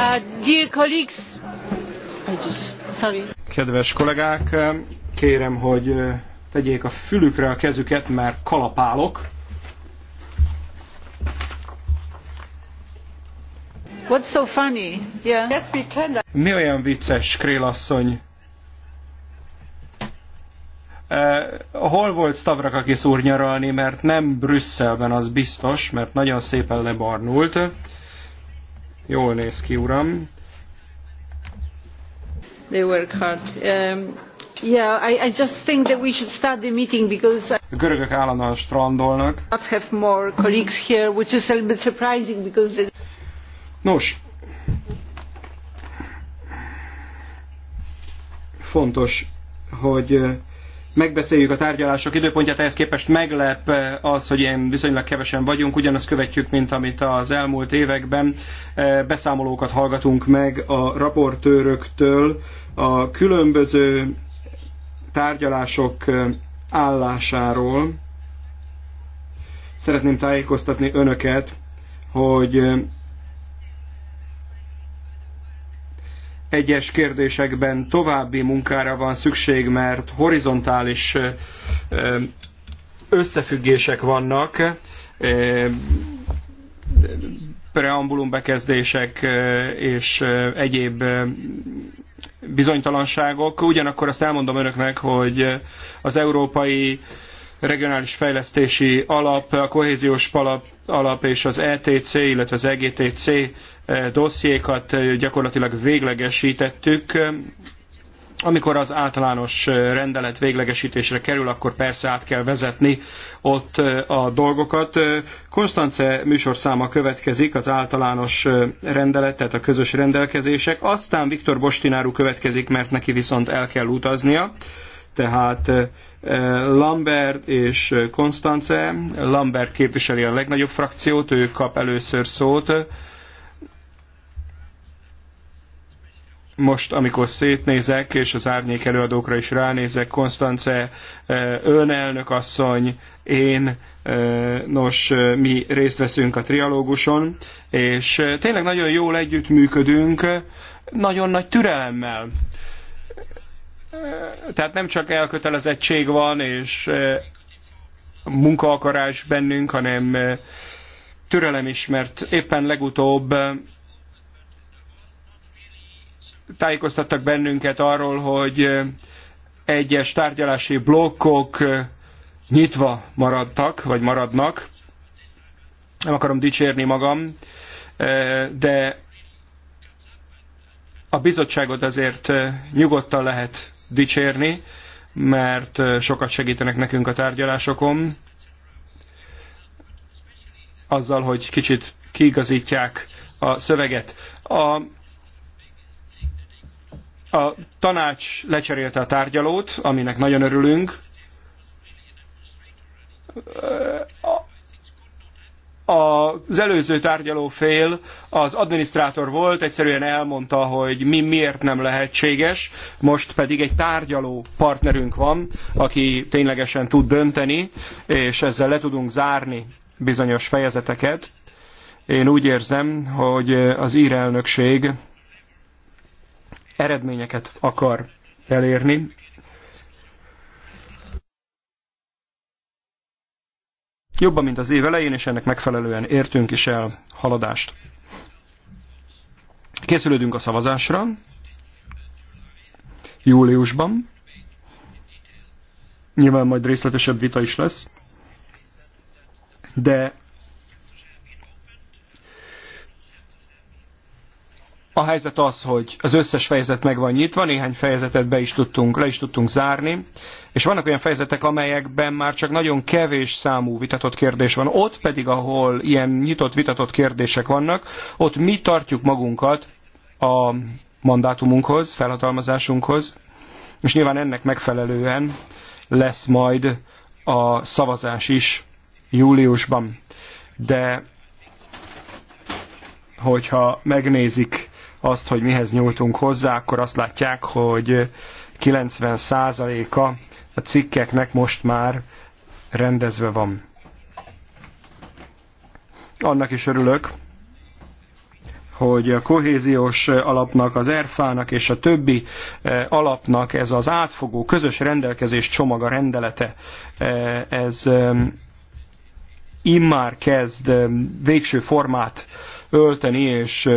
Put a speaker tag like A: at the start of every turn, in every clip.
A: Uh,
B: Kedves kollégák, kérem, hogy uh, tegyék a fülükre a kezüket, mert kalapálok.
A: What's so funny? Yeah. Yes, we can.
B: Mi olyan vicces, Krélasszony? Uh, hol volt aki szúr nyaralni, mert nem Brüsszelben, az biztos, mert nagyon szépen lebarnult. Jól néz ki, uram.
A: They work hard. Um, yeah, I, I just think that we should start the meeting because
B: a görögök állandóan strandolnak.
A: Not have more colleagues here, which is a little bit surprising because they...
B: Nos, fontos, hogy megbeszéljük a tárgyalások időpontját, ehhez képest meglep eh, az, hogy ilyen viszonylag kevesen vagyunk, ugyanazt követjük, mint amit az elmúlt években. Eh, beszámolókat hallgatunk meg a raportőröktől a különböző tárgyalások eh, állásáról. Szeretném tájékoztatni önöket, hogy egyes kérdésekben további munkára van szükség, mert horizontális összefüggések vannak, preambulum bekezdések és egyéb bizonytalanságok. Ugyanakkor azt elmondom önöknek, hogy az európai regionális fejlesztési alap, a kohéziós alap, alap és az ETC, illetve az EGTC eh, dossziékat eh, gyakorlatilag véglegesítettük. Amikor az általános eh, rendelet véglegesítésre kerül, akkor persze át kell vezetni ott a dolgokat. Konstance műsorszáma következik, az általános rendelet, tehát a közös rendelkezések. Aztán Viktor Bostináru következik, mert neki viszont el kell utaznia. Tehát eh, Lambert és Konstance, Lambert képviseli a legnagyobb frakciót, ő kap először szót. Most, amikor szétnézek, és az árnyék előadókra is ránézek, Konstance, eh, önelnök asszony, én, eh, nos, mi részt veszünk a trialóguson, és tényleg nagyon jól együttműködünk, nagyon nagy türelemmel tehát nem csak elkötelezettség van, és munkaakarás bennünk, hanem türelem is, mert éppen legutóbb tájékoztattak bennünket arról, hogy egyes tárgyalási blokkok nyitva maradtak, vagy maradnak. Nem akarom dicsérni magam, de a bizottságot azért nyugodtan lehet dicsérni, mert sokat segítenek nekünk a tárgyalásokon, azzal, hogy kicsit kiigazítják a szöveget. A a tanács lecserélte a tárgyalót, aminek nagyon örülünk az előző fél az adminisztrátor volt, egyszerűen elmondta, hogy mi miért nem lehetséges, most pedig egy tárgyaló partnerünk van, aki ténylegesen tud dönteni, és ezzel le tudunk zárni bizonyos fejezeteket. Én úgy érzem, hogy az ír elnökség eredményeket akar elérni, jobban, mint az év elején, és ennek megfelelően értünk is el haladást. Készülődünk a szavazásra júliusban. Nyilván majd részletesebb vita is lesz. De A helyzet az, hogy az összes fejezet meg van nyitva, néhány fejezetet be is tudtunk, le is tudtunk zárni, és vannak olyan fejezetek, amelyekben már csak nagyon kevés számú vitatott kérdés van. Ott pedig, ahol ilyen nyitott vitatott kérdések vannak, ott mi tartjuk magunkat a mandátumunkhoz, felhatalmazásunkhoz, és nyilván ennek megfelelően lesz majd a szavazás is júliusban. De hogyha megnézik azt, hogy mihez nyújtunk hozzá, akkor azt látják, hogy 90%-a a cikkeknek most már rendezve van. Annak is örülök, hogy a kohéziós alapnak, az Erfa-nak és a többi eh, alapnak ez az átfogó közös rendelkezés csomaga rendelete, eh, ez eh, immár kezd végső formát ölteni, és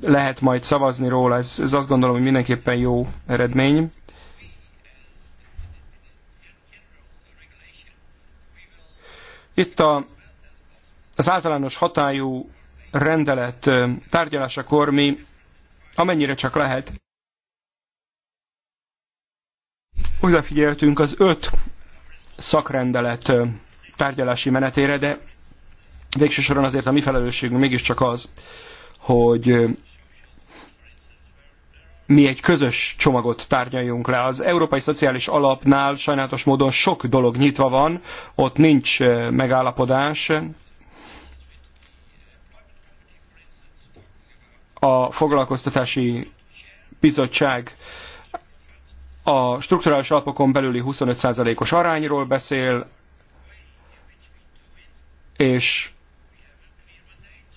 B: lehet majd szavazni róla. Ez, ez azt gondolom, hogy mindenképpen jó eredmény. Itt a, az általános hatályú rendelet tárgyalásakor mi amennyire csak lehet odafigyeltünk az öt szakrendelet tárgyalási menetére, de Végső soron azért a mi felelősségünk mégiscsak az, hogy mi egy közös csomagot tárgyaljunk le. Az Európai Szociális Alapnál sajnálatos módon sok dolog nyitva van, ott nincs megállapodás. A foglalkoztatási bizottság a strukturális alapokon belüli 25%-os arányról beszél, és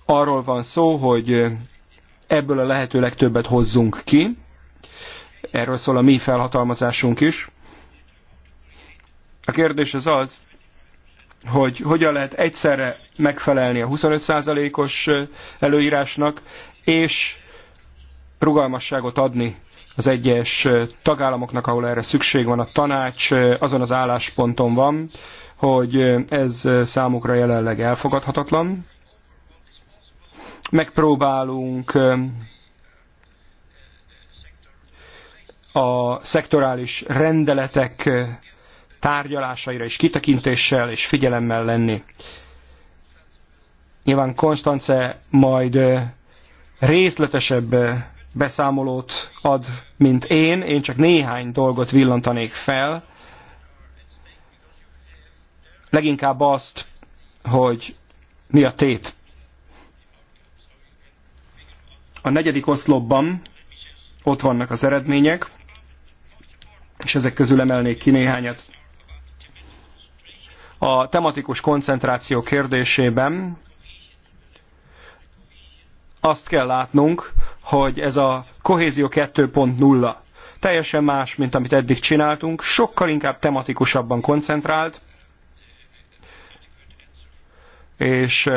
B: arról van szó, hogy ebből a lehető legtöbbet hozzunk ki. Erről szól a mi felhatalmazásunk is. A kérdés az az, hogy hogyan lehet egyszerre megfelelni a 25%-os előírásnak, és rugalmasságot adni az egyes tagállamoknak, ahol erre szükség van. A tanács azon az állásponton van, hogy ez számukra jelenleg elfogadhatatlan. Megpróbálunk a szektorális rendeletek tárgyalásaira is kitekintéssel és figyelemmel lenni. Nyilván Konstance majd részletesebb beszámolót ad, mint én, én csak néhány dolgot villantanék fel. Leginkább azt, hogy mi a tét. A negyedik oszlopban ott vannak az eredmények, és ezek közül emelnék ki néhányat. A tematikus koncentráció kérdésében azt kell látnunk, hogy ez a kohézió 2.0 teljesen más, mint amit eddig csináltunk, sokkal inkább tematikusabban koncentrált, és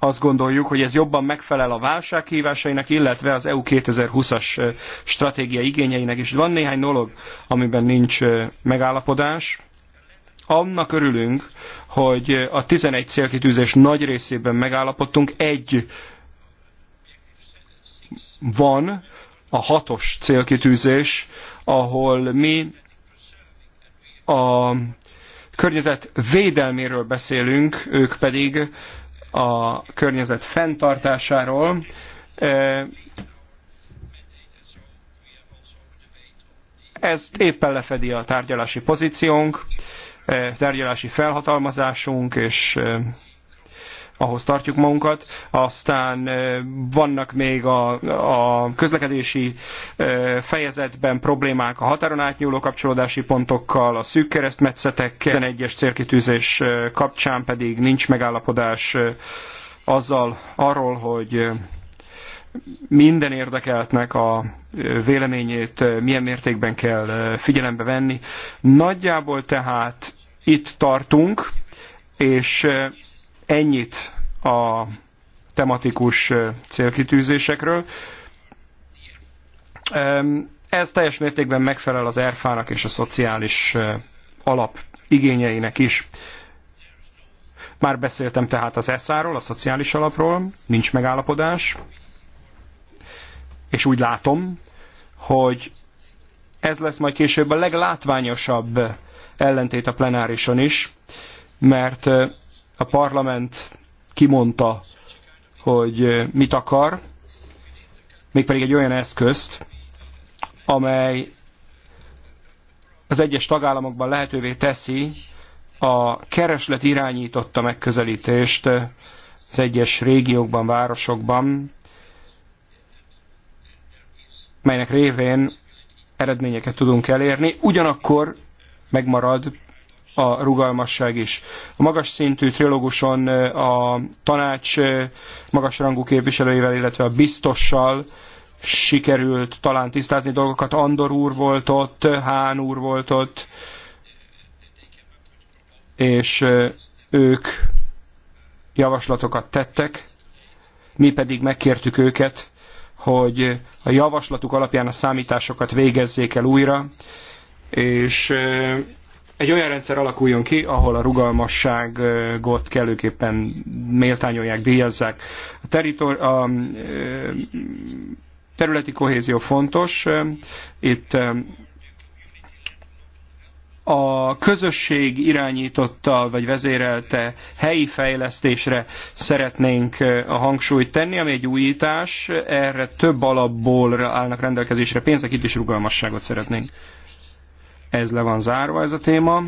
B: azt gondoljuk, hogy ez jobban megfelel a válság hívásainak, illetve az EU 2020-as stratégia igényeinek is. Van néhány dolog, amiben nincs megállapodás. Annak örülünk, hogy a 11 célkitűzés nagy részében megállapodtunk. Egy van, a hatos célkitűzés, ahol mi a környezet védelméről beszélünk, ők pedig a környezet fenntartásáról. Ez éppen lefedi a tárgyalási pozíciónk, tárgyalási felhatalmazásunk, és ahhoz tartjuk magunkat. Aztán vannak még a, a közlekedési fejezetben problémák a határon átnyúló kapcsolódási pontokkal, a szűk keresztmetszetek 11-es célkitűzés kapcsán pedig nincs megállapodás azzal arról, hogy minden érdekeltnek a véleményét milyen mértékben kell figyelembe venni. Nagyjából tehát itt tartunk, és Ennyit a tematikus célkitűzésekről. Ez teljes mértékben megfelel az erfának és a szociális alap igényeinek is. Már beszéltem tehát az ESZÁ-ról, a szociális alapról, nincs megállapodás, és úgy látom, hogy ez lesz majd később a leglátványosabb ellentét a plenárison is, mert a parlament kimondta, hogy mit akar, mégpedig egy olyan eszközt, amely az egyes tagállamokban lehetővé teszi a kereslet irányította megközelítést az egyes régiókban, városokban, melynek révén eredményeket tudunk elérni, ugyanakkor megmarad a rugalmasság is. A magas szintű trilóguson a tanács magasrangú képviselőivel, illetve a biztossal sikerült talán tisztázni dolgokat. Andor úr volt ott, Hán úr volt ott, és ők javaslatokat tettek, mi pedig megkértük őket, hogy a javaslatuk alapján a számításokat végezzék el újra, és egy olyan rendszer alakuljon ki, ahol a rugalmasságot kellőképpen méltányolják, díjazzák. A, teritor, a területi kohézió fontos. Itt a közösség irányította vagy vezérelte helyi fejlesztésre szeretnénk a hangsúlyt tenni, ami egy újítás, erre több alapból állnak rendelkezésre pénzek, itt is rugalmasságot szeretnénk. Ez le van zárva ez a téma,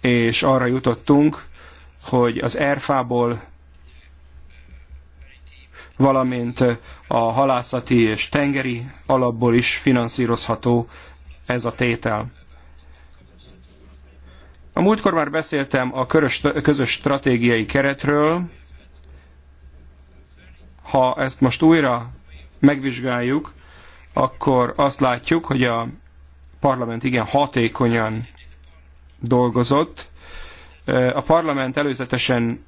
B: és arra jutottunk, hogy az erfából valamint a halászati és tengeri alapból is finanszírozható ez a tétel. A múltkor már beszéltem a közös stratégiai keretről. Ha ezt most újra megvizsgáljuk, akkor azt látjuk, hogy a parlament igen hatékonyan dolgozott. A parlament előzetesen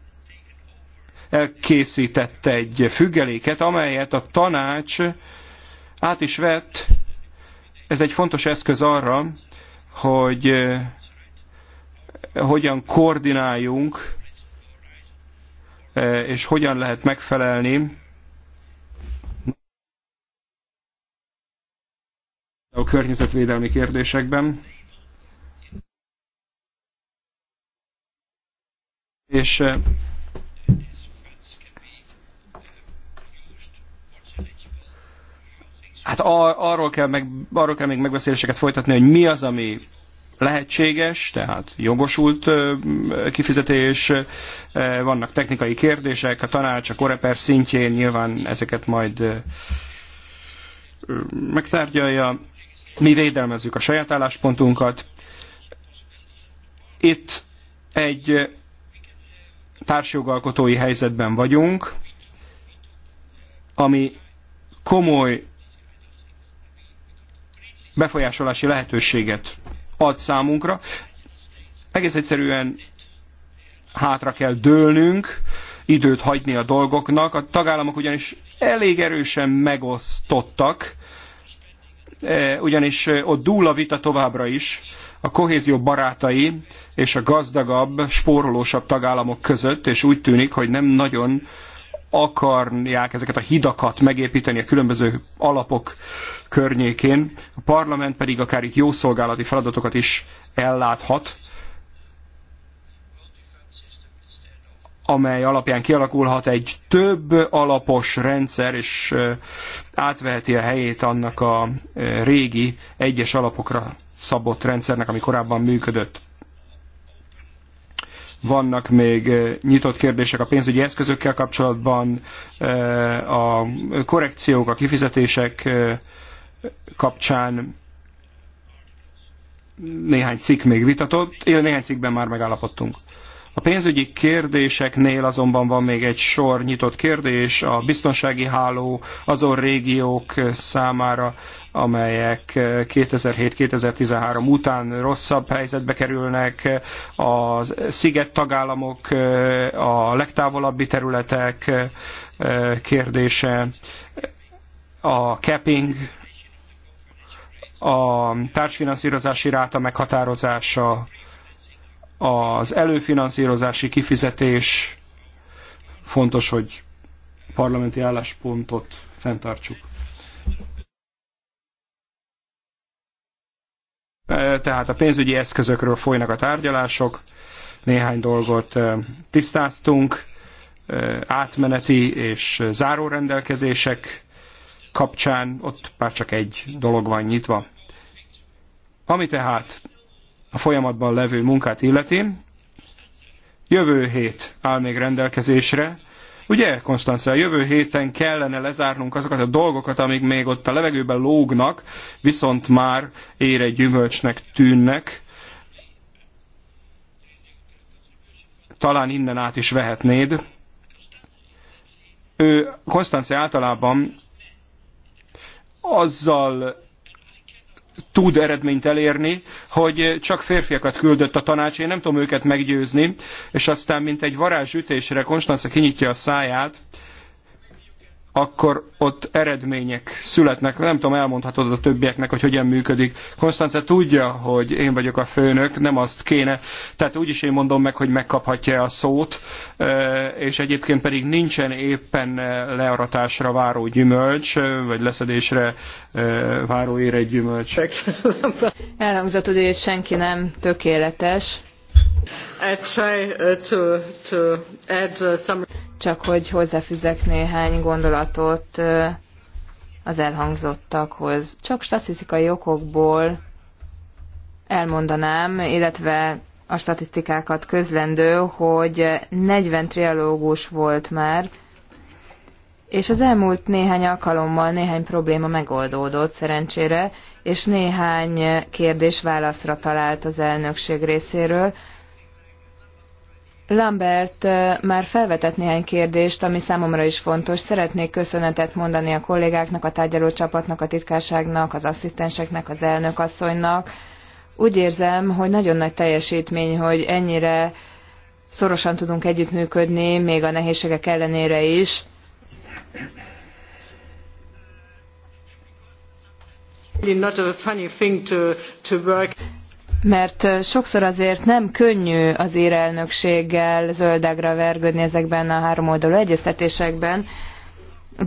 B: elkészítette egy függeléket, amelyet a tanács át is vett. Ez egy fontos eszköz arra, hogy hogyan koordináljunk, és hogyan lehet megfelelni a környezetvédelmi kérdésekben. És eh, hát arról kell, meg, arról kell még megbeszéléseket folytatni, hogy mi az, ami lehetséges, tehát jogosult eh, kifizetés, eh, vannak technikai kérdések, a tanács, a koreper szintjén nyilván ezeket majd megtárgyalja. Mi védelmezzük a saját álláspontunkat. Itt egy társjogalkotói helyzetben vagyunk, ami komoly befolyásolási lehetőséget ad számunkra. Egész egyszerűen hátra kell dőlnünk, időt hagyni a dolgoknak. A tagállamok ugyanis elég erősen megosztottak, Eh, ugyanis eh, ott dúl a vita továbbra is a kohézió barátai és a gazdagabb, spórolósabb tagállamok között, és úgy tűnik, hogy nem nagyon akarják ezeket a hidakat megépíteni a különböző alapok környékén. A parlament pedig akár itt jó szolgálati feladatokat is elláthat, amely alapján kialakulhat egy több alapos rendszer, és átveheti a helyét annak a régi egyes alapokra szabott rendszernek, ami korábban működött. Vannak még nyitott kérdések a pénzügyi eszközökkel kapcsolatban, a korrekciók, a kifizetések kapcsán néhány cikk még vitatott, illetve néhány cikkben már megállapodtunk. A pénzügyi kérdéseknél azonban van még egy sor nyitott kérdés, a biztonsági háló azon régiók számára, amelyek 2007-2013 után rosszabb helyzetbe kerülnek, a sziget tagállamok, a legtávolabbi területek kérdése, a capping, a társfinanszírozási ráta meghatározása, az előfinanszírozási kifizetés fontos, hogy parlamenti álláspontot fenntartsuk. E, tehát a pénzügyi eszközökről folynak a tárgyalások, néhány dolgot e, tisztáztunk, e, átmeneti és zárórendelkezések kapcsán, ott már csak egy dolog van nyitva. Ami tehát a folyamatban levő munkát illeti, jövő hét áll még rendelkezésre. Ugye, a jövő héten kellene lezárnunk azokat a dolgokat, amik még ott a levegőben lógnak, viszont már ére gyümölcsnek tűnnek. Talán innen át is vehetnéd. Ő, Konstanz általában azzal tud eredményt elérni, hogy csak férfiakat küldött a tanács, én nem tudom őket meggyőzni, és aztán mint egy varázsütésre Konstanca kinyitja a száját, akkor ott eredmények születnek. Nem tudom, elmondhatod a többieknek, hogy hogyan működik. Konstance tudja, hogy én vagyok a főnök, nem azt kéne. Tehát úgyis én mondom meg, hogy megkaphatja a szót, és egyébként pedig nincsen éppen learatásra váró gyümölcs, vagy leszedésre váró ére gyümölcs.
C: Elhangzott, hogy senki nem tökéletes Uh, uh, Csak hogy hozzáfűzek néhány gondolatot uh, az elhangzottakhoz. Csak statisztikai okokból elmondanám, illetve a statisztikákat közlendő, hogy 40 trialógus volt már, és az elmúlt néhány alkalommal néhány probléma megoldódott szerencsére, és néhány kérdés válaszra talált az elnökség részéről, Lambert már felvetett néhány kérdést, ami számomra is fontos. Szeretnék köszönetet mondani a kollégáknak, a tárgyalócsapatnak, a titkárságnak, az asszisztenseknek, az elnökasszonynak. Úgy érzem, hogy nagyon nagy teljesítmény, hogy ennyire szorosan tudunk együttműködni, még a nehézségek ellenére is mert sokszor azért nem könnyű az írelnökséggel zöldágra vergődni ezekben a háromoldalú egyeztetésekben,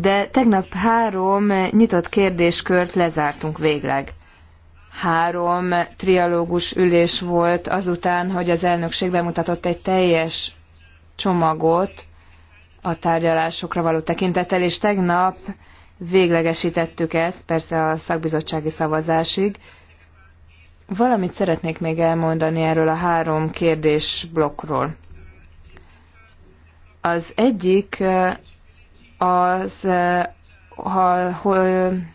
C: de tegnap három nyitott kérdéskört lezártunk végleg. Három trialógus ülés volt azután, hogy az elnökség bemutatott egy teljes csomagot a tárgyalásokra való tekintettel, és tegnap véglegesítettük ezt, persze a szakbizottsági szavazásig, Valamit szeretnék még elmondani erről a három kérdés blokkról. Az egyik az ha, ha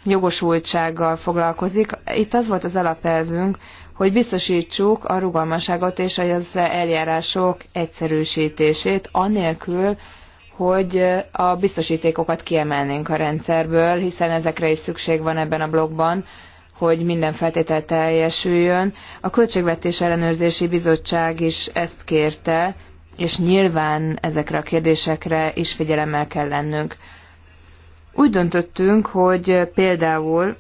C: jogosultsággal foglalkozik. Itt az volt az alapelvünk, hogy biztosítsuk a rugalmasságot és az eljárások egyszerűsítését, anélkül, hogy a biztosítékokat kiemelnénk a rendszerből, hiszen ezekre is szükség van ebben a blogban, hogy minden feltétel teljesüljön. A Költségvetés Ellenőrzési Bizottság is ezt kérte, és nyilván ezekre a kérdésekre is figyelemmel kell lennünk. Úgy döntöttünk, hogy például,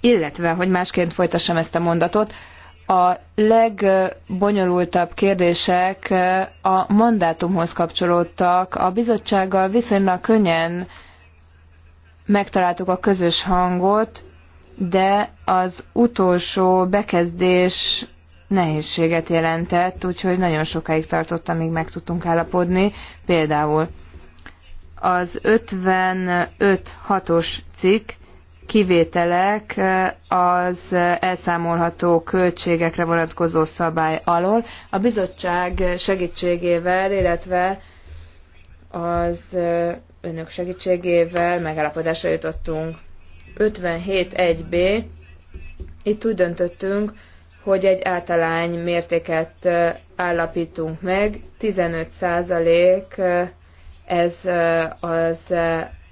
C: illetve, hogy másként folytassam ezt a mondatot, a legbonyolultabb kérdések a mandátumhoz kapcsolódtak. A bizottsággal viszonylag könnyen megtaláltuk a közös hangot, de az utolsó bekezdés nehézséget jelentett, úgyhogy nagyon sokáig tartott, amíg meg tudtunk állapodni. Például az 55-6-os cikk kivételek az elszámolható költségekre vonatkozó szabály alól. A bizottság segítségével, illetve az önök segítségével megállapodásra jutottunk 57.1b, itt úgy döntöttünk, hogy egy általány mértéket állapítunk meg, 15 százalék ez az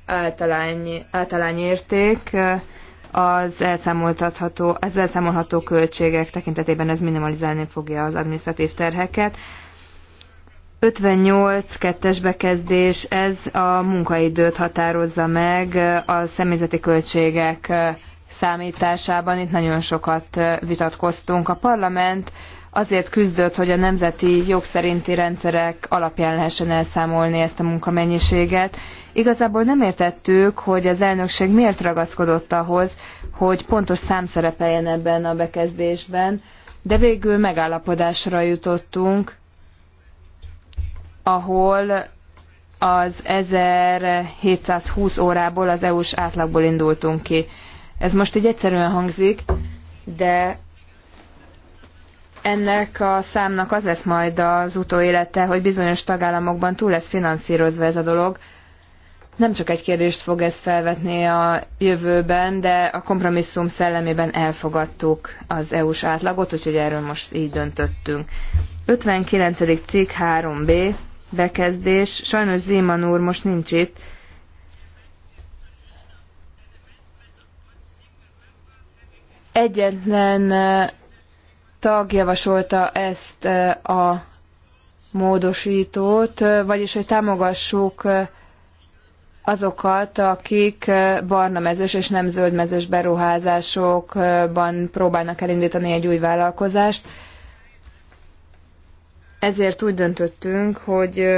C: általány, általány érték, az elszámoltatható, az elszámolható költségek tekintetében ez minimalizálni fogja az adminisztratív terheket. 58 kettes bekezdés, ez a munkaidőt határozza meg a személyzeti költségek számításában. Itt nagyon sokat vitatkoztunk. A parlament azért küzdött, hogy a nemzeti jogszerinti rendszerek alapján lehessen elszámolni ezt a munkamennyiséget. Igazából nem értettük, hogy az elnökség miért ragaszkodott ahhoz, hogy pontos szám szerepeljen ebben a bekezdésben, de végül megállapodásra jutottunk, ahol az 1720 órából az EU-s átlagból indultunk ki. Ez most így egyszerűen hangzik, de ennek a számnak az lesz majd az utóélete, hogy bizonyos tagállamokban túl lesz finanszírozva ez a dolog. Nem csak egy kérdést fog ez felvetni a jövőben, de a kompromisszum szellemében elfogadtuk az EU-s átlagot, úgyhogy erről most így döntöttünk. 59. cikk 3b bekezdés. Sajnos Zéman úr most nincs itt. Egyetlen tag javasolta ezt a módosítót, vagyis hogy támogassuk azokat, akik barna mezős és nem zöldmezős beruházásokban próbálnak elindítani egy új vállalkozást. Ezért úgy döntöttünk, hogy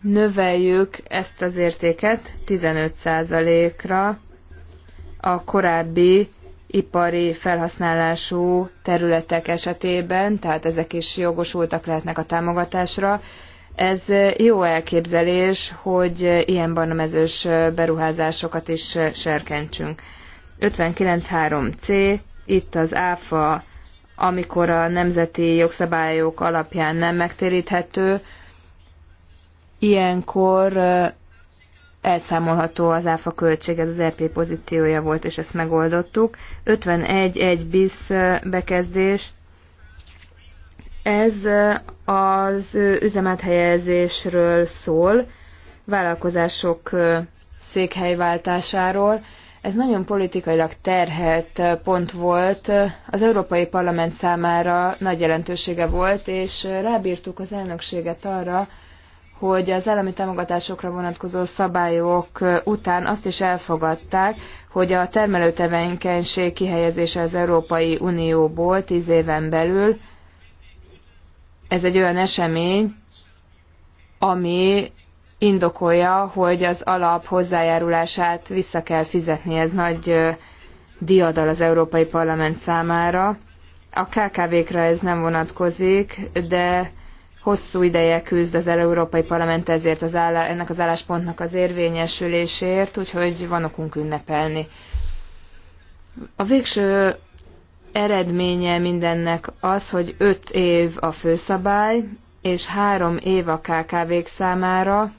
C: növeljük ezt az értéket 15%-ra a korábbi ipari felhasználású területek esetében, tehát ezek is jogosultak lehetnek a támogatásra. Ez jó elképzelés, hogy ilyen barnamezős beruházásokat is serkentsünk. 59.3c, itt az ÁFA amikor a nemzeti jogszabályok alapján nem megtéríthető, ilyenkor elszámolható az áfa költség, ez az EP pozíciója volt, és ezt megoldottuk. 51-1 bis bekezdés, ez az üzemethelyezésről szól, vállalkozások székhelyváltásáról. Ez nagyon politikailag terhelt eh, pont volt, az Európai Parlament számára nagy jelentősége volt, és eh, rábírtuk az elnökséget arra, hogy az állami támogatásokra vonatkozó szabályok eh, után azt is elfogadták, hogy a termelőtevékenység kihelyezése az Európai Unióból tíz éven belül, ez egy olyan esemény, ami indokolja, hogy az alap hozzájárulását vissza kell fizetni. Ez nagy diadal az Európai Parlament számára. A KKV-kra ez nem vonatkozik, de hosszú ideje küzd az Európai Parlament ezért az állá, ennek az álláspontnak az érvényesülésért, úgyhogy van okunk ünnepelni. A végső eredménye mindennek az, hogy öt év a főszabály, és három év a KKV-k számára,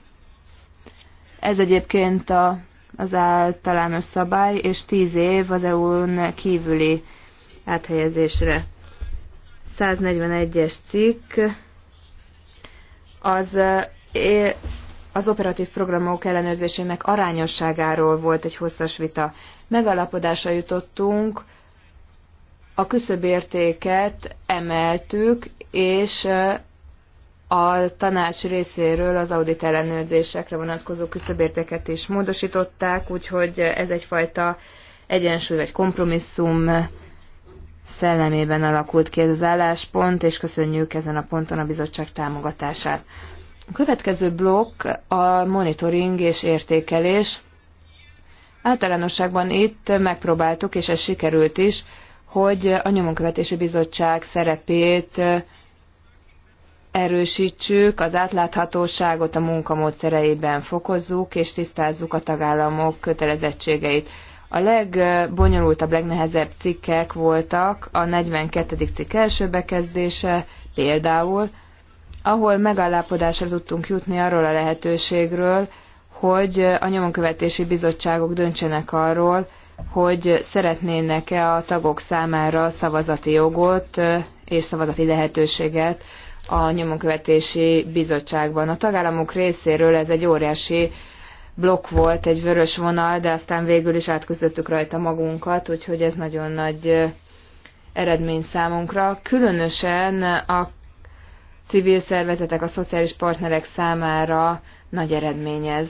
C: ez egyébként a, az általános szabály, és 10 év az EU-n kívüli áthelyezésre. 141-es cikk az, az operatív programok ellenőrzésének arányosságáról volt egy hosszas vita. Megalapodásra jutottunk, a küszöbértéket emeltük, és a tanács részéről az audit ellenőrzésekre vonatkozó küszöbérteket is módosították, úgyhogy ez egyfajta egyensúly vagy kompromisszum szellemében alakult ki ez az álláspont, és köszönjük ezen a ponton a bizottság támogatását. A következő blokk a monitoring és értékelés. Általánosságban itt megpróbáltuk, és ez sikerült is, hogy a nyomonkövetési bizottság szerepét erősítsük, az átláthatóságot a munkamódszereiben fokozzuk, és tisztázzuk a tagállamok kötelezettségeit. A legbonyolultabb, legnehezebb cikkek voltak a 42. cikk első bekezdése például, ahol megállapodásra tudtunk jutni arról a lehetőségről, hogy a nyomonkövetési bizottságok döntsenek arról, hogy szeretnének-e a tagok számára szavazati jogot és szavazati lehetőséget a nyomonkövetési bizottságban. A tagállamok részéről ez egy óriási blokk volt, egy vörös vonal, de aztán végül is átközöttük rajta magunkat, úgyhogy ez nagyon nagy eredmény számunkra. Különösen a civil szervezetek, a szociális partnerek számára nagy eredmény ez.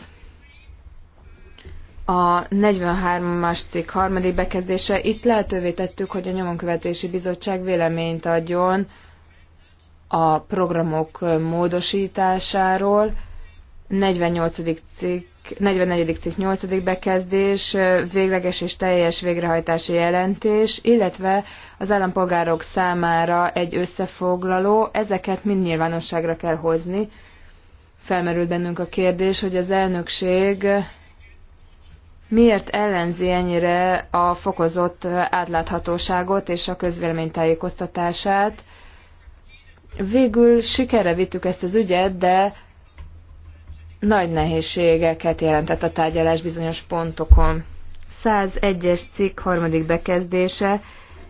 C: A 43-as cikk harmadik bekezdése itt lehetővé tettük, hogy a nyomonkövetési bizottság véleményt adjon a programok módosításáról, 48. cikk, 44. cikk 8. bekezdés, végleges és teljes végrehajtási jelentés, illetve az állampolgárok számára egy összefoglaló, ezeket mind nyilvánosságra kell hozni. Felmerült bennünk a kérdés, hogy az elnökség miért ellenzi ennyire a fokozott átláthatóságot és a közvélemény tájékoztatását, Végül sikerre vittük ezt az ügyet, de nagy nehézségeket jelentett a tárgyalás bizonyos pontokon. 101-es cikk harmadik bekezdése.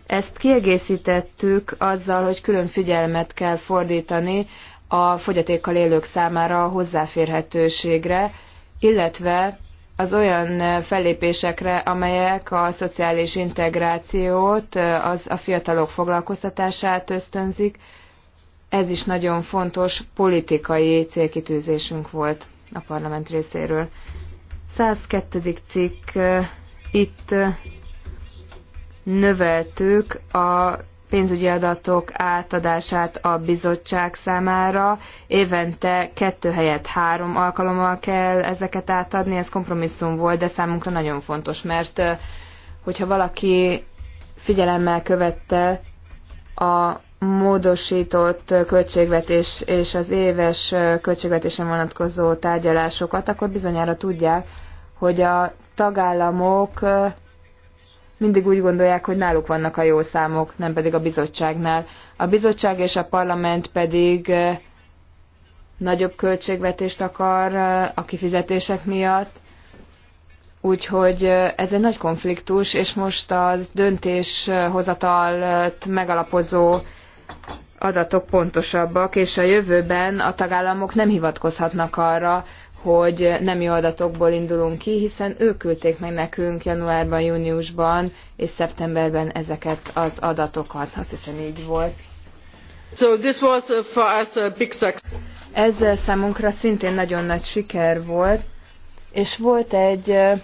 C: Ezt kiegészítettük azzal, hogy külön figyelmet kell fordítani a fogyatékkal élők számára a hozzáférhetőségre, illetve az olyan fellépésekre, amelyek a szociális integrációt, az a fiatalok foglalkoztatását ösztönzik, ez is nagyon fontos politikai célkitűzésünk volt a parlament részéről. 102. cikk itt növeltük a pénzügyi adatok átadását a bizottság számára. Évente kettő helyett három alkalommal kell ezeket átadni, ez kompromisszum volt, de számunkra nagyon fontos, mert hogyha valaki figyelemmel követte a módosított költségvetés és az éves költségvetésen vonatkozó tárgyalásokat, akkor bizonyára tudják, hogy a tagállamok mindig úgy gondolják, hogy náluk vannak a jó számok, nem pedig a bizottságnál. A bizottság és a parlament pedig nagyobb költségvetést akar a kifizetések miatt, Úgyhogy ez egy nagy konfliktus, és most a döntéshozatalt megalapozó adatok pontosabbak, és a jövőben a tagállamok nem hivatkozhatnak arra, hogy nem jó adatokból indulunk ki, hiszen ők küldték meg nekünk januárban, júniusban és szeptemberben ezeket az adatokat. Azt hiszem így volt. So this was uh, for us a big success. Ez uh, számunkra szintén nagyon nagy siker volt, és volt egy uh,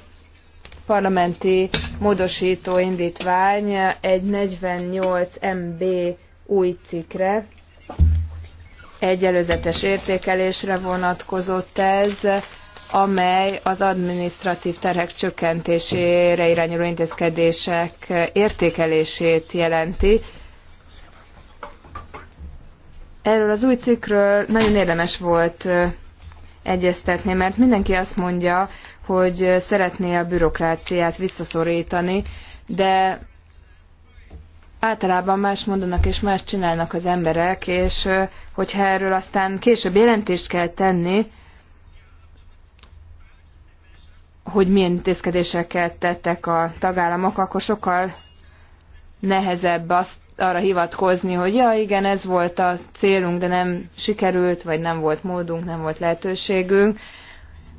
C: parlamenti módosító indítvány, egy 48 MB új cikkre. Egy előzetes értékelésre vonatkozott ez, amely az adminisztratív terhek csökkentésére irányuló intézkedések értékelését jelenti. Erről az új cikkről nagyon érdemes volt egyeztetni, mert mindenki azt mondja, hogy szeretné a bürokráciát visszaszorítani, de általában más mondanak és más csinálnak az emberek, és hogyha erről aztán később jelentést kell tenni, hogy milyen intézkedéseket tettek a tagállamok, akkor sokkal nehezebb azt arra hivatkozni, hogy ja igen, ez volt a célunk, de nem sikerült, vagy nem volt módunk, nem volt lehetőségünk.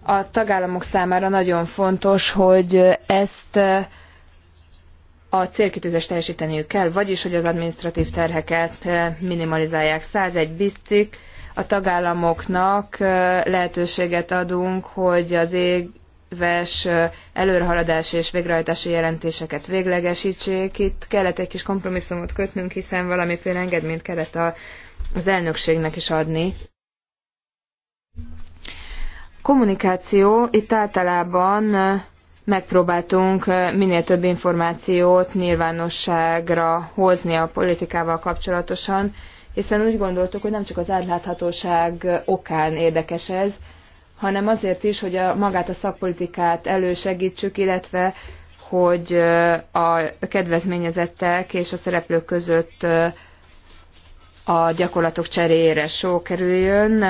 C: A tagállamok számára nagyon fontos, hogy ezt a célkitűzést teljesíteniük kell, vagyis hogy az administratív terheket eh, minimalizálják. 101 biztik, a tagállamoknak eh, lehetőséget adunk, hogy az ég éves eh, előrehaladás és végrehajtási jelentéseket véglegesítsék. Itt kellett egy kis kompromisszumot kötnünk, hiszen valamiféle engedményt kellett a, az elnökségnek is adni. Kommunikáció itt általában megpróbáltunk minél több információt nyilvánosságra hozni a politikával kapcsolatosan, hiszen úgy gondoltuk, hogy nem csak az átláthatóság okán érdekes ez, hanem azért is, hogy a, magát a szakpolitikát elősegítsük, illetve hogy a kedvezményezettek és a szereplők között a gyakorlatok cseréjére só kerüljön,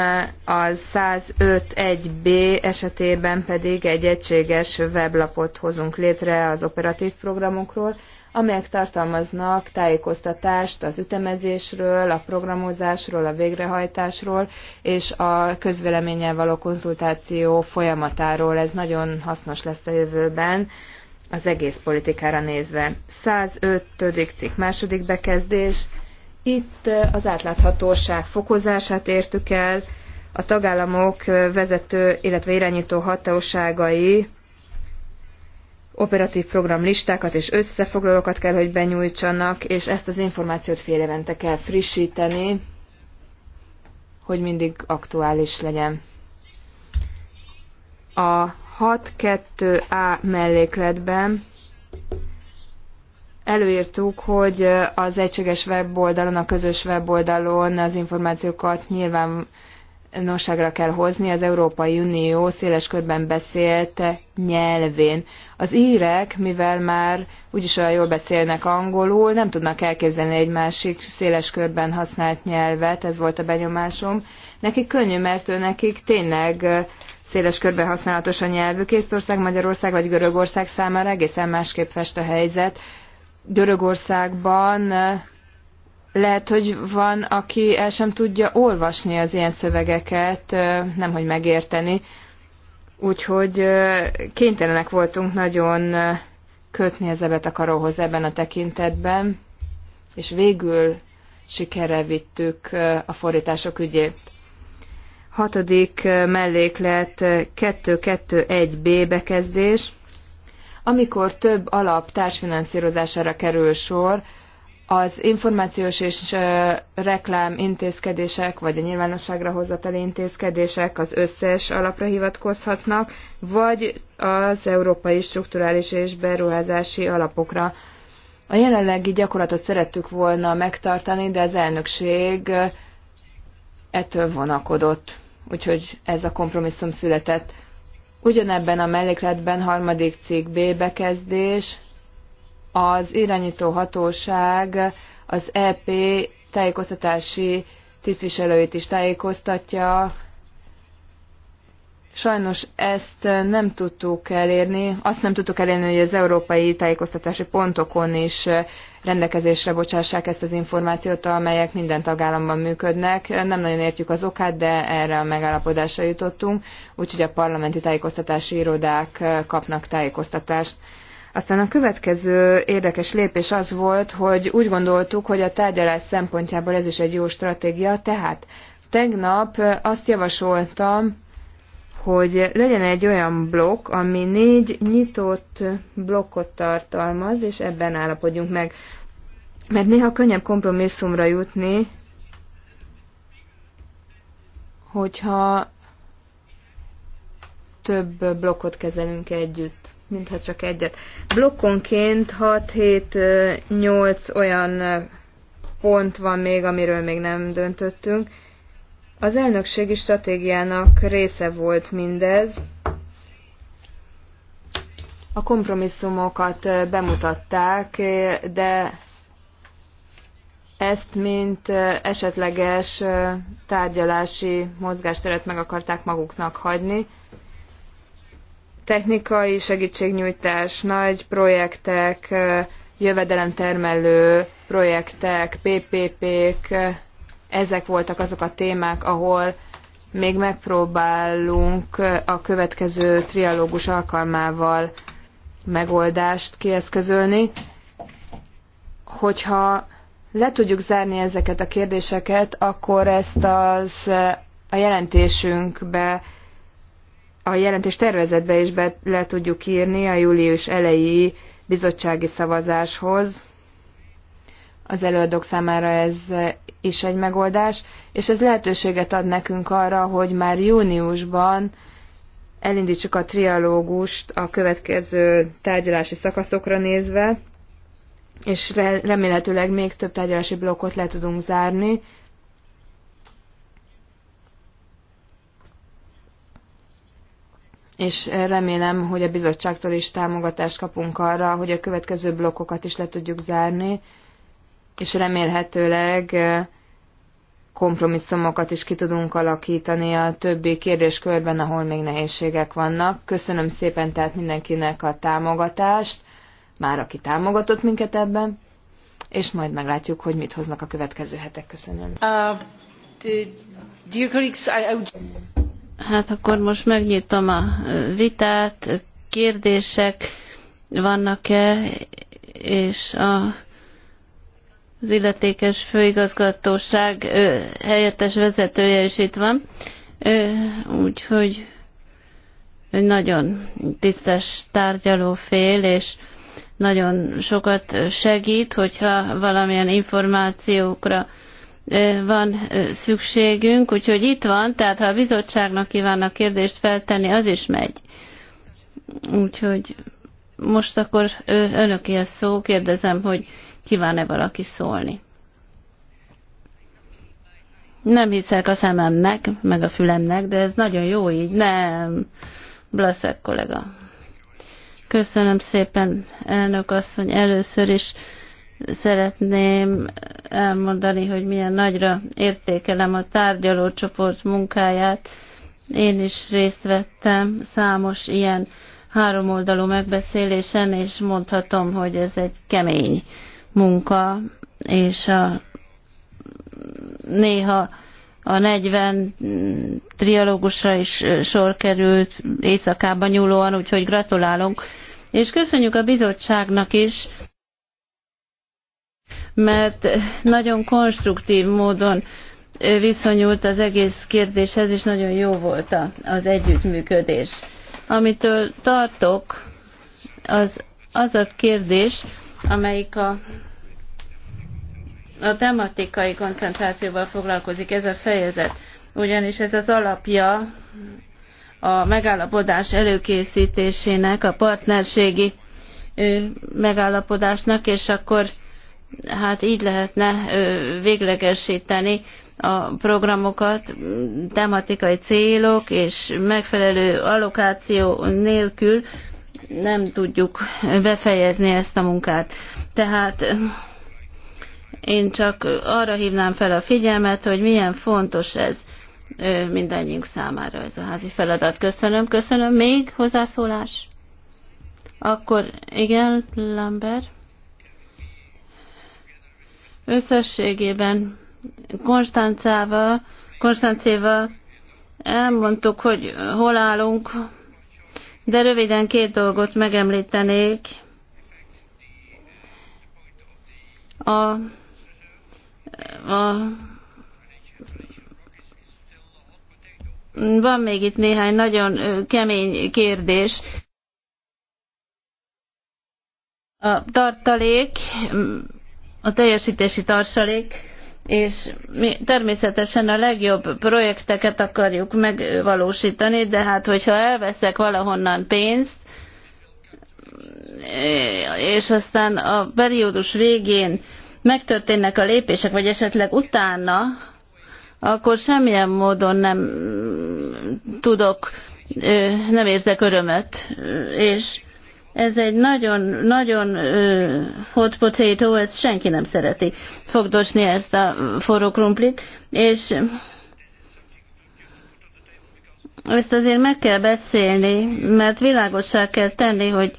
C: a 105.1b esetében pedig egy egységes weblapot hozunk létre az operatív programokról, amelyek tartalmaznak tájékoztatást az ütemezésről, a programozásról, a végrehajtásról és a közvéleménnyel való konzultáció folyamatáról. Ez nagyon hasznos lesz a jövőben az egész politikára nézve. 105. cikk második bekezdés itt az átláthatóság fokozását értük el, a tagállamok vezető, illetve irányító hatóságai operatív program listákat és összefoglalókat kell, hogy benyújtsanak, és ezt az információt fél évente kell frissíteni, hogy mindig aktuális legyen. A 6.2a mellékletben előírtuk, hogy az egységes weboldalon, a közös weboldalon az információkat nyilván nosságra kell hozni az Európai Unió széles körben beszélt nyelvén. Az írek, mivel már úgyis olyan jól beszélnek angolul, nem tudnak elképzelni egy másik széles körben használt nyelvet, ez volt a benyomásom. Nekik könnyű, mert ő nekik tényleg széles körben használatos a nyelvük. Észtország, Magyarország vagy Görögország számára egészen másképp fest a helyzet, Görögországban lehet, hogy van, aki el sem tudja olvasni az ilyen szövegeket, nemhogy megérteni. Úgyhogy kénytelenek voltunk nagyon kötni az ebet a karóhoz ebben a tekintetben, és végül sikerre vittük a fordítások ügyét. Hatodik melléklet 221b bekezdés. Amikor több alap társfinanszírozására kerül sor, az információs és reklám intézkedések, vagy a nyilvánosságra hozatali intézkedések az összes alapra hivatkozhatnak, vagy az európai strukturális és beruházási alapokra. A jelenlegi gyakorlatot szerettük volna megtartani, de az elnökség ettől vonakodott. Úgyhogy ez a kompromisszum született. Ugyanebben a mellékletben harmadik cikk B bekezdés, az irányító hatóság az EP tájékoztatási tisztviselőit is tájékoztatja Sajnos ezt eh, nem tudtuk elérni, azt nem tudtuk elérni, hogy az európai tájékoztatási pontokon is eh, rendelkezésre bocsássák ezt az információt, amelyek minden tagállamban működnek. Nem nagyon értjük az okát, de erre a megállapodásra jutottunk, úgyhogy a parlamenti tájékoztatási irodák eh, kapnak tájékoztatást. Aztán a következő érdekes lépés az volt, hogy úgy gondoltuk, hogy a tárgyalás szempontjából ez is egy jó stratégia, tehát tegnap azt javasoltam, hogy legyen egy olyan blokk, ami négy nyitott blokkot tartalmaz, és ebben állapodjunk meg. Mert néha könnyebb kompromisszumra jutni, hogyha több blokkot kezelünk együtt, mintha csak egyet. Blokkonként 6-7-8 olyan pont van még, amiről még nem döntöttünk, az elnökségi stratégiának része volt mindez. A kompromisszumokat bemutatták, de ezt, mint esetleges tárgyalási mozgásteret meg akarták maguknak hagyni. Technikai segítségnyújtás, nagy projektek, jövedelemtermelő projektek, PPP-k, ezek voltak azok a témák, ahol még megpróbálunk a következő trialógus alkalmával megoldást kieszközölni. Hogyha le tudjuk zárni ezeket a kérdéseket, akkor ezt az a jelentésünkbe, a jelentés tervezetbe is be le tudjuk írni a július elejé bizottsági szavazáshoz, az előadók számára ez is egy megoldás, és ez lehetőséget ad nekünk arra, hogy már júniusban elindítsuk a trialógust a következő tárgyalási szakaszokra nézve, és remélhetőleg még több tárgyalási blokkot le tudunk zárni. És remélem, hogy a bizottságtól is támogatást kapunk arra, hogy a következő blokkokat is le tudjuk zárni és remélhetőleg kompromisszumokat is ki tudunk alakítani a többi kérdéskörben, ahol még nehézségek vannak. Köszönöm szépen tehát mindenkinek a támogatást, már aki támogatott minket ebben, és majd meglátjuk, hogy mit hoznak a következő hetek. Köszönöm.
A: Uh, dear colleagues, Hát akkor most megnyitom a vitát, kérdések vannak-e, és a az illetékes főigazgatóság ö, helyettes vezetője is itt van. Úgyhogy nagyon tisztes tárgyaló fél, és nagyon sokat segít, hogyha valamilyen információkra van szükségünk, úgyhogy itt van, tehát ha a bizottságnak kívánnak kérdést feltenni, az is megy. Úgyhogy most akkor önöké a szó, kérdezem, hogy Kíván-e valaki szólni? Nem hiszek a szememnek, meg a fülemnek, de ez nagyon jó így. Nem, Blaszek kollega. Köszönöm szépen, elnök asszony. Először is szeretném elmondani, hogy milyen nagyra értékelem a tárgyalócsoport munkáját. Én is részt vettem számos ilyen háromoldalú megbeszélésen, és mondhatom, hogy ez egy kemény munka, és a, néha a 40 trialógusra is sor került éjszakában nyúlóan, úgyhogy gratulálunk. És köszönjük a bizottságnak is, mert nagyon konstruktív módon viszonyult az egész kérdéshez, és nagyon jó volt az együttműködés. Amitől tartok, az az a kérdés, amelyik a a tematikai koncentrációval foglalkozik ez a fejezet, ugyanis ez az alapja a megállapodás előkészítésének, a partnerségi megállapodásnak, és akkor hát így lehetne véglegesíteni a programokat tematikai célok és megfelelő allokáció nélkül, nem tudjuk befejezni ezt a munkát. Tehát én csak arra hívnám fel a figyelmet, hogy milyen fontos ez mindannyiunk számára ez a házi feladat. Köszönöm, köszönöm. Még hozzászólás? Akkor igen, Lamber. Összességében Konstancával, Konstancéval elmondtuk, hogy hol állunk, de röviden két dolgot megemlítenék. A, a, van még itt néhány nagyon kemény kérdés. A tartalék, a teljesítési tartalék, és mi természetesen a legjobb projekteket akarjuk megvalósítani, de hát hogyha elveszek valahonnan pénzt, és aztán a periódus végén megtörténnek a lépések, vagy esetleg utána, akkor semmilyen módon nem tudok, nem érzek örömöt, és ez egy nagyon, nagyon uh, hot potato, ezt senki nem szereti fogdosni ezt a forró krumplit, és ezt azért meg kell beszélni, mert világossá kell tenni, hogy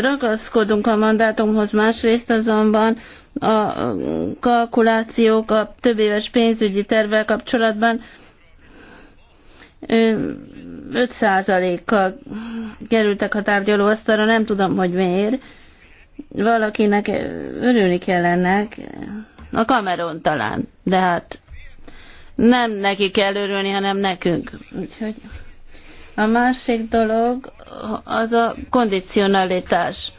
A: ragaszkodunk a mandátumhoz, másrészt azonban a kalkulációk a többéves pénzügyi tervvel kapcsolatban 5%-kal kerültek a tárgyalóasztalra, nem tudom, hogy miért. Valakinek örülni kell ennek. A Cameron talán, de hát nem neki kell örülni, hanem nekünk. Úgyhogy a másik dolog az a kondicionalitás.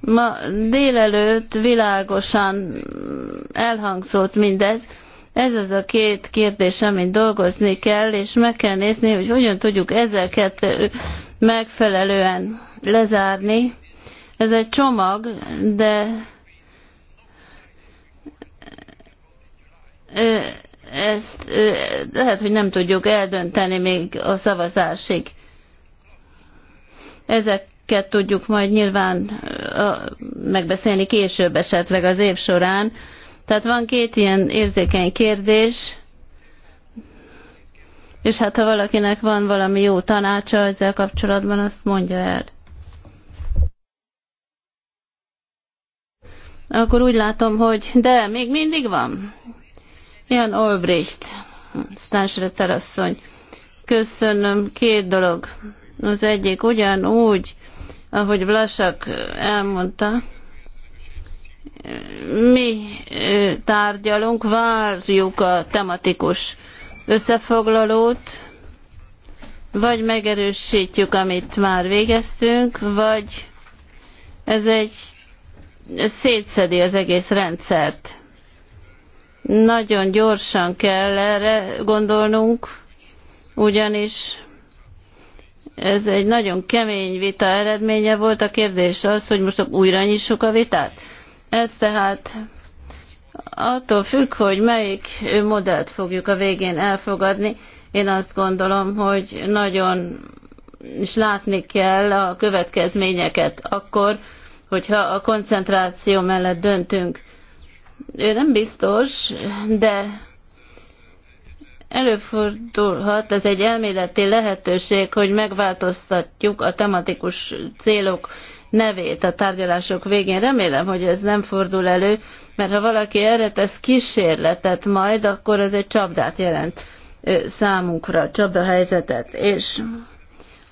A: Ma délelőtt világosan elhangzott mindez, ez az a két kérdés, amit dolgozni kell, és meg kell nézni, hogy hogyan tudjuk ezeket megfelelően lezárni. Ez egy csomag, de ezt lehet, hogy nem tudjuk eldönteni még a szavazásig. Ezeket tudjuk majd nyilván megbeszélni később esetleg az év során. Tehát van két ilyen érzékeny kérdés, és hát ha valakinek van valami jó tanácsa ezzel kapcsolatban, azt mondja el. Akkor úgy látom, hogy de, még mindig van. ilyen Olbricht, Stansretter asszony. Köszönöm, két dolog. Az egyik ugyanúgy, ahogy Vlasak elmondta, mi tárgyalunk, várjuk a tematikus összefoglalót, vagy megerősítjük, amit már végeztünk, vagy ez egy ez szétszedi az egész rendszert. Nagyon gyorsan kell erre gondolnunk, ugyanis ez egy nagyon kemény vita eredménye volt. A kérdés az, hogy most újra nyissuk a vitát ez tehát attól függ, hogy melyik modellt fogjuk a végén elfogadni. Én azt gondolom, hogy nagyon is látni kell a következményeket akkor, hogyha a koncentráció mellett döntünk. Ő nem biztos, de előfordulhat, ez egy elméleti lehetőség, hogy megváltoztatjuk a tematikus célok nevét a tárgyalások végén. Remélem, hogy ez nem fordul elő, mert ha valaki erre tesz kísérletet majd, akkor ez egy csapdát jelent számunkra, csapdahelyzetet. És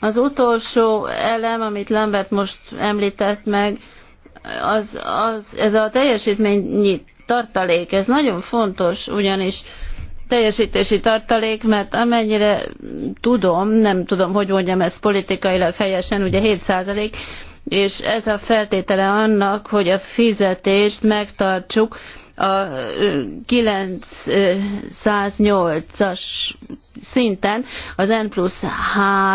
A: az utolsó elem, amit Lambert most említett meg, az, az, ez a teljesítményi tartalék, ez nagyon fontos, ugyanis teljesítési tartalék, mert amennyire tudom, nem tudom, hogy mondjam ezt politikailag helyesen, ugye 7 százalék, és ez a feltétele annak, hogy a fizetést megtartsuk a 908-as szinten, az N plusz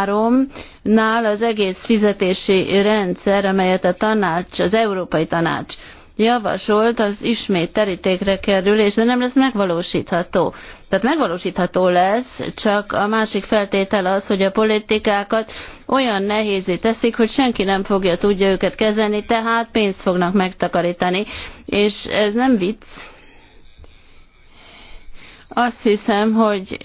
A: 3-nál az egész fizetési rendszer, amelyet a tanács, az Európai Tanács javasolt, az ismét terítékre kerül, és de nem lesz megvalósítható. Tehát megvalósítható lesz, csak a másik feltétel az, hogy a politikákat olyan nehézé teszik, hogy senki nem fogja tudja őket kezelni, tehát pénzt fognak megtakarítani. És ez nem vicc. Azt hiszem, hogy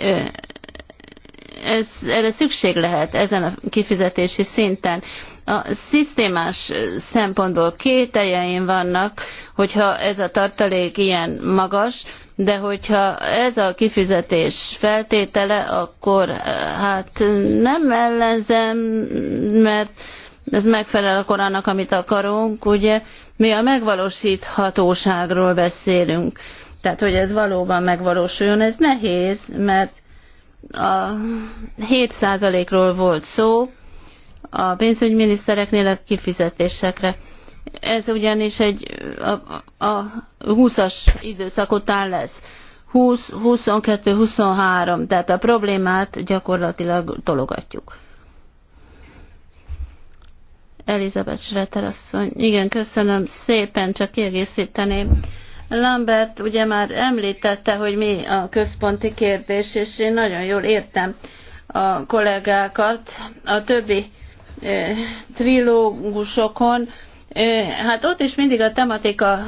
A: ez, erre szükség lehet ezen a kifizetési szinten. A szisztémás szempontból kételjeim vannak, hogyha ez a tartalék ilyen magas, de hogyha ez a kifizetés feltétele, akkor eh, hát nem ellenzem, mert ez megfelel akkor annak, amit akarunk, ugye mi a megvalósíthatóságról beszélünk. Tehát, hogy ez valóban megvalósuljon, ez nehéz, mert a 7%-ról volt szó, a pénzügyminisztereknél a kifizetésekre. Ez ugyanis egy a, a 20-as időszak után lesz. 20, 22, 23, tehát a problémát gyakorlatilag tologatjuk. Elizabeth Schreter asszony. Igen, köszönöm szépen, csak kiegészíteném. Lambert ugye már említette, hogy mi a központi kérdés, és én nagyon jól értem a kollégákat. A többi trilógusokon, Hát ott is mindig a tematika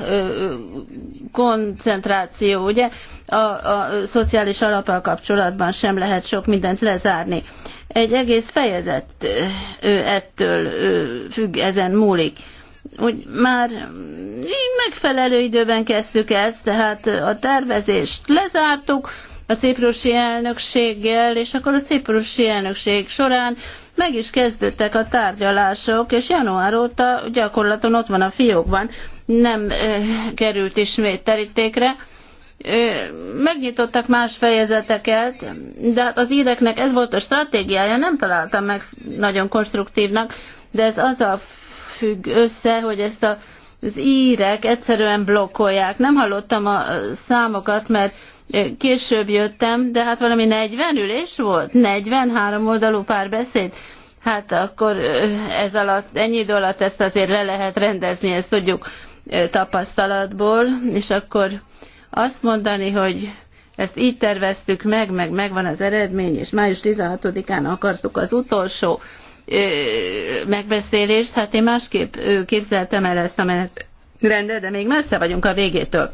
A: koncentráció, ugye? A, a szociális alapal kapcsolatban sem lehet sok mindent lezárni. Egy egész fejezet ettől függ, ezen múlik. Úgy már megfelelő időben kezdtük ezt, tehát a tervezést lezártuk, a ciprusi elnökséggel, és akkor a ciprusi elnökség során meg is kezdődtek a tárgyalások, és január óta gyakorlaton ott van a fiókban, nem e, került ismét terítékre. E, megnyitottak más fejezeteket, de hát az íreknek ez volt a stratégiája, nem találtam meg nagyon konstruktívnak, de ez az a függ össze, hogy ezt a az írek egyszerűen blokkolják. Nem hallottam a számokat, mert később jöttem, de hát valami 40 ülés volt, 43 oldalú párbeszéd. Hát akkor ez alatt, ennyi idő alatt ezt azért le lehet rendezni, ezt tudjuk tapasztalatból, és akkor azt mondani, hogy ezt így terveztük meg, meg megvan az eredmény, és május 16-án akartuk az utolsó megbeszélést, hát én másképp képzeltem el ezt a menetrendet, de még messze vagyunk a végétől.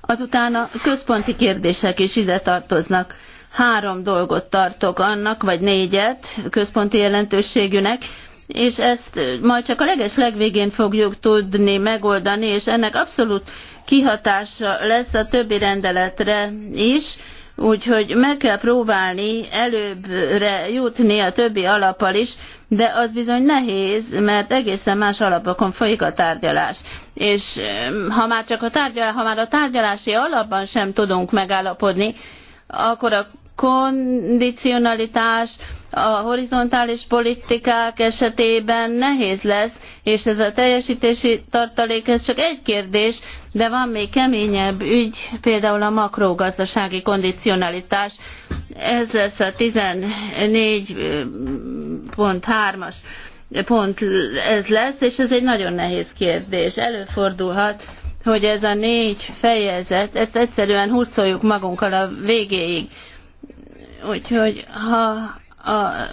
A: Azután a központi kérdések is ide tartoznak. Három dolgot tartok annak, vagy négyet központi jelentőségűnek, és ezt majd csak a leges legvégén fogjuk tudni megoldani, és ennek abszolút kihatása lesz a többi rendeletre is, Úgyhogy meg kell próbálni előbbre jutni a többi alappal is, de az bizony nehéz, mert egészen más alapokon folyik a tárgyalás. És ha már csak a, tárgyalás, ha már a tárgyalási alapban sem tudunk megállapodni, akkor a kondicionalitás, a horizontális politikák esetében nehéz lesz, és ez a teljesítési tartalék, ez csak egy kérdés, de van még keményebb ügy, például a makrogazdasági kondicionalitás. Ez lesz a 14.3-as pont ez lesz, és ez egy nagyon nehéz kérdés. Előfordulhat, hogy ez a négy fejezet, ezt egyszerűen hurcoljuk magunkkal a végéig. Úgyhogy ha a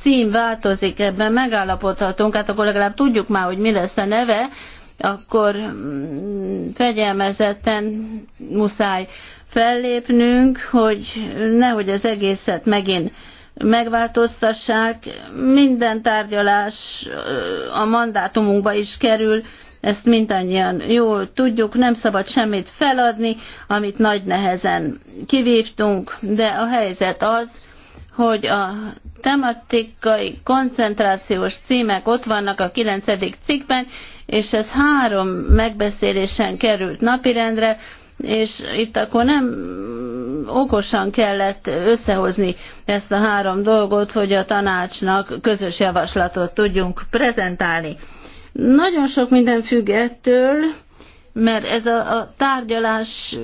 A: cím változik, ebben megállapodhatunk, hát akkor legalább tudjuk már, hogy mi lesz a neve, akkor mm, fegyelmezetten muszáj fellépnünk, hogy nehogy az egészet megint megváltoztassák. Minden tárgyalás a mandátumunkba is kerül, ezt mindannyian jól tudjuk, nem szabad semmit feladni, amit nagy nehezen kivívtunk, de a helyzet az, hogy a tematikai koncentrációs címek ott vannak a 9. cikkben, és ez három megbeszélésen került napirendre, és itt akkor nem okosan kellett összehozni ezt a három dolgot, hogy a tanácsnak közös javaslatot tudjunk prezentálni. Nagyon sok minden függ ettől, mert ez a, a tárgyalás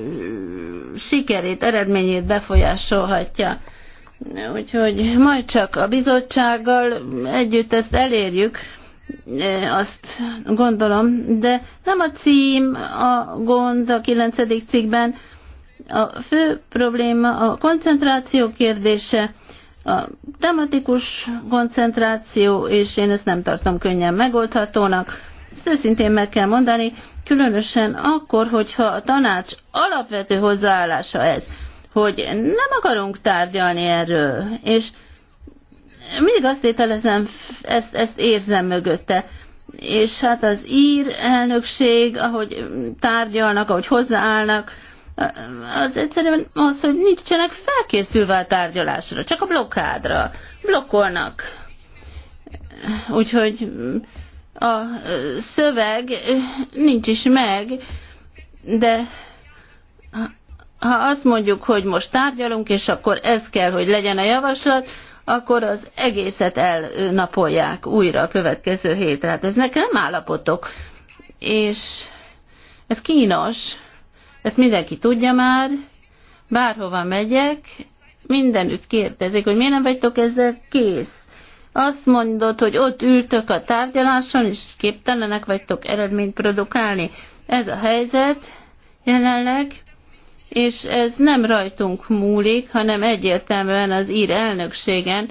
A: sikerét, eredményét befolyásolhatja. Úgyhogy majd csak a bizottsággal együtt ezt elérjük, azt gondolom, de nem a cím a gond a kilencedik cikkben. A fő probléma a koncentráció kérdése, a tematikus koncentráció, és én ezt nem tartom könnyen megoldhatónak. Ezt őszintén meg kell mondani, különösen akkor, hogyha a tanács alapvető hozzáállása ez, hogy nem akarunk tárgyalni erről, és mindig azt ételezem, ezt, ezt érzem mögötte. És hát az ír elnökség, ahogy tárgyalnak, ahogy hozzáállnak, az egyszerűen az, hogy nincsenek felkészülve a tárgyalásra, csak a blokkádra. Blokkolnak. Úgyhogy a szöveg nincs is meg, de ha azt mondjuk, hogy most tárgyalunk, és akkor ez kell, hogy legyen a javaslat, akkor az egészet elnapolják újra a következő hétre. Hát ez nekem nem állapotok. És ez kínos, ezt mindenki tudja már, bárhova megyek, mindenütt kérdezik, hogy miért nem vagytok ezzel kész. Azt mondod, hogy ott ültök a tárgyaláson, és képtelenek vagytok eredményt produkálni. Ez a helyzet jelenleg, és ez nem rajtunk múlik, hanem egyértelműen az ír elnökségen,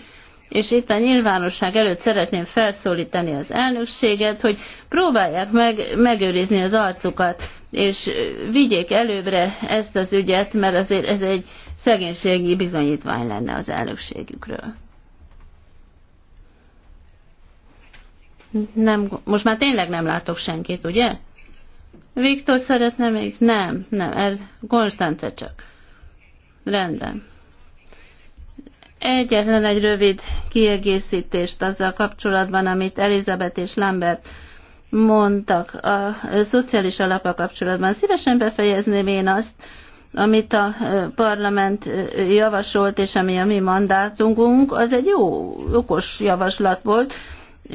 A: és itt a nyilvánosság előtt szeretném felszólítani az elnökséget, hogy próbálják meg megőrizni az arcukat, és vigyék előbbre ezt az ügyet, mert azért ez egy szegénységi bizonyítvány lenne az elnökségükről. Nem, most már tényleg nem látok senkit, ugye? Viktor szeretne még? Nem, nem, ez Konstance csak. Rendben. Egyetlen egy rövid kiegészítést azzal kapcsolatban, amit Elizabeth és Lambert mondtak a szociális alapok kapcsolatban. Szívesen befejezném én azt, amit a parlament javasolt, és ami a mi mandátunkunk, az egy jó, okos javaslat volt,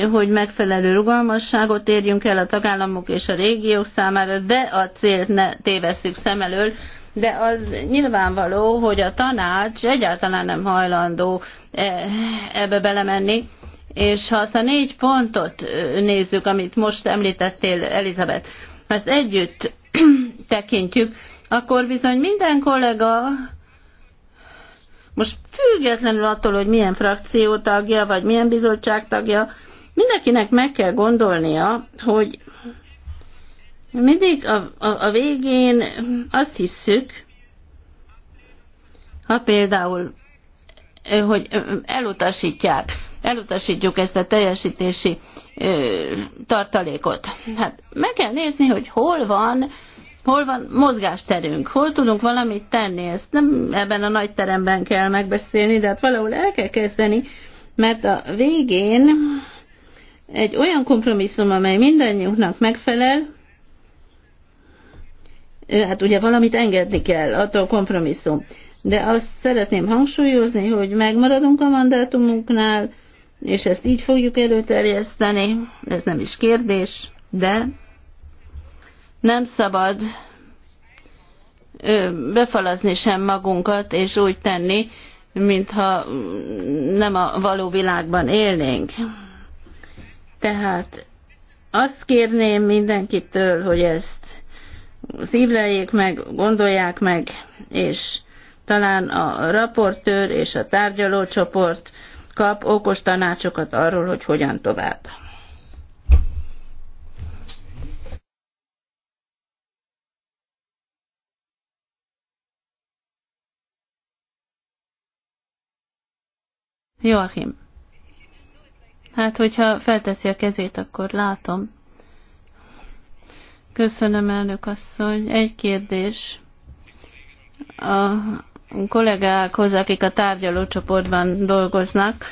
A: hogy megfelelő rugalmasságot érjünk el a tagállamok és a régiók számára, de a célt ne tévesszük szem elől, de az nyilvánvaló, hogy a tanács egyáltalán nem hajlandó eh, ebbe belemenni, és ha azt a négy pontot eh, nézzük, amit most említettél, Elizabeth, ha ezt együtt tekintjük, akkor bizony minden kollega most függetlenül attól, hogy milyen frakció tagja, vagy milyen bizottság tagja, Mindenkinek meg kell gondolnia, hogy mindig a, a, a végén azt hisszük, ha például, hogy elutasítják, elutasítjuk ezt a teljesítési ö, tartalékot. Hát meg kell nézni, hogy hol van, hol van mozgásterünk, hol tudunk valamit tenni, ezt nem ebben a nagy teremben kell megbeszélni, de hát valahol el kell kezdeni, mert a végén egy olyan kompromisszum, amely mindannyiunknak megfelel, hát ugye valamit engedni kell, attól kompromisszum. De azt szeretném hangsúlyozni, hogy megmaradunk a mandátumunknál, és ezt így fogjuk előterjeszteni, ez nem is kérdés, de nem szabad befalazni sem magunkat, és úgy tenni, mintha mm, nem a való világban élnénk. Tehát azt kérném mindenkitől, hogy ezt szívleljék meg, gondolják meg, és talán a raportőr és a tárgyalócsoport kap okos tanácsokat arról, hogy hogyan tovább. Joachim. Hát, hogyha felteszi a kezét, akkor látom. Köszönöm, elnök asszony. Egy kérdés. A kollégákhoz, akik a tárgyalócsoportban dolgoznak,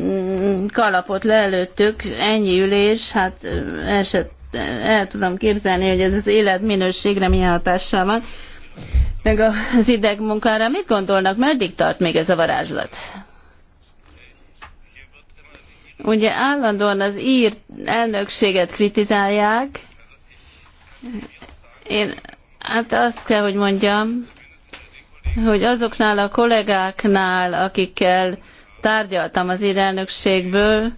A: mm, kalapot leelőttük, ennyi ülés, hát eset, el tudom képzelni, hogy ez az életminőségre milyen hatással van, meg az idegmunkára. Mit gondolnak, meddig tart még ez a varázslat? Ugye állandóan az ír elnökséget kritizálják. Én hát azt kell, hogy mondjam, hogy azoknál a kollégáknál, akikkel tárgyaltam az ír elnökségből,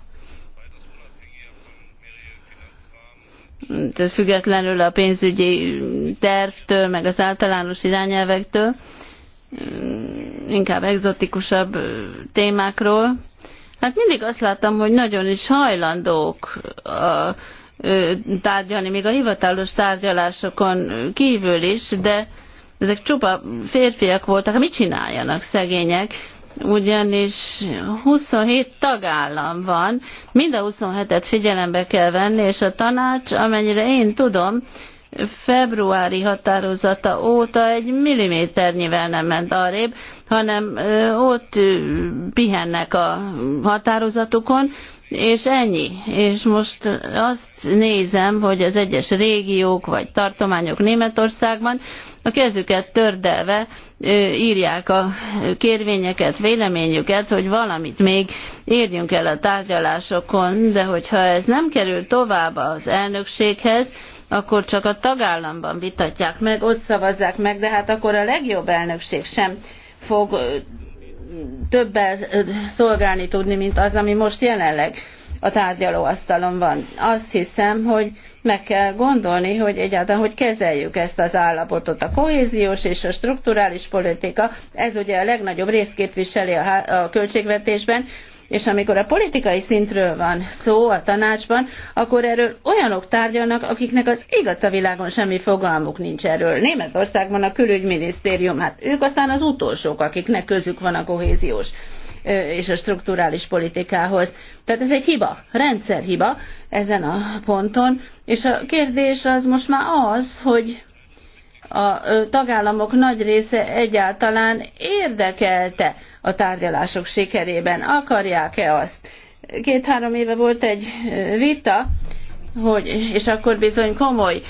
A: függetlenül a pénzügyi tervtől, meg az általános irányelvektől, inkább egzotikusabb témákról. Hát mindig azt láttam, hogy nagyon is hajlandók a, tárgyalni, még a hivatalos tárgyalásokon kívül is, de ezek csupa férfiak voltak, mit csináljanak szegények? ugyanis 27 tagállam van, mind a 27-et figyelembe kell venni, és a tanács, amennyire én tudom, februári határozata óta egy milliméternyivel nem ment arrébb, hanem ott pihennek a határozatukon, és ennyi. És most azt nézem, hogy az egyes régiók vagy tartományok Németországban a kezüket tördelve írják a kérvényeket, véleményüket, hogy valamit még érjünk el a tárgyalásokon, de hogyha ez nem kerül tovább az elnökséghez, akkor csak a tagállamban vitatják meg, ott szavazzák meg, de hát akkor a legjobb elnökség sem fog többel szolgálni tudni, mint az, ami most jelenleg a tárgyalóasztalon van. Azt hiszem, hogy meg kell gondolni, hogy egyáltalán hogy kezeljük ezt az állapotot. A kohéziós és a strukturális politika, ez ugye a legnagyobb részt képviseli a, a költségvetésben, és amikor a politikai szintről van szó a tanácsban, akkor erről olyanok tárgyalnak, akiknek az igaz a világon semmi fogalmuk nincs erről. Németországban a külügyminisztérium, hát ők aztán az utolsók, akiknek közük van a kohéziós és a strukturális politikához. Tehát ez egy hiba, rendszerhiba ezen a ponton, és a kérdés az most már az, hogy a tagállamok nagy része egyáltalán érdekelte a tárgyalások sikerében. Akarják-e azt? Két-három éve volt egy vita, hogy, és akkor bizony komoly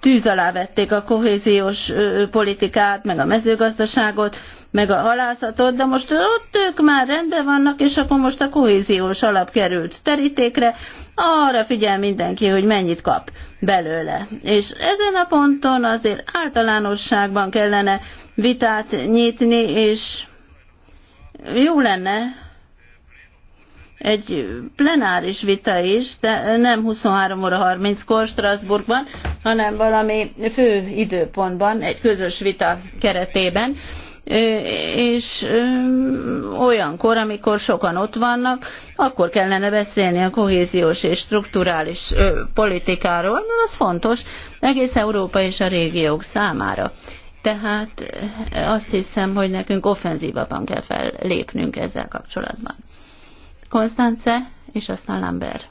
A: tűz alá vették a kohéziós politikát, meg a mezőgazdaságot, meg a halászatot, de most ott ők már rendben vannak, és akkor most a kohéziós alap került terítékre, arra figyel mindenki, hogy mennyit kap belőle. És ezen a ponton azért általánosságban kellene vitát nyitni, és jó lenne, egy plenáris vita is, de nem 23 óra 30-kor Strasbourgban, hanem valami fő időpontban, egy közös vita keretében, és olyankor, amikor sokan ott vannak, akkor kellene beszélni a kohéziós és strukturális politikáról, mert az fontos egész Európa és a régiók számára. Tehát azt hiszem, hogy nekünk offenzívabban kell fellépnünk ezzel kapcsolatban. Konstance, és aztán Lambert.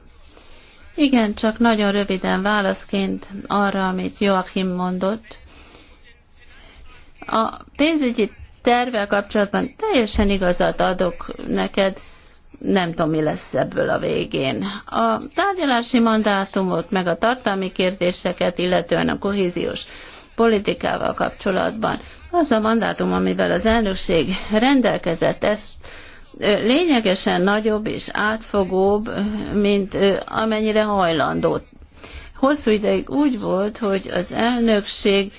A: Igen, csak nagyon röviden válaszként arra, amit Joachim mondott. A pénzügyi tervvel kapcsolatban teljesen igazat adok neked, nem tudom, mi lesz ebből a végén. A tárgyalási mandátumot, meg a tartalmi kérdéseket, illetően a kohéziós politikával kapcsolatban. Az a mandátum, amivel az elnökség rendelkezett, ezt lényegesen nagyobb és átfogóbb, mint amennyire hajlandó. Hosszú ideig úgy volt, hogy az elnökség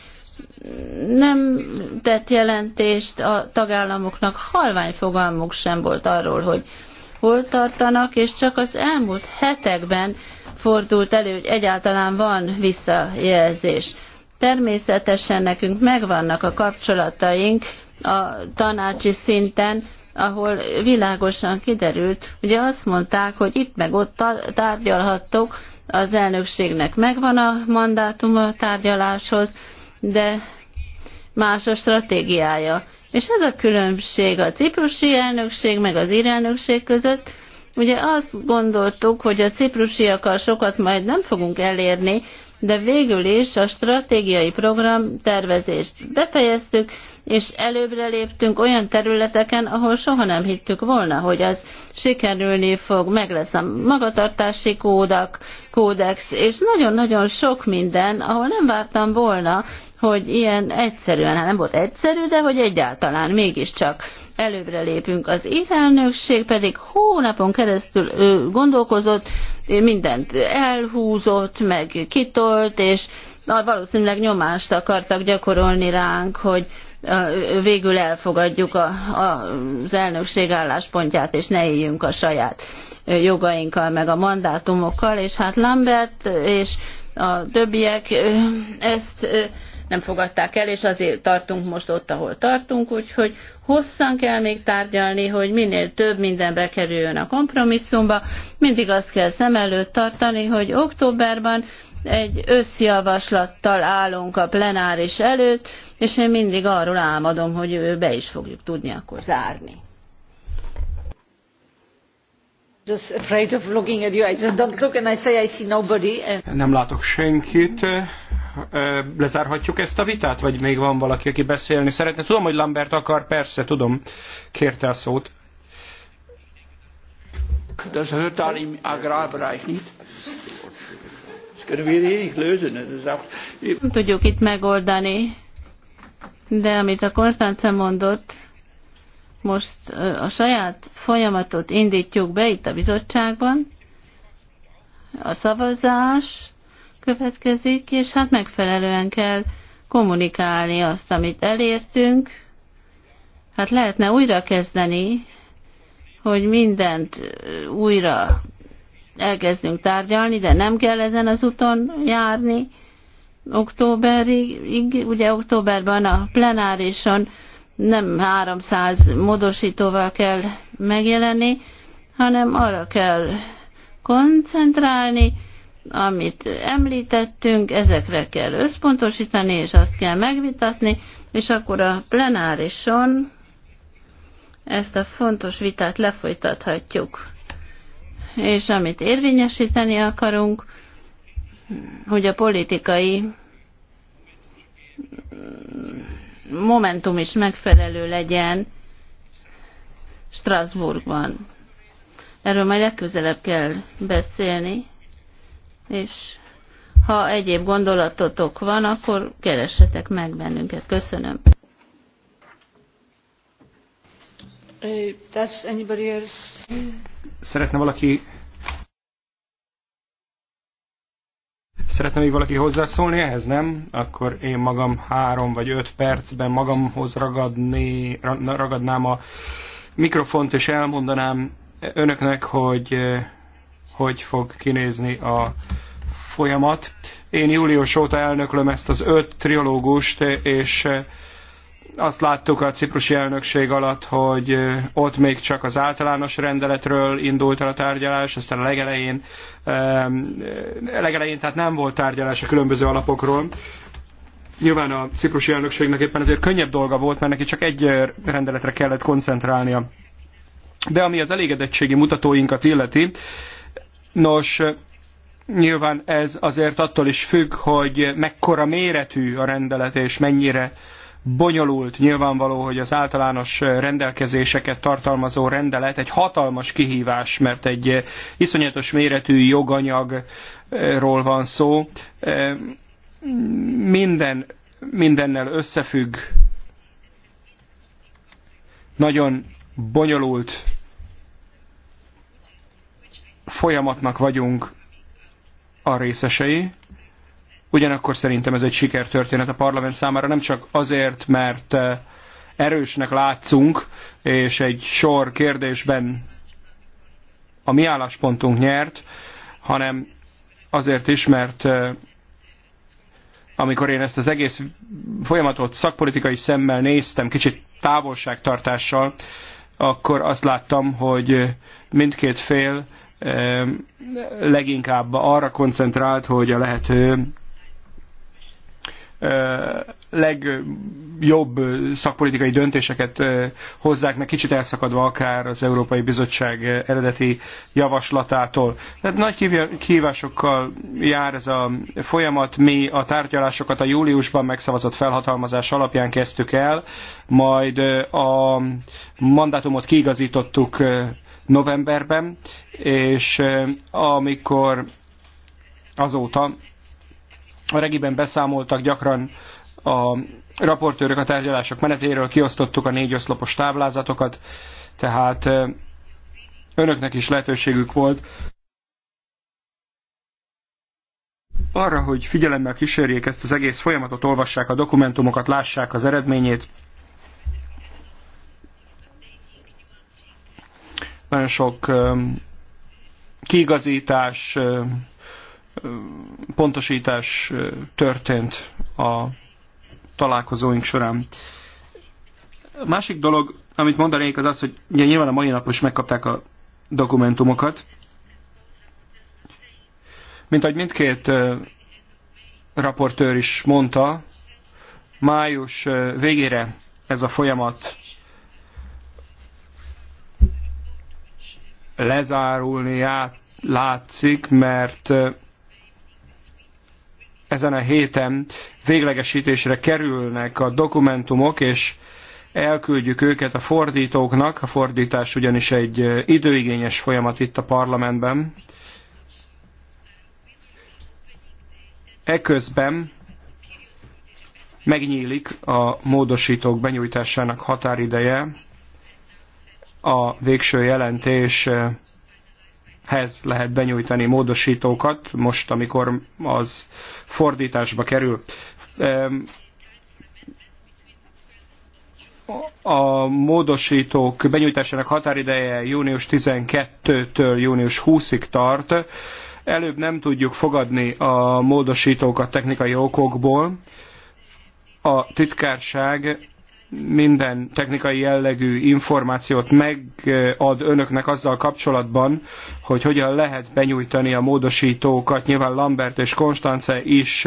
A: nem tett jelentést a tagállamoknak, halvány fogalmuk sem volt arról, hogy hol tartanak, és csak az elmúlt hetekben fordult elő, hogy egyáltalán van visszajelzés. Természetesen nekünk megvannak a kapcsolataink a tanácsi szinten, ahol világosan kiderült, ugye azt mondták, hogy itt meg ott tárgyalhattok, az elnökségnek megvan a mandátuma a tárgyaláshoz, de más a stratégiája. És ez a különbség a ciprusi elnökség meg az írelnökség között. Ugye azt gondoltuk, hogy a ciprusiakkal sokat majd nem fogunk elérni, de végül is a stratégiai program tervezést befejeztük, és előbbre léptünk olyan területeken, ahol soha nem hittük volna, hogy az sikerülni fog, meg lesz a magatartási kódak, kódex, és nagyon-nagyon sok minden, ahol nem vártam volna, hogy ilyen egyszerűen, hát nem volt egyszerű, de hogy egyáltalán mégiscsak előbbre lépünk. Az iránynökség pedig hónapon keresztül ő gondolkozott, mindent elhúzott, meg kitolt, és valószínűleg nyomást akartak gyakorolni ránk, hogy végül elfogadjuk a, a, az elnökség álláspontját, és ne éljünk a saját jogainkkal, meg a mandátumokkal, és hát Lambert és a többiek ezt nem fogadták el, és azért tartunk most ott, ahol tartunk, úgyhogy hosszan kell még tárgyalni, hogy minél több minden bekerüljön a kompromisszumba. Mindig azt kell szem előtt tartani, hogy októberben egy összjavaslattal állunk a plenáris előtt, és én mindig arról álmodom, hogy ő be is fogjuk tudni akkor zárni.
B: Nem látok senkit. Lezárhatjuk ezt a vitát, vagy még van valaki, aki beszélni szeretne? Tudom, hogy Lambert akar, persze, tudom. Kérte a szót. Das hört da er im Agrarbereich nicht. Nem
A: tudjuk itt megoldani, de amit a Konstance mondott, most a saját folyamatot indítjuk be itt a bizottságban, a szavazás következik, és hát megfelelően kell kommunikálni azt, amit elértünk. Hát lehetne újra kezdeni, hogy mindent újra elkezdünk tárgyalni, de nem kell ezen az úton járni. Októberig, ugye októberben a plenárison nem 300 módosítóval kell megjelenni, hanem arra kell koncentrálni, amit említettünk, ezekre kell összpontosítani, és azt kell megvitatni, és akkor a plenárison ezt a fontos vitát lefolytathatjuk és amit érvényesíteni akarunk, hogy a politikai momentum is megfelelő legyen Strasbourgban. Erről majd legközelebb kell beszélni, és ha egyéb gondolatotok van, akkor keressetek meg bennünket. Köszönöm. Uh, does anybody else...
B: Szeretne valaki... Szeretne még valaki hozzászólni ehhez, nem? Akkor én magam három vagy öt percben magamhoz ragadni, ragadnám a mikrofont, és elmondanám önöknek, hogy eh, hogy fog kinézni a folyamat. Én július óta elnöklöm ezt az öt triológust, és eh, azt láttuk a ciprusi elnökség alatt, hogy ott még csak az általános rendeletről indult el a tárgyalás, aztán a legelején, legelején tehát nem volt tárgyalás a különböző alapokról. Nyilván a ciprusi elnökségnek éppen ezért könnyebb dolga volt, mert neki csak egy rendeletre kellett koncentrálnia. De ami az elégedettségi mutatóinkat illeti, nos, nyilván ez azért attól is függ, hogy mekkora méretű a rendelet és mennyire uh, bonyolult. Nyilvánvaló, hogy az általános rendelkezéseket tartalmazó rendelet egy hatalmas kihívás, mert egy iszonyatos méretű joganyagról van szó. Minden, mindennel összefügg. Nagyon bonyolult folyamatnak vagyunk a részesei. Ugyanakkor szerintem ez egy sikertörténet a parlament számára, nem csak azért, mert eh, erősnek látszunk, és egy sor kérdésben a mi álláspontunk nyert, hanem azért is, mert eh, amikor én ezt az egész folyamatot szakpolitikai szemmel néztem, kicsit távolságtartással, akkor azt láttam, hogy mindkét fél eh, leginkább arra koncentrált, hogy a lehető legjobb szakpolitikai döntéseket hozzák meg, kicsit elszakadva akár az Európai Bizottság eredeti javaslatától. Tehát nagy kihívásokkal jár ez a folyamat. Mi a tárgyalásokat a júliusban megszavazott felhatalmazás alapján kezdtük el, majd a mandátumot kiigazítottuk novemberben, és amikor azóta a regiben beszámoltak gyakran a raportőrök a tárgyalások menetéről, kiosztottuk a négy oszlopos táblázatokat, tehát önöknek is lehetőségük volt arra, hogy figyelemmel kísérjék ezt az egész folyamatot, olvassák a dokumentumokat, lássák az eredményét. Nagyon sok kiigazítás, pontosítás történt a találkozóink során. A másik dolog, amit mondanék, az az, hogy ugye nyilván a mai napos is megkapták a dokumentumokat. Mint ahogy mindkét raportőr is mondta, május végére ez a folyamat lezárulni át, látszik, mert ezen a héten véglegesítésre kerülnek a dokumentumok, és elküldjük őket a fordítóknak, a fordítás ugyanis egy időigényes folyamat itt a parlamentben. Eközben megnyílik a módosítók benyújtásának határideje, a végső jelentés hez lehet benyújtani módosítókat, most, amikor az fordításba kerül. A módosítók benyújtásának határideje június 12-től június 20-ig tart. Előbb nem tudjuk fogadni a módosítókat technikai okokból. A titkárság minden technikai jellegű információt megad önöknek azzal kapcsolatban, hogy hogyan lehet benyújtani a módosítókat. Nyilván Lambert és Konstance is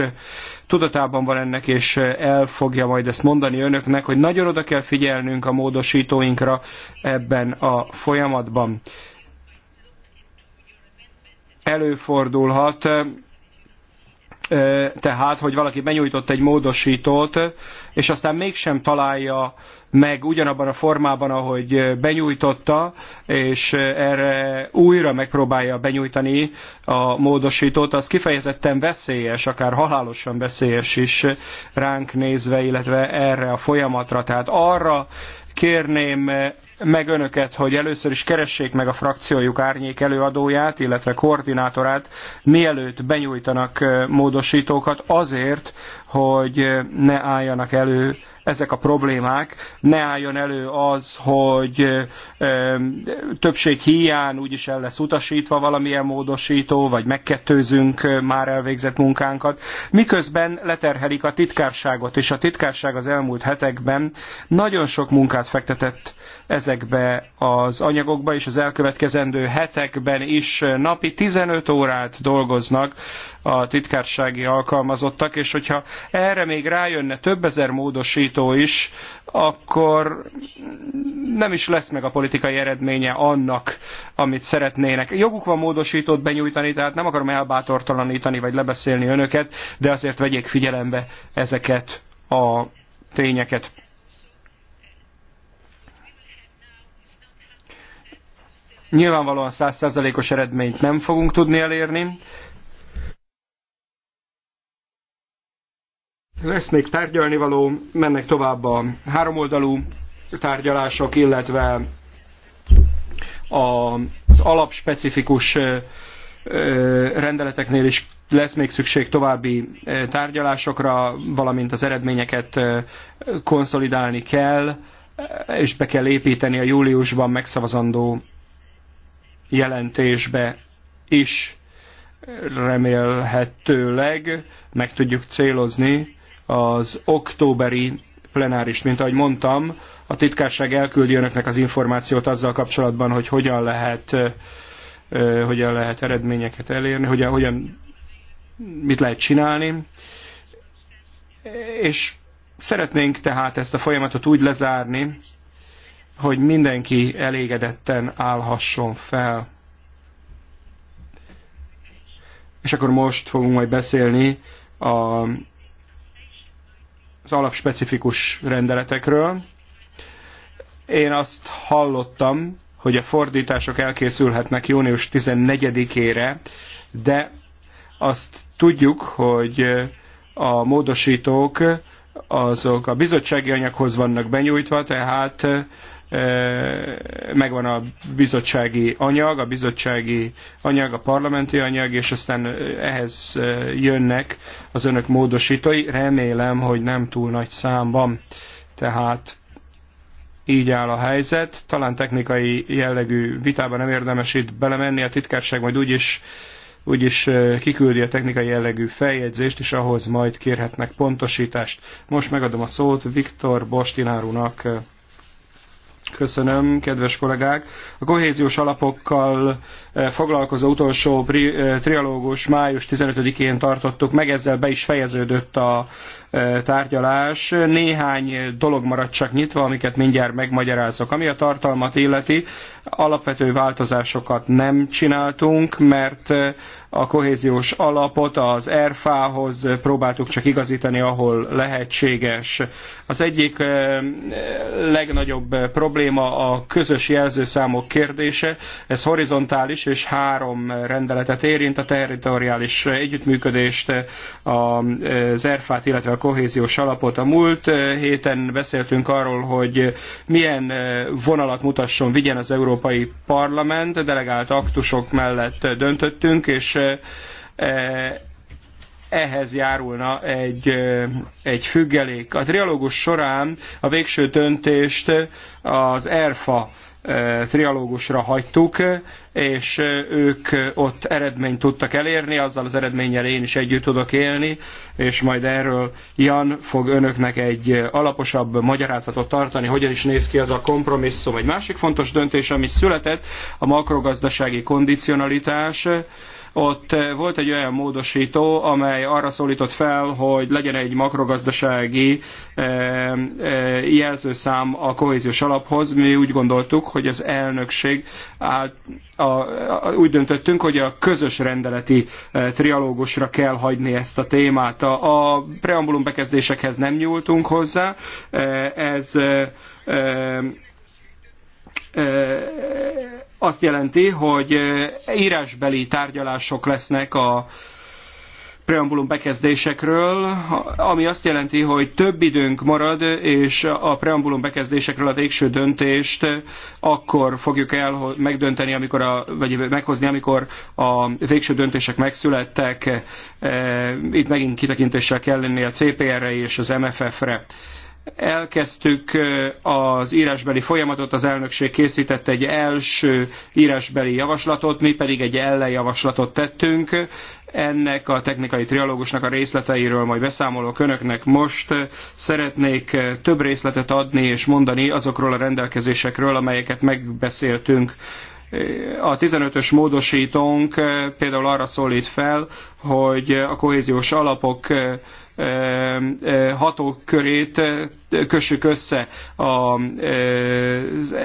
B: tudatában van ennek, és el fogja majd ezt mondani önöknek, hogy nagyon oda kell figyelnünk a módosítóinkra ebben a folyamatban. Előfordulhat eh, tehát, hogy valaki benyújtott egy módosítót, és aztán mégsem találja meg ugyanabban a formában, ahogy benyújtotta, és erre újra megpróbálja benyújtani a módosítót, az kifejezetten veszélyes, akár halálosan veszélyes is ránk nézve, illetve erre a folyamatra. Tehát arra kérném meg önöket, hogy először is keressék meg a frakciójuk árnyék előadóját, illetve koordinátorát, mielőtt benyújtanak módosítókat azért, hogy ne álljanak elő ezek a problémák. Ne álljon elő az, hogy többség hiány úgyis el lesz utasítva valamilyen módosító, vagy megkettőzünk már elvégzett munkánkat, miközben leterhelik a titkárságot, és a titkárság az elmúlt hetekben nagyon sok munkát fektetett ezekbe az anyagokba, és az elkövetkezendő hetekben is napi 15 órát dolgoznak a titkársági alkalmazottak, és hogyha erre még rájönne több ezer módosító is, akkor nem is lesz meg a politikai eredménye annak, amit szeretnének. Joguk van módosítót benyújtani, tehát nem akarom elbátortalanítani vagy lebeszélni önöket, de azért vegyék figyelembe ezeket a tényeket. Nyilvánvalóan százszerzalékos eredményt nem fogunk tudni elérni, Lesz még tárgyalni való, mennek tovább a háromoldalú tárgyalások, illetve az alapspecifikus rendeleteknél is lesz még szükség további tárgyalásokra, valamint az eredményeket konszolidálni kell, és be kell építeni a júliusban megszavazandó jelentésbe is remélhetőleg meg tudjuk célozni az októberi plenárist, mint ahogy mondtam, a titkárság elküldi önöknek az információt azzal kapcsolatban, hogy hogyan lehet, hogyan lehet eredményeket elérni, hogyan, hogyan, mit lehet csinálni. És szeretnénk tehát ezt a folyamatot úgy lezárni, hogy mindenki elégedetten állhasson fel. És akkor most fogunk majd beszélni a az alapspecifikus rendeletekről. Én azt hallottam, hogy a fordítások elkészülhetnek június 14-ére, de azt tudjuk, hogy a módosítók azok a bizottsági anyaghoz vannak benyújtva, tehát megvan a bizottsági anyag, a bizottsági anyag, a parlamenti anyag, és aztán ehhez jönnek az önök módosítói. Remélem, hogy nem túl nagy szám van. Tehát így áll a helyzet. Talán technikai jellegű vitában nem érdemes itt belemenni, a titkárság majd úgyis úgyis kiküldi a technikai jellegű feljegyzést, és ahhoz majd kérhetnek pontosítást. Most megadom a szót Viktor Bostinárunak. Köszönöm, kedves kollégák. A kohéziós alapokkal eh, foglalkozó utolsó eh, trialógus május 15-én tartottuk meg, ezzel be is fejeződött a eh, tárgyalás. Néhány dolog maradt csak nyitva, amiket mindjárt megmagyarázok. Ami a tartalmat illeti, alapvető változásokat nem csináltunk, mert a kohéziós alapot az ERFA-hoz próbáltuk csak igazítani, ahol lehetséges. Az egyik eh, legnagyobb probléma a közös jelzőszámok kérdése. Ez horizontális és három rendeletet érint, a territoriális együttműködést, az ERFA-t, illetve a kohéziós alapot. A múlt eh, héten beszéltünk arról, hogy milyen eh, vonalat mutasson, vigyen az Európai Parlament, delegált aktusok mellett döntöttünk, és ehhez járulna egy, egy függelék. A trialógus során a végső döntést az ERFA trialógusra hagytuk, és ők ott eredményt tudtak elérni, azzal az eredménnyel én is együtt tudok élni, és majd erről Jan fog önöknek egy alaposabb magyarázatot tartani, hogyan is néz ki az a kompromisszum. Egy másik fontos döntés, ami született, a makrogazdasági kondicionalitás, ott eh, volt egy olyan módosító, amely arra szólított fel, hogy legyen egy makrogazdasági eh, eh, jelzőszám a kohéziós alaphoz. Mi úgy gondoltuk, hogy az elnökség át, a, a, úgy döntöttünk, hogy a közös rendeleti e, trialógusra kell hagyni ezt a témát. A, a preambulum bekezdésekhez nem nyúltunk hozzá. E, ez e, azt jelenti, hogy írásbeli tárgyalások lesznek a preambulum bekezdésekről, ami azt jelenti, hogy több időnk marad, és a preambulum bekezdésekről a végső döntést akkor fogjuk el megdönteni, amikor a, vagy meghozni, amikor a végső döntések megszülettek. Itt megint kitekintéssel kell lenni a CPR-re és az MFF-re elkezdtük az írásbeli folyamatot, az elnökség készített egy első írásbeli javaslatot, mi pedig egy ellenjavaslatot tettünk. Ennek a technikai trialógusnak a részleteiről majd beszámolok önöknek most. Szeretnék több részletet adni és mondani azokról a rendelkezésekről, amelyeket megbeszéltünk a 15-ös módosítónk például arra szólít fel, hogy a kohéziós alapok hatókörét kössük össze az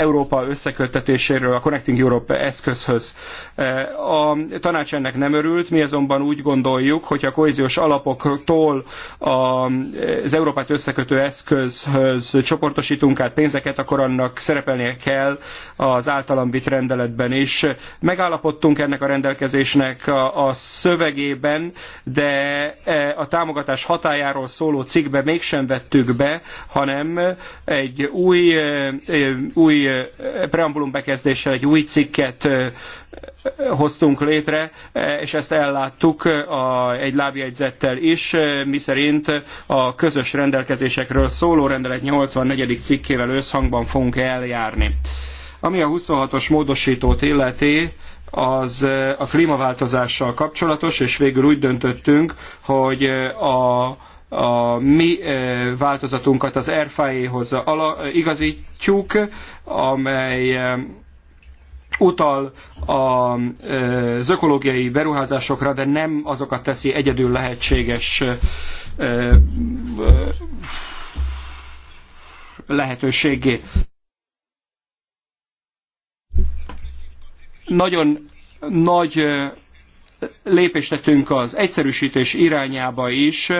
B: Európa összeköttetéséről, a Connecting Europe eszközhöz. E, a tanács ennek nem örült, mi azonban úgy gondoljuk, hogy a kohéziós alapoktól az Európát összekötő eszközhöz csoportosítunk át pénzeket, akkor annak szerepelnie kell az általam rendeletben is. Megállapodtunk ennek a rendelkezésnek a szövegében, de e, a támogatás hatájáról szóló cikkbe mégsem vettük be, hanem egy új, e, új preambulum bekezdéssel egy új cikket hoztunk létre, és ezt elláttuk a, egy lábjegyzettel is, miszerint a közös rendelkezésekről szóló rendelet 84. cikkével összhangban fogunk eljárni. Ami a 26-os módosítót illeti, az a klímaváltozással kapcsolatos, és végül úgy döntöttünk, hogy a a mi eh, változatunkat az RFA-hoz eh, igazítjuk, amely eh, utal az ökológiai beruházásokra, de nem azokat teszi egyedül lehetséges lehetőségé. Nagyon nagy lépést tettünk az egyszerűsítés irányába is,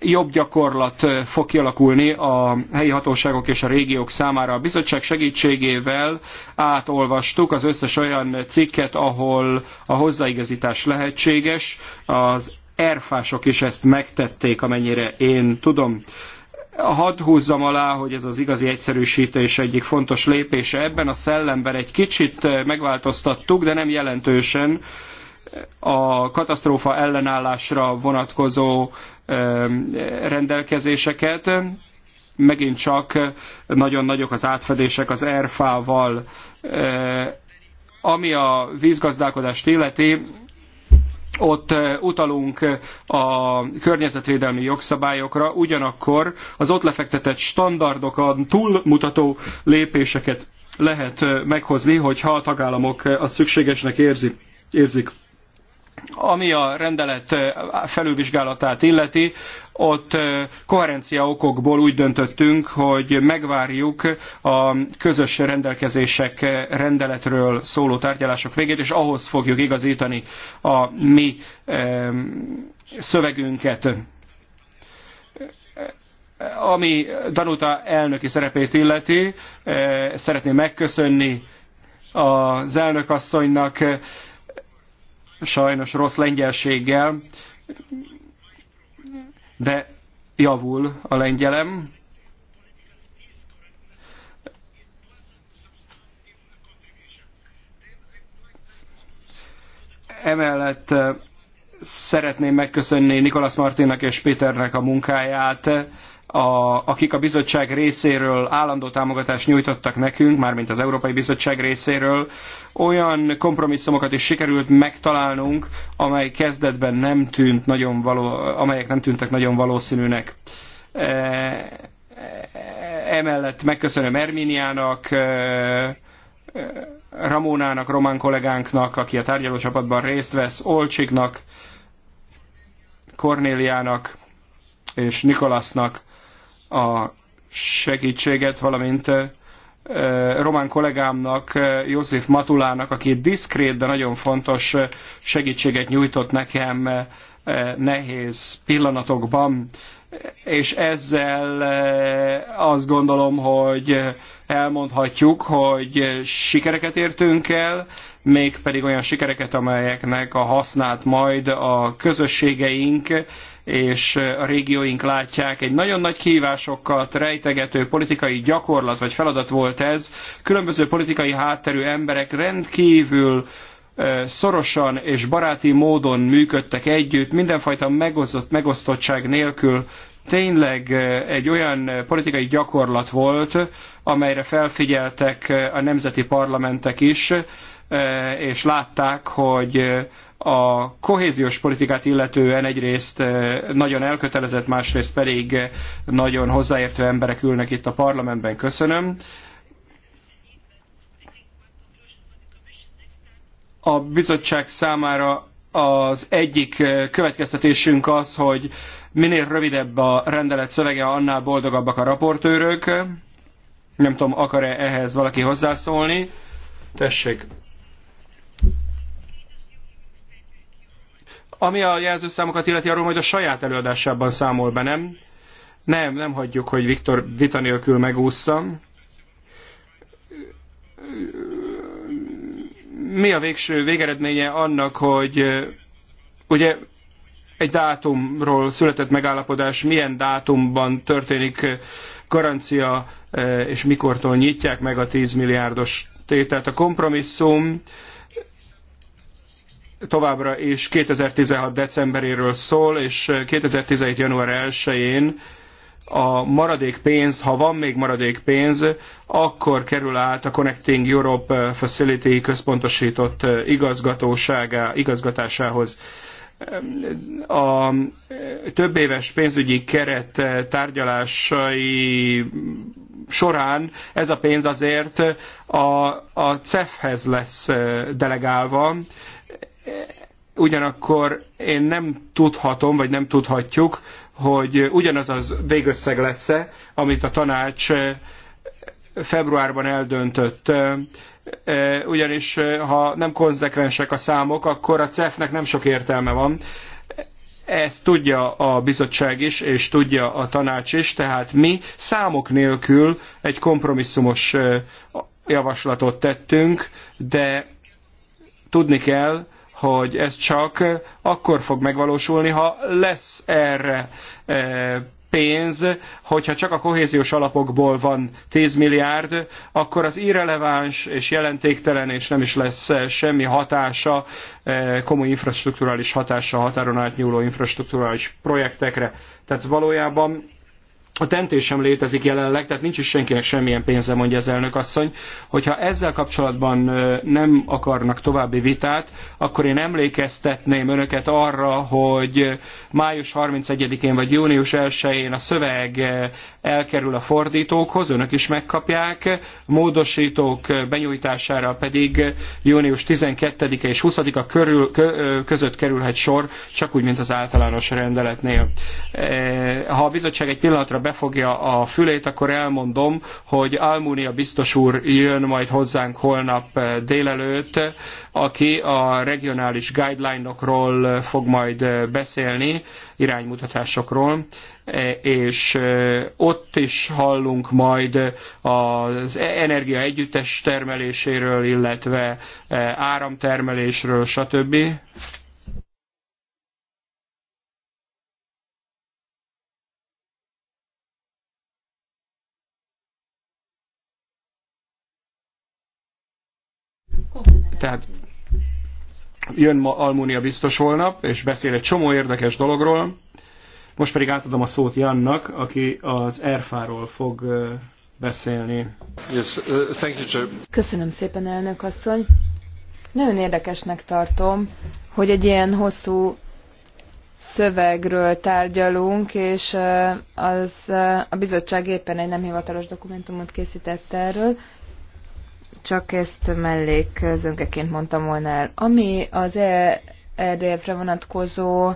B: jobb gyakorlat fog kialakulni a helyi hatóságok és a régiók számára. A bizottság segítségével átolvastuk az összes olyan cikket, ahol a hozzáigazítás lehetséges. Az erfások is ezt megtették, amennyire én tudom. Hadd húzzam alá, hogy ez az igazi egyszerűsítés egyik fontos lépése. Ebben a szellemben egy kicsit megváltoztattuk, de nem jelentősen a katasztrófa ellenállásra vonatkozó rendelkezéseket. Megint csak nagyon nagyok az átfedések az rfa val Ami a vízgazdálkodást illeti, ott utalunk a környezetvédelmi jogszabályokra, ugyanakkor az ott lefektetett standardokon túlmutató lépéseket lehet meghozni, hogyha a tagállamok azt szükségesnek érzi, érzik. Ami a rendelet felülvizsgálatát illeti, ott koherencia okokból úgy döntöttünk, hogy megvárjuk a közös rendelkezések rendeletről szóló tárgyalások végét, és ahhoz fogjuk igazítani a mi szövegünket ami Danuta elnöki szerepét illeti, szeretném megköszönni az elnökasszonynak sajnos rossz lengyelséggel, de javul a lengyelem. Emellett eh, szeretném megköszönni Nikolas Martinnak és Péternek a munkáját, a, akik a bizottság részéről állandó támogatást nyújtottak nekünk, mármint az Európai Bizottság részéről, olyan kompromisszumokat is sikerült megtalálnunk, amely kezdetben nem tűnt nagyon való, amelyek nem tűntek nagyon valószínűnek. E, e, emellett megköszönöm Erminiának, e, Ramónának, román kollégánknak, aki a tárgyalócsapatban részt vesz, Olcsiknak, Kornéliának és Nikolasznak, a segítséget, valamint román kollégámnak, József Matulának, aki diszkrét, de nagyon fontos segítséget nyújtott nekem nehéz pillanatokban, és ezzel azt gondolom, hogy elmondhatjuk, hogy sikereket értünk el, mégpedig olyan sikereket, amelyeknek a hasznát majd a közösségeink és a régióink látják. Egy nagyon nagy kihívásokkal rejtegető politikai gyakorlat vagy feladat volt ez. Különböző politikai hátterű emberek rendkívül szorosan és baráti módon működtek együtt, mindenfajta megosztott megosztottság nélkül tényleg egy olyan politikai gyakorlat volt, amelyre felfigyeltek a nemzeti parlamentek is, és látták, hogy a kohéziós politikát illetően egyrészt eh, nagyon elkötelezett, másrészt pedig eh, nagyon hozzáértő emberek ülnek itt a parlamentben. Köszönöm. A bizottság számára az egyik eh, következtetésünk az, hogy minél rövidebb a rendelet szövege, annál boldogabbak a raportőrök. Nem tudom, akar-e ehhez valaki hozzászólni? Tessék. Ami a jelzőszámokat illeti, arról majd a saját előadásában számol be, nem? Nem, nem hagyjuk, hogy Viktor vita nélkül megúszza. Mi a végső végeredménye annak, hogy ugye egy dátumról született megállapodás, milyen dátumban történik garancia, és mikortól nyitják meg a 10 milliárdos tételt. A kompromisszum továbbra is 2016. decemberéről szól, és 2017. január 1-én a maradék pénz, ha van még maradék pénz, akkor kerül át a Connecting Europe Facility központosított igazgatóságá, igazgatásához. A több éves pénzügyi keret tárgyalásai során ez a pénz azért a, a CEF-hez lesz delegálva, ugyanakkor én nem tudhatom, vagy nem tudhatjuk, hogy ugyanaz az végösszeg lesz-e, amit a tanács eh, februárban eldöntött. Eh, eh, ugyanis ha nem konzekvensek a számok, akkor a CEF-nek nem sok értelme van. Ezt tudja a bizottság is, és tudja a tanács is, tehát mi számok nélkül egy kompromisszumos javaslatot tettünk, de tudni kell, hogy ez csak eh, akkor fog megvalósulni, ha lesz erre eh, pénz, hogyha csak a kohéziós alapokból van 10 milliárd, akkor az irreleváns és jelentéktelen, és nem is lesz eh, semmi hatása, komoly infrastruktúrális hatása a határon átnyúló infrastruktúrális projektekre. Tehát valójában a tentés sem létezik jelenleg, tehát nincs is senkinek semmilyen pénze, mondja az elnök asszony. Hogyha ezzel kapcsolatban nem akarnak további vitát, akkor én emlékeztetném önöket arra, hogy május 31-én vagy június 1-én a szöveg elkerül a fordítókhoz, önök is megkapják, módosítók benyújtására pedig június 12-e és 20-a körül, között kerülhet sor, csak úgy, mint az általános rendeletnél. Ha a bizottság egy pillanatra befogja a fülét, akkor elmondom, hogy Almunia biztos úr jön majd hozzánk holnap eh, délelőtt, aki a regionális guideline-okról eh, fog majd eh, beszélni, iránymutatásokról, és ott is hallunk majd az energia együttes termeléséről, illetve áramtermelésről, stb. Tehát jön ma Almunia biztos holnap, és beszél egy csomó érdekes dologról. Most pedig átadom a szót Jannak, aki az Erfáról fog beszélni. Yes, uh, thank you, Joe.
C: Köszönöm szépen, elnök asszony. Nagyon érdekesnek tartom, hogy egy ilyen hosszú szövegről tárgyalunk, és az, a bizottság éppen egy nem hivatalos dokumentumot készített erről csak ezt zöngeként mondtam volna el. Ami az EDF-re e vonatkozó,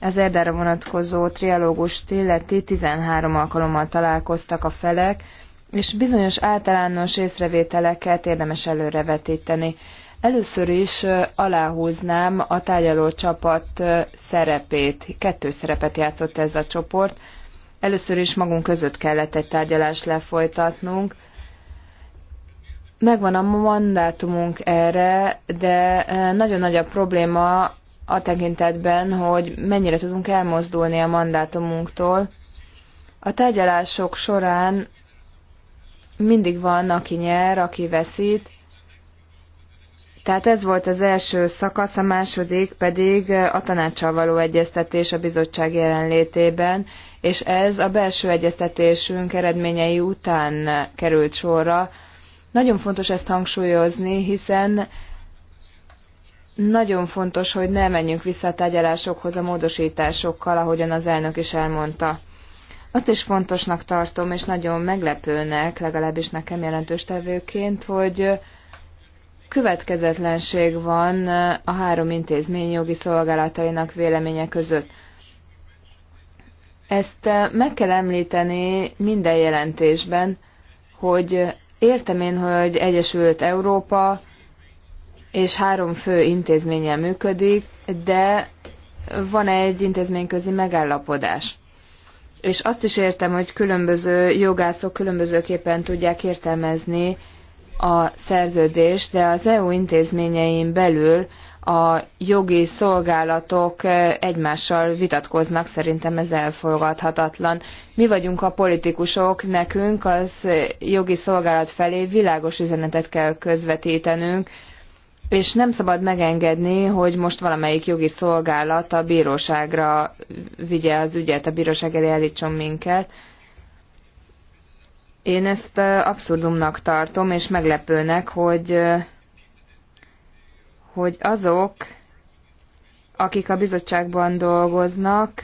C: az Erdára vonatkozó trialógust illeti 13 alkalommal találkoztak a felek, és bizonyos általános észrevételeket érdemes előrevetíteni. Először is aláhúznám a tárgyaló csapat szerepét. Kettő szerepet játszott ez a csoport. Először is magunk között kellett egy tárgyalást lefolytatnunk, megvan a mandátumunk erre, de e, nagyon nagy a probléma a tekintetben, hogy mennyire tudunk elmozdulni a mandátumunktól. A tárgyalások során mindig van, aki nyer, aki veszít. Tehát ez volt az első szakasz, a második pedig a tanácssal való egyeztetés a bizottság jelenlétében, és ez a belső egyeztetésünk eredményei után került sorra, nagyon fontos ezt hangsúlyozni, hiszen nagyon fontos, hogy ne menjünk vissza a tárgyalásokhoz a módosításokkal, ahogyan az elnök is elmondta. Azt is fontosnak tartom, és nagyon meglepőnek, legalábbis nekem jelentős tevőként, hogy következetlenség van a három intézmény jogi szolgálatainak véleménye között. Ezt meg kell említeni minden jelentésben, hogy Értem én, hogy Egyesült Európa és három fő intézménnyel működik, de van egy intézményközi megállapodás. És azt is értem, hogy különböző jogászok különbözőképpen tudják értelmezni a szerződést, de az EU intézményein belül a jogi szolgálatok eh, egymással vitatkoznak, szerintem ez elfogadhatatlan. Mi vagyunk a politikusok, nekünk az jogi szolgálat felé világos üzenetet kell közvetítenünk, és nem szabad megengedni, hogy most valamelyik jogi szolgálat a bíróságra vigye az ügyet, a bíróság elé elítson minket. Én ezt eh, abszurdumnak tartom, és meglepőnek, hogy eh, hogy azok, akik a bizottságban dolgoznak,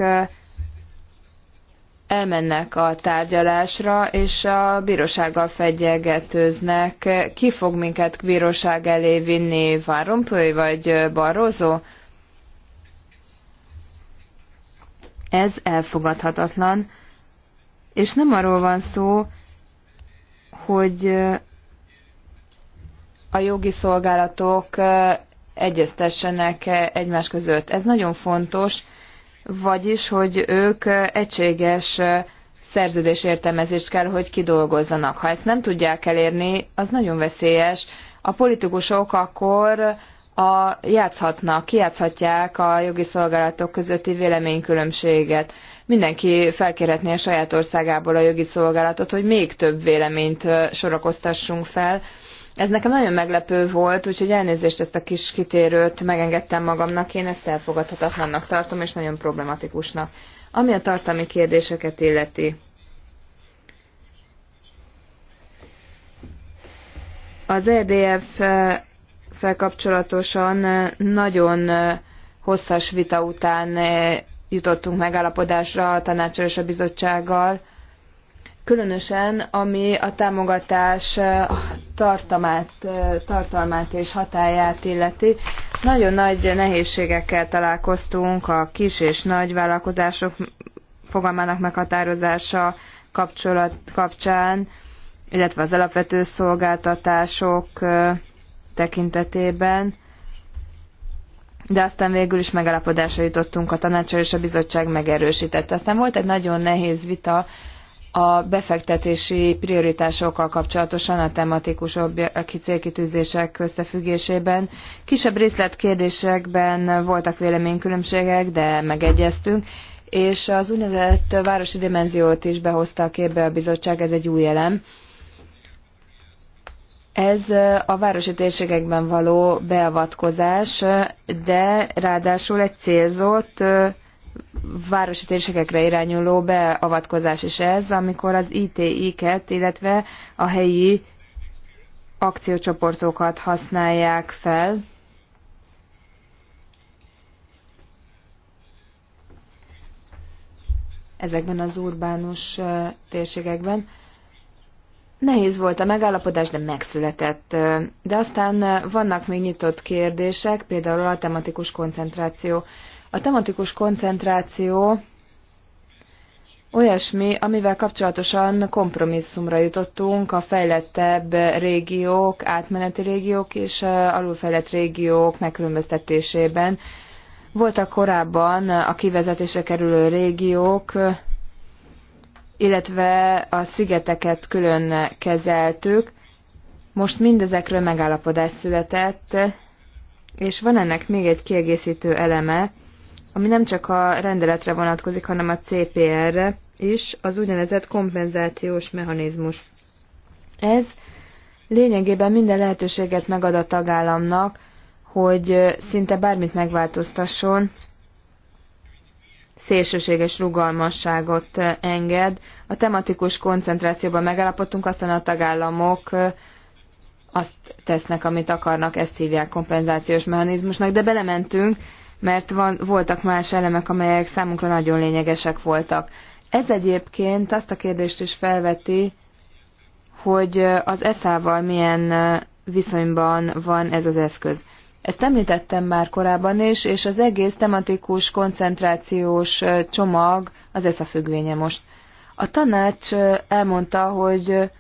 C: elmennek a tárgyalásra, és a bírósággal fegyegetőznek. Ki fog minket bíróság elé vinni, Várompöly vagy Barrozó? Ez elfogadhatatlan. És nem arról van szó, hogy a jogi szolgálatok egyeztessenek egymás között. Ez nagyon fontos, vagyis, hogy ők egységes szerződés értelmezést kell, hogy kidolgozzanak. Ha ezt nem tudják elérni, az nagyon veszélyes. A politikusok akkor a, játszhatnak, kiátszhatják a jogi szolgálatok közötti véleménykülönbséget. Mindenki felkérhetné a saját országából a jogi szolgálatot, hogy még több véleményt sorakoztassunk fel, ez nekem nagyon meglepő volt, úgyhogy elnézést ezt a kis kitérőt megengedtem magamnak, én ezt elfogadhatatlannak tartom, és nagyon problematikusnak. Ami a tartalmi kérdéseket illeti. Az EDF felkapcsolatosan nagyon hosszas vita után eh, jutottunk megállapodásra a tanácsal és a bizottsággal, különösen ami a támogatás eh, tartamát, eh, tartalmát és hatáját illeti. Nagyon nagy nehézségekkel találkoztunk a kis és nagy vállalkozások fogalmának meghatározása kapcsolat, kapcsán, illetve az alapvető szolgáltatások eh, tekintetében de aztán végül is megállapodásra jutottunk a tanácsal, és a bizottság megerősítette. Aztán volt egy nagyon nehéz vita a befektetési prioritásokkal kapcsolatosan a tematikus célkitűzések összefüggésében. Kisebb részletkérdésekben voltak véleménykülönbségek, de megegyeztünk, és az úgynevezett városi dimenziót is behozta a képbe a bizottság, ez egy új elem. Ez a városi térségekben való beavatkozás, de ráadásul egy célzott városi térségekre irányuló beavatkozás is ez, amikor az ITI-ket, illetve a helyi akciócsoportokat használják fel. ezekben az urbánus térségekben. Nehéz volt a megállapodás, de megszületett. De aztán vannak még nyitott kérdések, például a tematikus koncentráció. A tematikus koncentráció olyasmi, amivel kapcsolatosan kompromisszumra jutottunk a fejlettebb régiók, átmeneti régiók és alulfejlett régiók megkülönböztetésében. Voltak korábban a kivezetése kerülő régiók, illetve a szigeteket külön kezeltük. Most mindezekről megállapodás született, és van ennek még egy kiegészítő eleme, ami nem csak a rendeletre vonatkozik, hanem a CPR-re is, az úgynevezett kompenzációs mechanizmus. Ez lényegében minden lehetőséget megad a tagállamnak, hogy szinte bármit megváltoztasson, szélsőséges rugalmasságot enged. A tematikus koncentrációban megállapodtunk, aztán a tagállamok azt tesznek, amit akarnak, ezt hívják kompenzációs mechanizmusnak, de belementünk mert van, voltak más elemek, amelyek számunkra nagyon lényegesek voltak. Ez egyébként azt a kérdést is felveti, hogy az eszával milyen viszonyban van ez az eszköz. Ezt említettem már korábban is, és az egész tematikus koncentrációs csomag az eszafüggvénye most. A tanács elmondta, hogy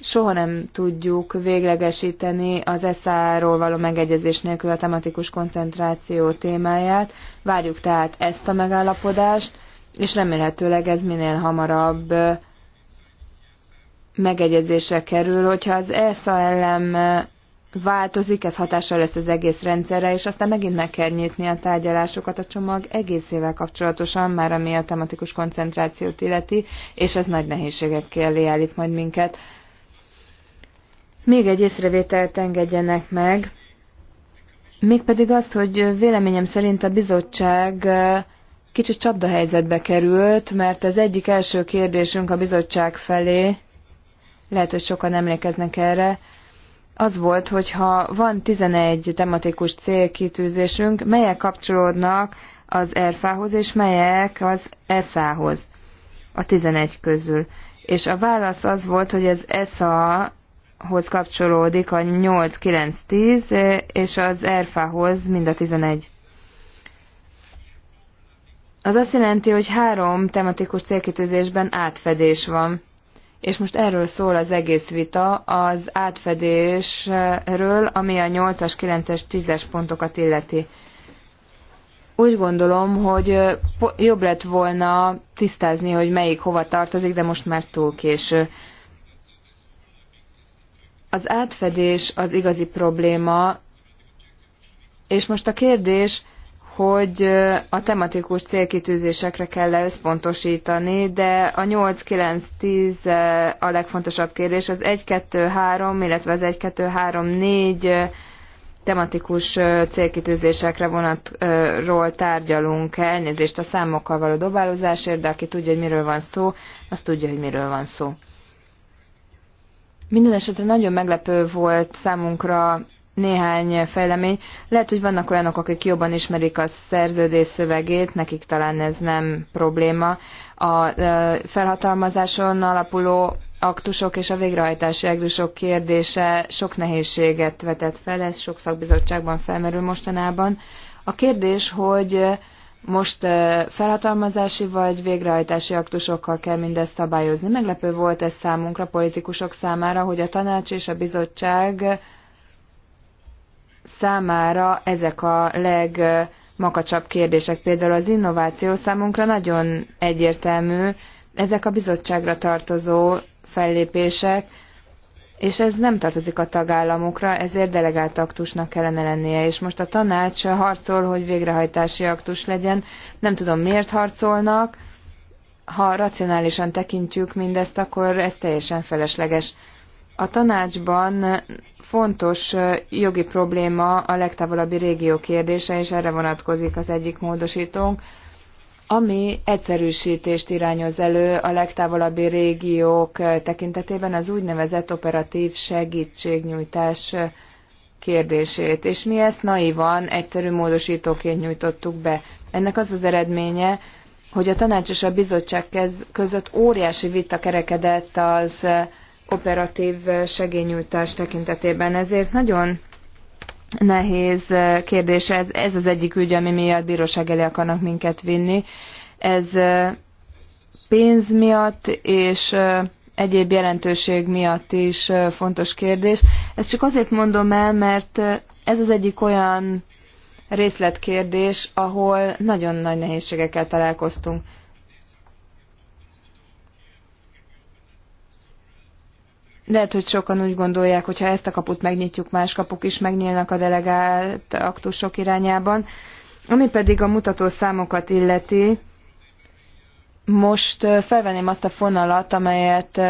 C: soha nem tudjuk véglegesíteni az SZA-ról való megegyezés nélkül a tematikus koncentráció témáját. Várjuk tehát ezt a megállapodást, és remélhetőleg ez minél hamarabb megegyezésre kerül, hogyha az ellen változik, ez hatással lesz az egész rendszerre, és aztán megint meg kell nyitni a tárgyalásokat a csomag egészével kapcsolatosan, már ami a tematikus koncentrációt illeti, és ez nagy nehézségekkel állít majd minket. Még egy észrevételt engedjenek meg, mégpedig azt, hogy véleményem szerint a bizottság kicsit csapdahelyzetbe került, mert az egyik első kérdésünk a bizottság felé, lehet, hogy sokan emlékeznek erre, az volt, hogy ha van 11 tematikus célkitűzésünk, melyek kapcsolódnak az ERFA-hoz, és melyek az ESA-hoz a 11 közül. És a válasz az volt, hogy az ESA hoz kapcsolódik a 8, 9, 10, és az erfához mind a 11. Az azt jelenti, hogy három tematikus célkitűzésben átfedés van. És most erről szól az egész vita, az átfedésről, ami a 8-as, 9-es, 10-es pontokat illeti. Úgy gondolom, hogy jobb lett volna tisztázni, hogy melyik hova tartozik, de most már túl késő. Az átfedés az igazi probléma, és most a kérdés, hogy a tematikus célkitűzésekre kell e összpontosítani, de a 8-9-10 a legfontosabb kérdés, az 1-2-3, illetve az 1-2-3-4 tematikus célkitűzésekre vonatról tárgyalunk elnézést a számokkal való dobálózásért, de aki tudja, hogy miről van szó, az tudja, hogy miről van szó. Minden esetre nagyon meglepő volt számunkra néhány fejlemény. Lehet, hogy vannak olyanok, akik jobban ismerik a szerződés szövegét, nekik talán ez nem probléma. A felhatalmazáson alapuló aktusok és a végrehajtási aktusok kérdése sok nehézséget vetett fel, ez sok szakbizottságban felmerül mostanában. A kérdés, hogy most felhatalmazási vagy végrehajtási aktusokkal kell mindezt szabályozni. Meglepő volt ez számunkra, politikusok számára, hogy a tanács és a bizottság számára ezek a legmakacsabb kérdések. Például az innováció számunkra nagyon egyértelmű, ezek a bizottságra tartozó fellépések, és ez nem tartozik a tagállamokra, ezért delegált aktusnak kellene lennie, és most a tanács harcol, hogy végrehajtási aktus legyen. Nem tudom, miért harcolnak. Ha racionálisan tekintjük mindezt, akkor ez teljesen felesleges. A tanácsban fontos jogi probléma a legtávolabbi régió kérdése, és erre vonatkozik az egyik módosítónk, ami egyszerűsítést irányoz elő a legtávolabbi régiók tekintetében az úgynevezett operatív segítségnyújtás kérdését, és mi ezt naivan, egyszerű módosítóként nyújtottuk be. Ennek az az eredménye, hogy a tanács és a bizottság között óriási vita kerekedett az operatív segélynyújtás tekintetében, ezért nagyon nehéz eh, kérdés. Ez, ez az egyik ügy, ami miatt bíróság elé akarnak minket vinni. Ez eh, pénz miatt és eh, egyéb jelentőség miatt is fontos kérdés. Ezt csak azért mondom el, mert ez az egyik olyan részletkérdés, ahol nagyon nagy nehézségekkel találkoztunk. Lehet, hogy sokan úgy gondolják, hogy ha ezt a kaput megnyitjuk, más kapuk is megnyílnak a delegált aktusok irányában. Ami pedig a mutató számokat illeti, most felvenném azt a fonalat, amelyet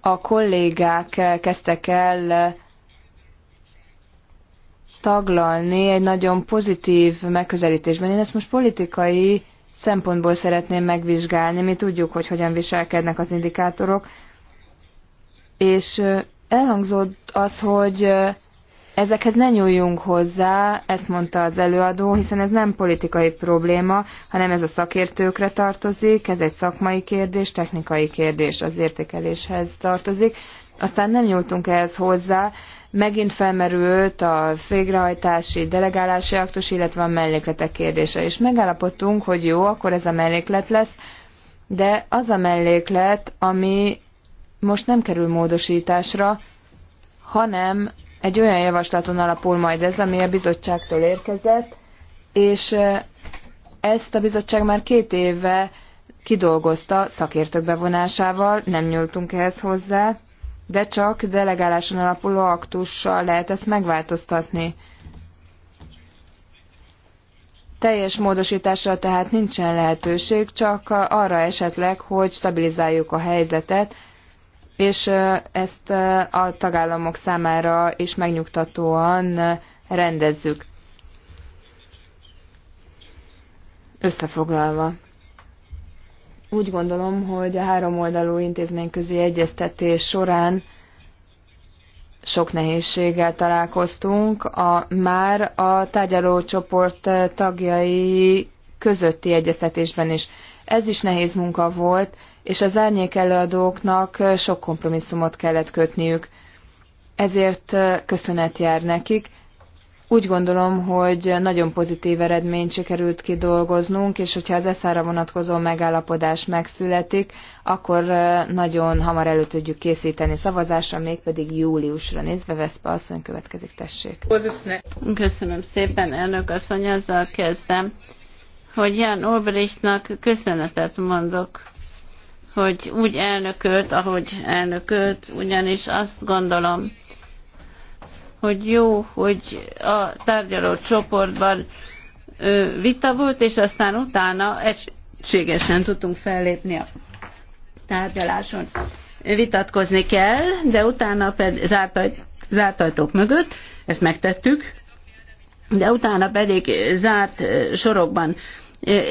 C: a kollégák kezdtek el taglalni egy nagyon pozitív megközelítésben. Én ezt most politikai szempontból szeretném megvizsgálni. Mi tudjuk, hogy hogyan viselkednek az indikátorok és elhangzott az, hogy ezekhez ne nyúljunk hozzá, ezt mondta az előadó, hiszen ez nem politikai probléma, hanem ez a szakértőkre tartozik, ez egy szakmai kérdés, technikai kérdés az értékeléshez tartozik. Aztán nem nyúltunk ehhez hozzá, megint felmerült a végrehajtási, delegálási aktus, illetve a mellékletek kérdése, és megállapodtunk, hogy jó, akkor ez a melléklet lesz, de az a melléklet, ami most nem kerül módosításra, hanem egy olyan javaslaton alapul majd ez, ami a bizottságtól érkezett, és ezt a bizottság már két éve kidolgozta szakértők bevonásával, nem nyúltunk ehhez hozzá, de csak delegáláson alapuló aktussal lehet ezt megváltoztatni. Teljes módosításra tehát nincsen lehetőség, csak arra esetleg, hogy stabilizáljuk a helyzetet, és ezt a tagállamok számára is megnyugtatóan rendezzük. Összefoglalva. Úgy gondolom, hogy a három oldalú intézményközi egyeztetés során sok nehézséggel találkoztunk a, már a tárgyalócsoport tagjai közötti egyeztetésben is. Ez is nehéz munka volt, és az árnyék előadóknak sok kompromisszumot kellett kötniük. Ezért köszönet jár nekik. Úgy gondolom, hogy nagyon pozitív eredményt sikerült kidolgoznunk, és hogyha az eszára vonatkozó megállapodás megszületik, akkor nagyon hamar elő tudjuk készíteni szavazásra, mégpedig júliusra nézve Veszpa asszony következik, tessék.
A: Köszönöm szépen, elnök asszony, azzal kezdem, hogy Jan Olbrichtnak köszönetet mondok hogy úgy elnökölt, ahogy elnökölt, ugyanis azt gondolom, hogy jó, hogy a tárgyaló csoportban vita volt, és aztán utána egységesen tudtunk fellépni a tárgyaláson. Vitatkozni kell, de utána pedig zárt, zárt ajtók mögött, ezt megtettük, de utána pedig zárt sorokban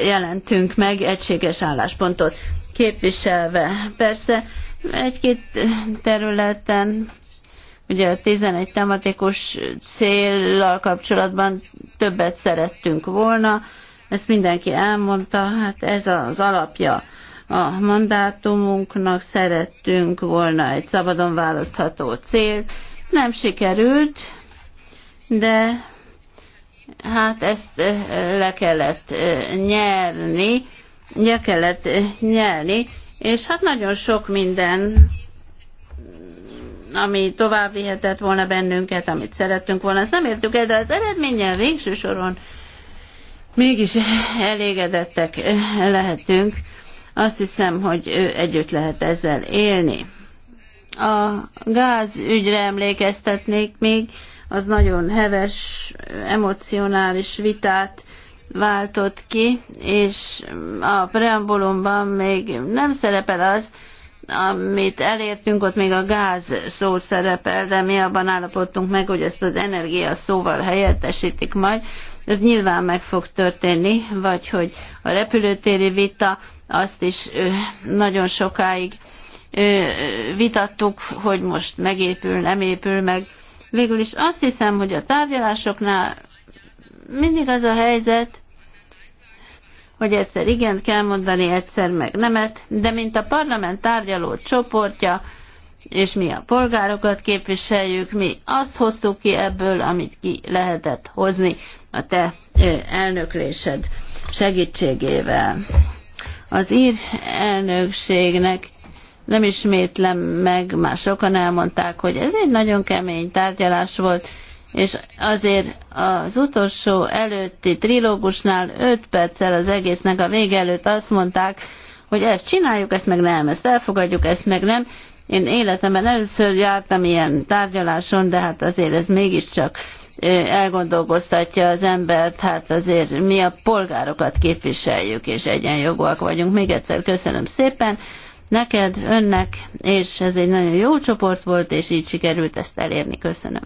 A: jelentünk meg egységes álláspontot képviselve. Persze egy-két területen ugye a 11 tematikus céllal kapcsolatban többet szerettünk volna, ezt mindenki elmondta, hát ez az alapja a mandátumunknak, szerettünk volna egy szabadon választható célt, nem sikerült, de hát ezt eh, le kellett eh, nyerni, nye kellett eh, nyelni, és hát nagyon sok minden ami tovább vihetett volna bennünket, amit szerettünk volna, ezt nem értük el, de az eredménnyel végső soron mégis elégedettek eh, lehetünk. Azt hiszem, hogy eh, együtt lehet ezzel élni. A gáz ügyre emlékeztetnék még, az nagyon heves, emocionális vitát váltott ki, és a preambulumban még nem szerepel az, amit elértünk, ott még a gáz szó szerepel, de mi abban állapodtunk meg, hogy ezt az energia szóval helyettesítik majd. Ez nyilván meg fog történni, vagy hogy a repülőtéri vita, azt is nagyon sokáig vitattuk, hogy most megépül, nem épül meg. Végül is azt hiszem, hogy a tárgyalásoknál mindig az a helyzet, hogy egyszer igent kell mondani, egyszer meg nemet, de mint a parlament tárgyaló csoportja, és mi a polgárokat képviseljük, mi azt hoztuk ki ebből, amit ki lehetett hozni a te elnöklésed segítségével. Az ír elnökségnek nem ismétlem meg, már sokan elmondták, hogy ez egy nagyon kemény tárgyalás volt, és azért az utolsó előtti trilógusnál 5 perccel az egésznek a vége előtt azt mondták, hogy ezt csináljuk, ezt meg nem, ezt elfogadjuk, ezt meg nem. Én életemben először jártam ilyen tárgyaláson, de hát azért ez mégiscsak elgondolkoztatja az embert, hát azért mi a polgárokat képviseljük, és egyenjogúak vagyunk. Még egyszer köszönöm szépen neked, önnek, és ez egy nagyon jó csoport volt, és így sikerült ezt elérni. Köszönöm.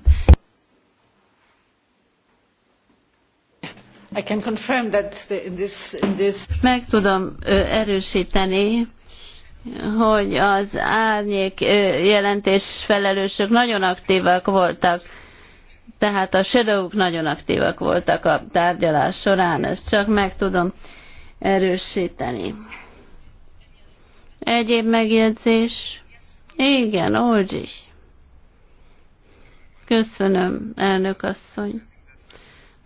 A: Meg tudom erősíteni, hogy az árnyék jelentés felelősök nagyon aktívak voltak, tehát a shadowok nagyon aktívak voltak a tárgyalás során, ezt csak meg tudom erősíteni. Egyéb megjegyzés? Igen, Olgyi. Köszönöm, elnök asszony.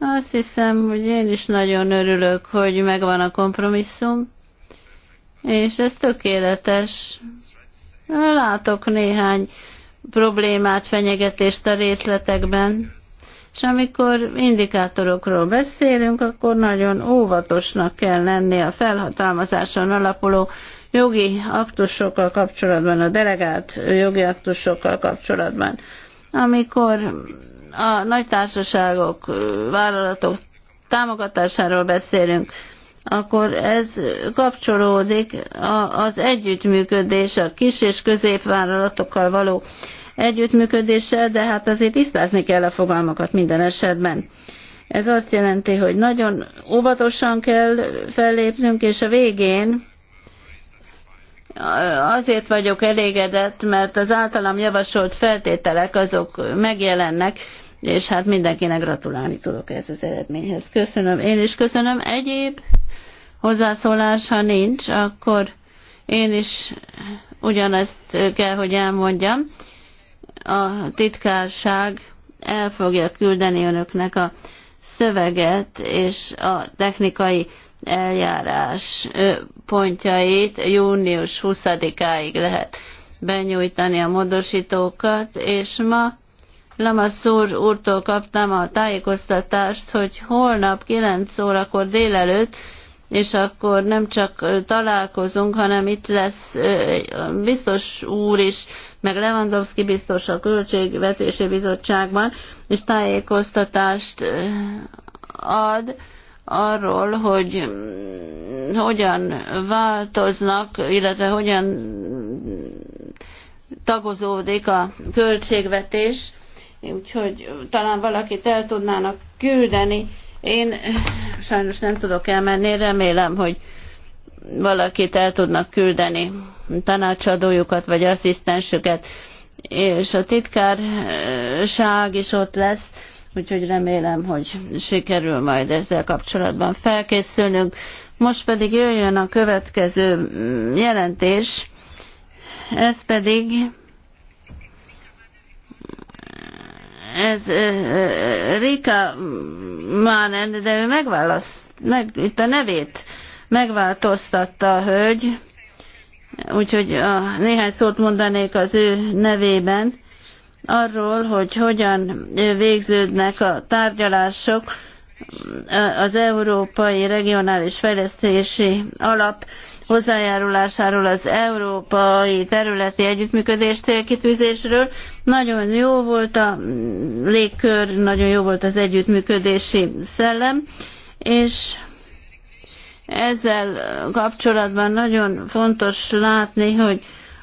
A: Azt hiszem, hogy én is nagyon örülök, hogy megvan a kompromisszum, és ez tökéletes. Látok néhány problémát, fenyegetést a részletekben, és amikor indikátorokról beszélünk, akkor nagyon óvatosnak kell lenni a felhatalmazáson alapuló jogi aktusokkal kapcsolatban, a delegált jogi aktusokkal kapcsolatban. Amikor a nagy társaságok, vállalatok támogatásáról beszélünk, akkor ez kapcsolódik az együttműködés, a kis és középvállalatokkal való együttműködéssel, de hát azért tisztázni kell a fogalmakat minden esetben. Ez azt jelenti, hogy nagyon óvatosan kell fellépnünk, és a végén azért vagyok elégedett, mert az általam javasolt feltételek azok megjelennek, és hát mindenkinek gratulálni tudok ez az eredményhez. Köszönöm, én is köszönöm. Egyéb hozzászólás, ha nincs, akkor én is ugyanezt kell, hogy elmondjam. A titkárság el fogja küldeni önöknek a szöveget és a technikai eljárás pontjait június 20-áig lehet benyújtani a módosítókat, és ma Lamasszúr úrtól kaptam a tájékoztatást, hogy holnap 9 órakor délelőtt, és akkor nem csak találkozunk, hanem itt lesz biztos úr is, meg Lewandowski biztos a Költségvetési Bizottságban, és tájékoztatást ad arról, hogy hogyan változnak, illetve hogyan tagozódik a költségvetés úgyhogy talán valakit el tudnának küldeni. Én sajnos nem tudok elmenni, remélem, hogy valakit el tudnak küldeni, tanácsadójukat vagy asszisztensüket, és a titkárság is ott lesz, úgyhogy remélem, hogy sikerül majd ezzel kapcsolatban felkészülnünk. Most pedig jöjjön a következő mm, jelentés, ez pedig ez Rika Manen, de ő megválaszt, meg, itt a nevét megváltoztatta a hölgy, úgyhogy a, néhány szót mondanék az ő nevében arról, hogy hogyan végződnek a tárgyalások az Európai Regionális Fejlesztési Alap hozzájárulásáról az európai területi együttműködés célkitűzésről. Nagyon jó volt a légkör, nagyon jó volt az együttműködési szellem, és ezzel kapcsolatban nagyon fontos látni, hogy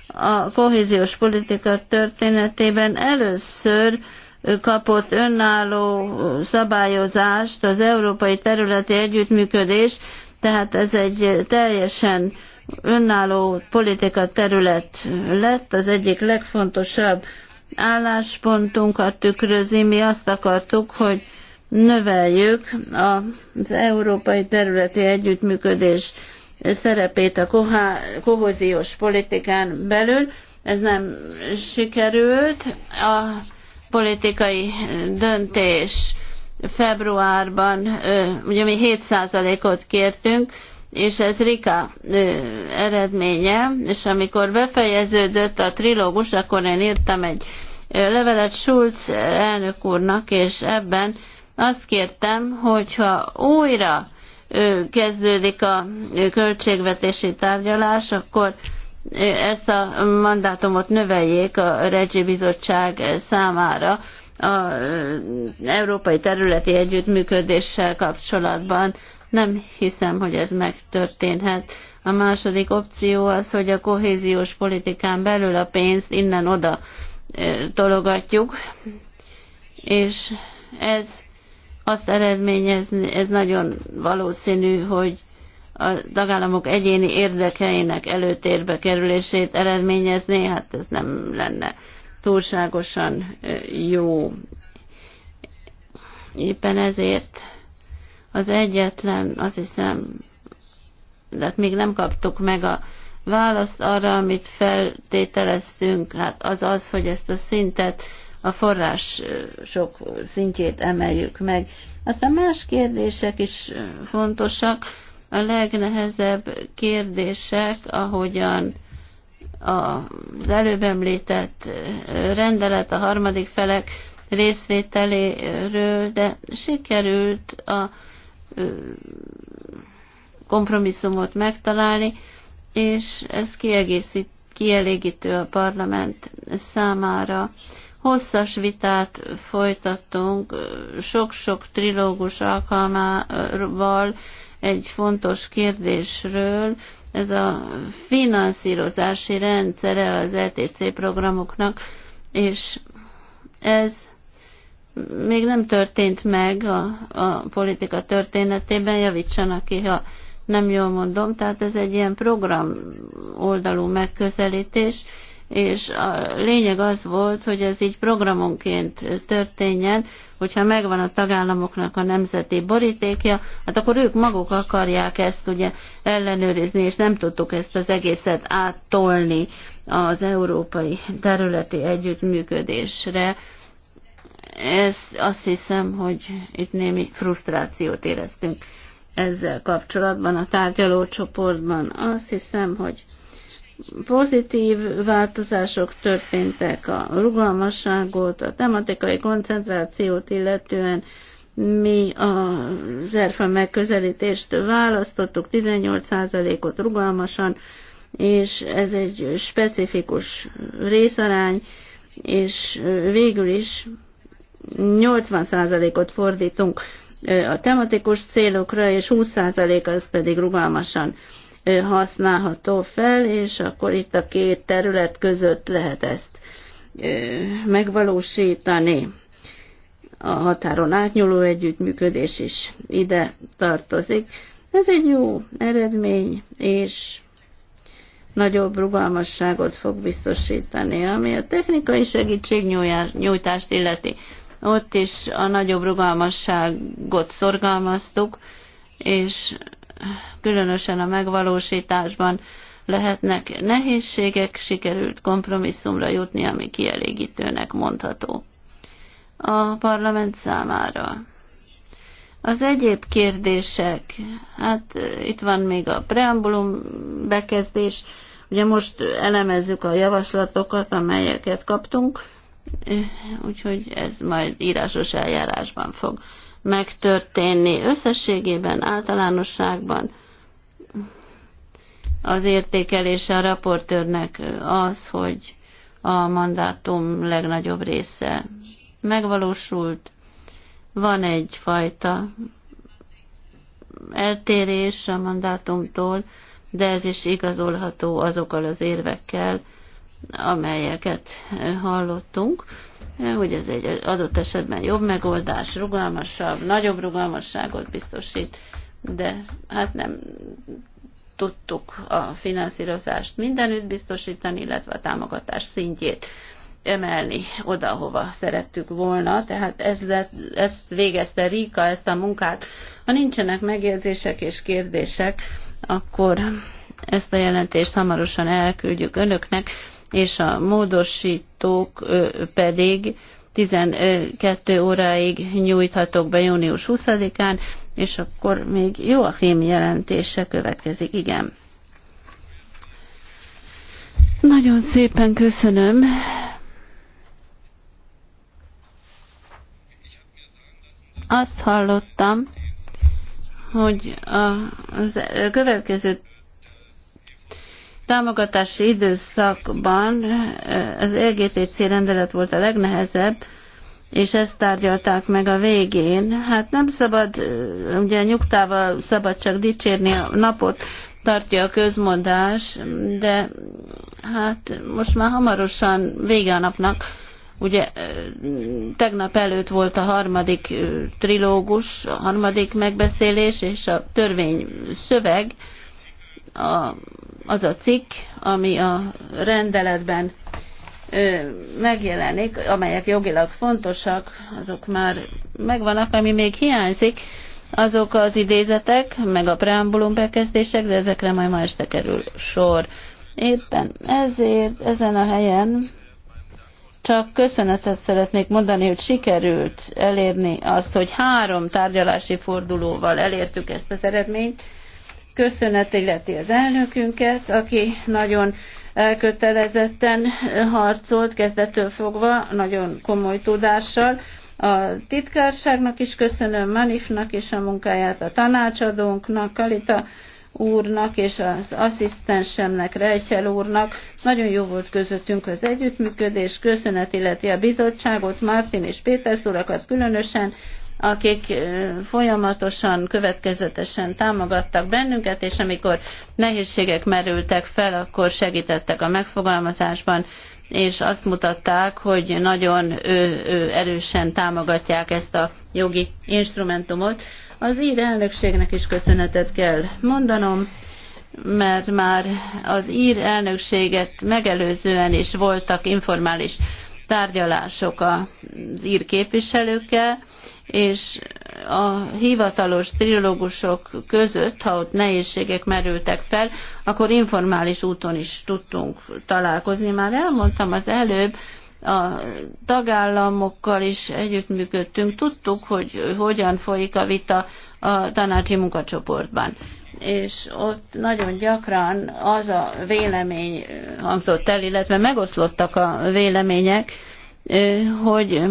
A: a kohéziós politika történetében először kapott önálló szabályozást az európai területi együttműködés, tehát ez egy teljesen önálló politika terület lett, az egyik legfontosabb álláspontunkat tükrözi. Mi azt akartuk, hogy növeljük az európai területi együttműködés szerepét a kohéziós politikán belül. Ez nem sikerült. A politikai döntés februárban, ugye mi 7%-ot kértünk, és ez Rika eredménye, és amikor befejeződött a trilógus, akkor én írtam egy levelet Schulz elnök úrnak, és ebben azt kértem, hogyha újra kezdődik a költségvetési tárgyalás, akkor ezt a mandátumot növeljék a Regi Bizottság számára, az európai területi együttműködéssel kapcsolatban. Nem hiszem, hogy ez megtörténhet. A második opció az, hogy a kohéziós politikán belül a pénzt innen-oda tologatjuk, és ez azt eredményezni, ez nagyon valószínű, hogy a tagállamok egyéni érdekeinek előtérbe kerülését eredményezné, hát ez nem lenne túlságosan jó. Éppen ezért az egyetlen, azt hiszem, de hát még nem kaptuk meg a választ arra, amit feltételeztünk, hát az az, hogy ezt a szintet, a forrás sok szintjét emeljük meg. Aztán más kérdések is fontosak. A legnehezebb kérdések, ahogyan az előbb említett rendelet a harmadik felek részvételéről, de sikerült a kompromisszumot megtalálni, és ez kiegészít, kielégítő a parlament számára. Hosszas vitát folytattunk sok-sok trilógus alkalmával egy fontos kérdésről, ez a finanszírozási rendszere az LTC e programoknak, és ez még nem történt meg a, a politika történetében, javítsanak ki, ha nem jól mondom, tehát ez egy ilyen program oldalú megközelítés, és a lényeg az volt, hogy ez így programonként történjen, hogyha megvan a tagállamoknak a nemzeti borítékja, hát akkor ők maguk akarják ezt ugye ellenőrizni, és nem tudtuk ezt az egészet áttolni az európai területi együttműködésre. Ez azt hiszem, hogy itt némi frusztrációt éreztünk ezzel kapcsolatban a tárgyalócsoportban. csoportban. Azt hiszem, hogy pozitív változások történtek a rugalmasságot, a tematikai koncentrációt illetően, mi a ZERFA megközelítést választottuk, 18%-ot rugalmasan, és ez egy specifikus részarány, és végül is 80%-ot fordítunk a tematikus célokra, és 20% az pedig rugalmasan használható fel, és akkor itt a két terület között lehet ezt megvalósítani. A határon átnyúló együttműködés is ide tartozik. Ez egy jó eredmény, és nagyobb rugalmasságot fog biztosítani, ami a technikai segítségnyújtást illeti. Ott is a nagyobb rugalmasságot szorgalmaztuk, és különösen a megvalósításban lehetnek nehézségek, sikerült kompromisszumra jutni, ami kielégítőnek mondható a parlament számára. Az egyéb kérdések, hát itt van még a preambulum bekezdés, ugye most elemezzük a javaslatokat, amelyeket kaptunk, úgyhogy ez majd írásos eljárásban fog megtörténni. Összességében, általánosságban az értékelése a raportőrnek az, hogy a mandátum legnagyobb része megvalósult. Van egyfajta eltérés a mandátumtól, de ez is igazolható azokkal az érvekkel, amelyeket hallottunk. Eh, hogy ez egy adott esetben jobb megoldás, rugalmasabb, nagyobb rugalmasságot biztosít, de hát nem tudtuk a finanszírozást mindenütt biztosítani, illetve a támogatás szintjét emelni oda, hova szerettük volna. Tehát ez lett, ezt végezte Rika, ezt a munkát. Ha nincsenek megjegyzések és kérdések, akkor ezt a jelentést hamarosan elküldjük önöknek és a módosítók pedig 12 óráig nyújthatok be június 20-án, és akkor még jó a Joachim jelentése következik, igen. Nagyon szépen köszönöm. Azt hallottam, hogy a következő támogatási időszakban eh, az LGTC rendelet volt a legnehezebb, és ezt tárgyalták meg a végén. Hát nem szabad, eh, ugye nyugtával szabad csak dicsérni a napot, tartja a közmondás, de hát most már hamarosan vége a napnak. Ugye eh, tegnap előtt volt a harmadik trilógus, a harmadik megbeszélés, és a törvény szöveg a az a cikk, ami a rendeletben megjelenik, amelyek jogilag fontosak, azok már megvannak, ami még hiányzik, azok az idézetek, meg a preambulum bekezdések, de ezekre majd ma este kerül sor. Éppen ezért ezen a helyen csak köszönetet szeretnék mondani, hogy sikerült elérni azt, hogy három tárgyalási fordulóval elértük ezt az eredményt, Köszönet illeti az elnökünket, aki nagyon elkötelezetten harcolt kezdettől fogva, nagyon komoly tudással. A titkárságnak is köszönöm, Manifnak és a munkáját, a tanácsadónknak, Kalita úrnak és az asszisztensemnek, Rejsel úrnak. Nagyon jó volt közöttünk az együttműködés, köszönet illeti a bizottságot, Martin és Péter szurakat különösen, akik folyamatosan, következetesen támogattak bennünket, és amikor nehézségek merültek fel, akkor segítettek a megfogalmazásban, és azt mutatták, hogy nagyon ő, ő erősen támogatják ezt a jogi instrumentumot. Az ír elnökségnek is köszönetet kell mondanom, mert már az ír elnökséget megelőzően is voltak informális tárgyalások az ír képviselőkkel, és a hivatalos trilógusok között, ha ott nehézségek merültek fel, akkor informális úton is tudtunk találkozni. Már elmondtam az előbb, a tagállamokkal is együttműködtünk, tudtuk, hogy hogyan folyik a vita a tanácsi munkacsoportban és ott nagyon gyakran az a vélemény hangzott el, illetve megoszlottak a vélemények, hogy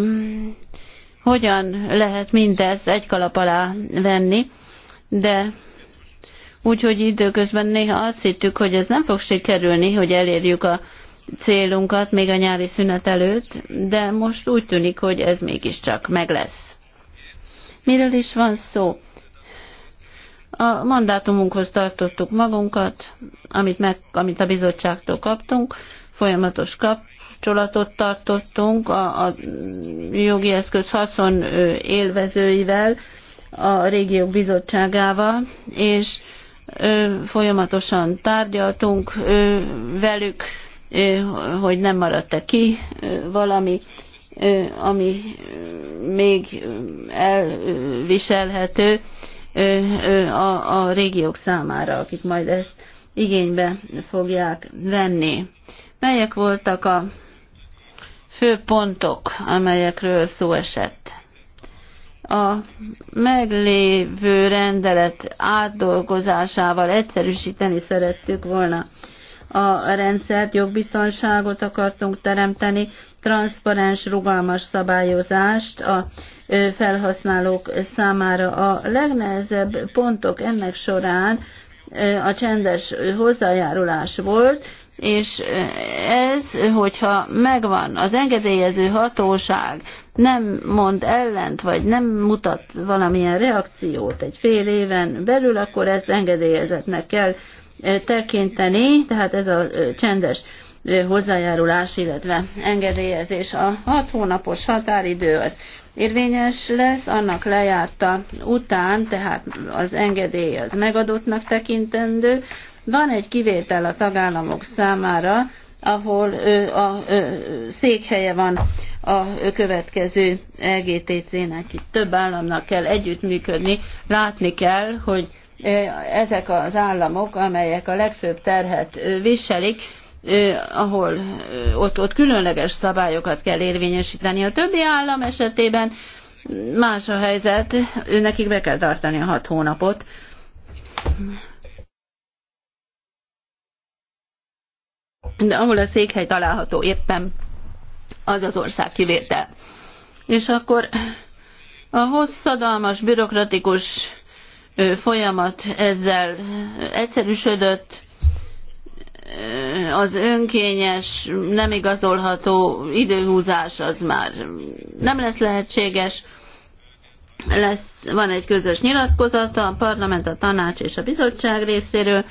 A: hogyan lehet mindez egy kalap alá venni, de úgyhogy időközben néha azt hittük, hogy ez nem fog sikerülni, hogy elérjük a célunkat még a nyári szünet előtt, de most úgy tűnik, hogy ez mégiscsak meg lesz. Miről is van szó? A mandátumunkhoz tartottuk magunkat, amit, meg, amit a bizottságtól kaptunk, folyamatos kap, kapcsolatot tartottunk a, a jogi eszköz haszon élvezőivel, a régiók bizottságával, és folyamatosan tárgyaltunk velük, hogy nem maradt-e ki valami, ami még elviselhető a, a régiók számára, akik majd ezt igénybe fogják venni. Melyek voltak a fő pontok, amelyekről szó esett. A meglévő rendelet átdolgozásával egyszerűsíteni szerettük volna a rendszert, jogbiztonságot akartunk teremteni, transzparens, rugalmas szabályozást a felhasználók számára. A legnehezebb pontok ennek során a csendes hozzájárulás volt, és ez, hogyha megvan, az engedélyező hatóság nem mond ellent, vagy nem mutat valamilyen reakciót egy fél éven belül, akkor ezt engedélyezetnek kell tekinteni, tehát ez a csendes hozzájárulás, illetve engedélyezés. A hat hónapos határidő az érvényes lesz, annak lejárta után, tehát az engedély az megadottnak tekintendő, van egy kivétel a tagállamok számára, ahol a székhelye van a következő LGTC-nek. Itt több államnak kell együttműködni, látni kell, hogy ezek az államok, amelyek a legfőbb terhet viselik, ahol ott, ott különleges szabályokat kell érvényesíteni. A többi állam esetében más a helyzet, nekik be kell tartani a hat hónapot. de ahol a székhely található éppen, az az ország kivétel. És akkor a hosszadalmas, bürokratikus folyamat ezzel egyszerűsödött, az önkényes, nem igazolható időhúzás az már nem lesz lehetséges, lesz, van egy közös nyilatkozata a parlament, a tanács és a bizottság részéről,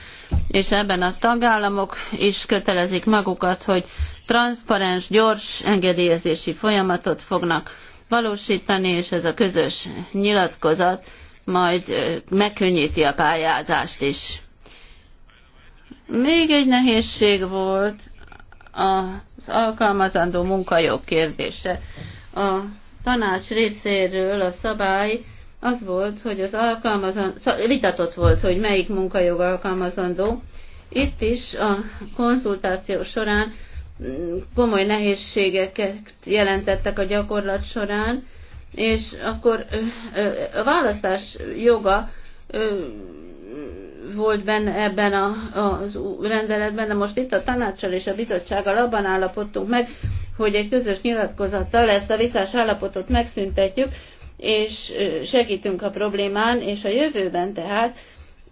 A: és ebben a tagállamok is kötelezik magukat, hogy transzparens, gyors engedélyezési folyamatot fognak valósítani, és ez a közös nyilatkozat majd megkönnyíti a pályázást is. Még egy nehézség volt az alkalmazandó munkajog kérdése. A tanács részéről a szabály az volt, hogy az alkalmazandó vitatott volt, hogy melyik munkajog alkalmazandó. Itt is a konzultáció során mm, komoly nehézségeket jelentettek a gyakorlat során, és akkor a választás joga volt benne ebben a, a, az rendeletben, de most itt a tanácssal és a bizottsággal abban állapodtunk meg, hogy egy közös nyilatkozattal ezt a visszás állapotot megszüntetjük, és segítünk a problémán, és a jövőben tehát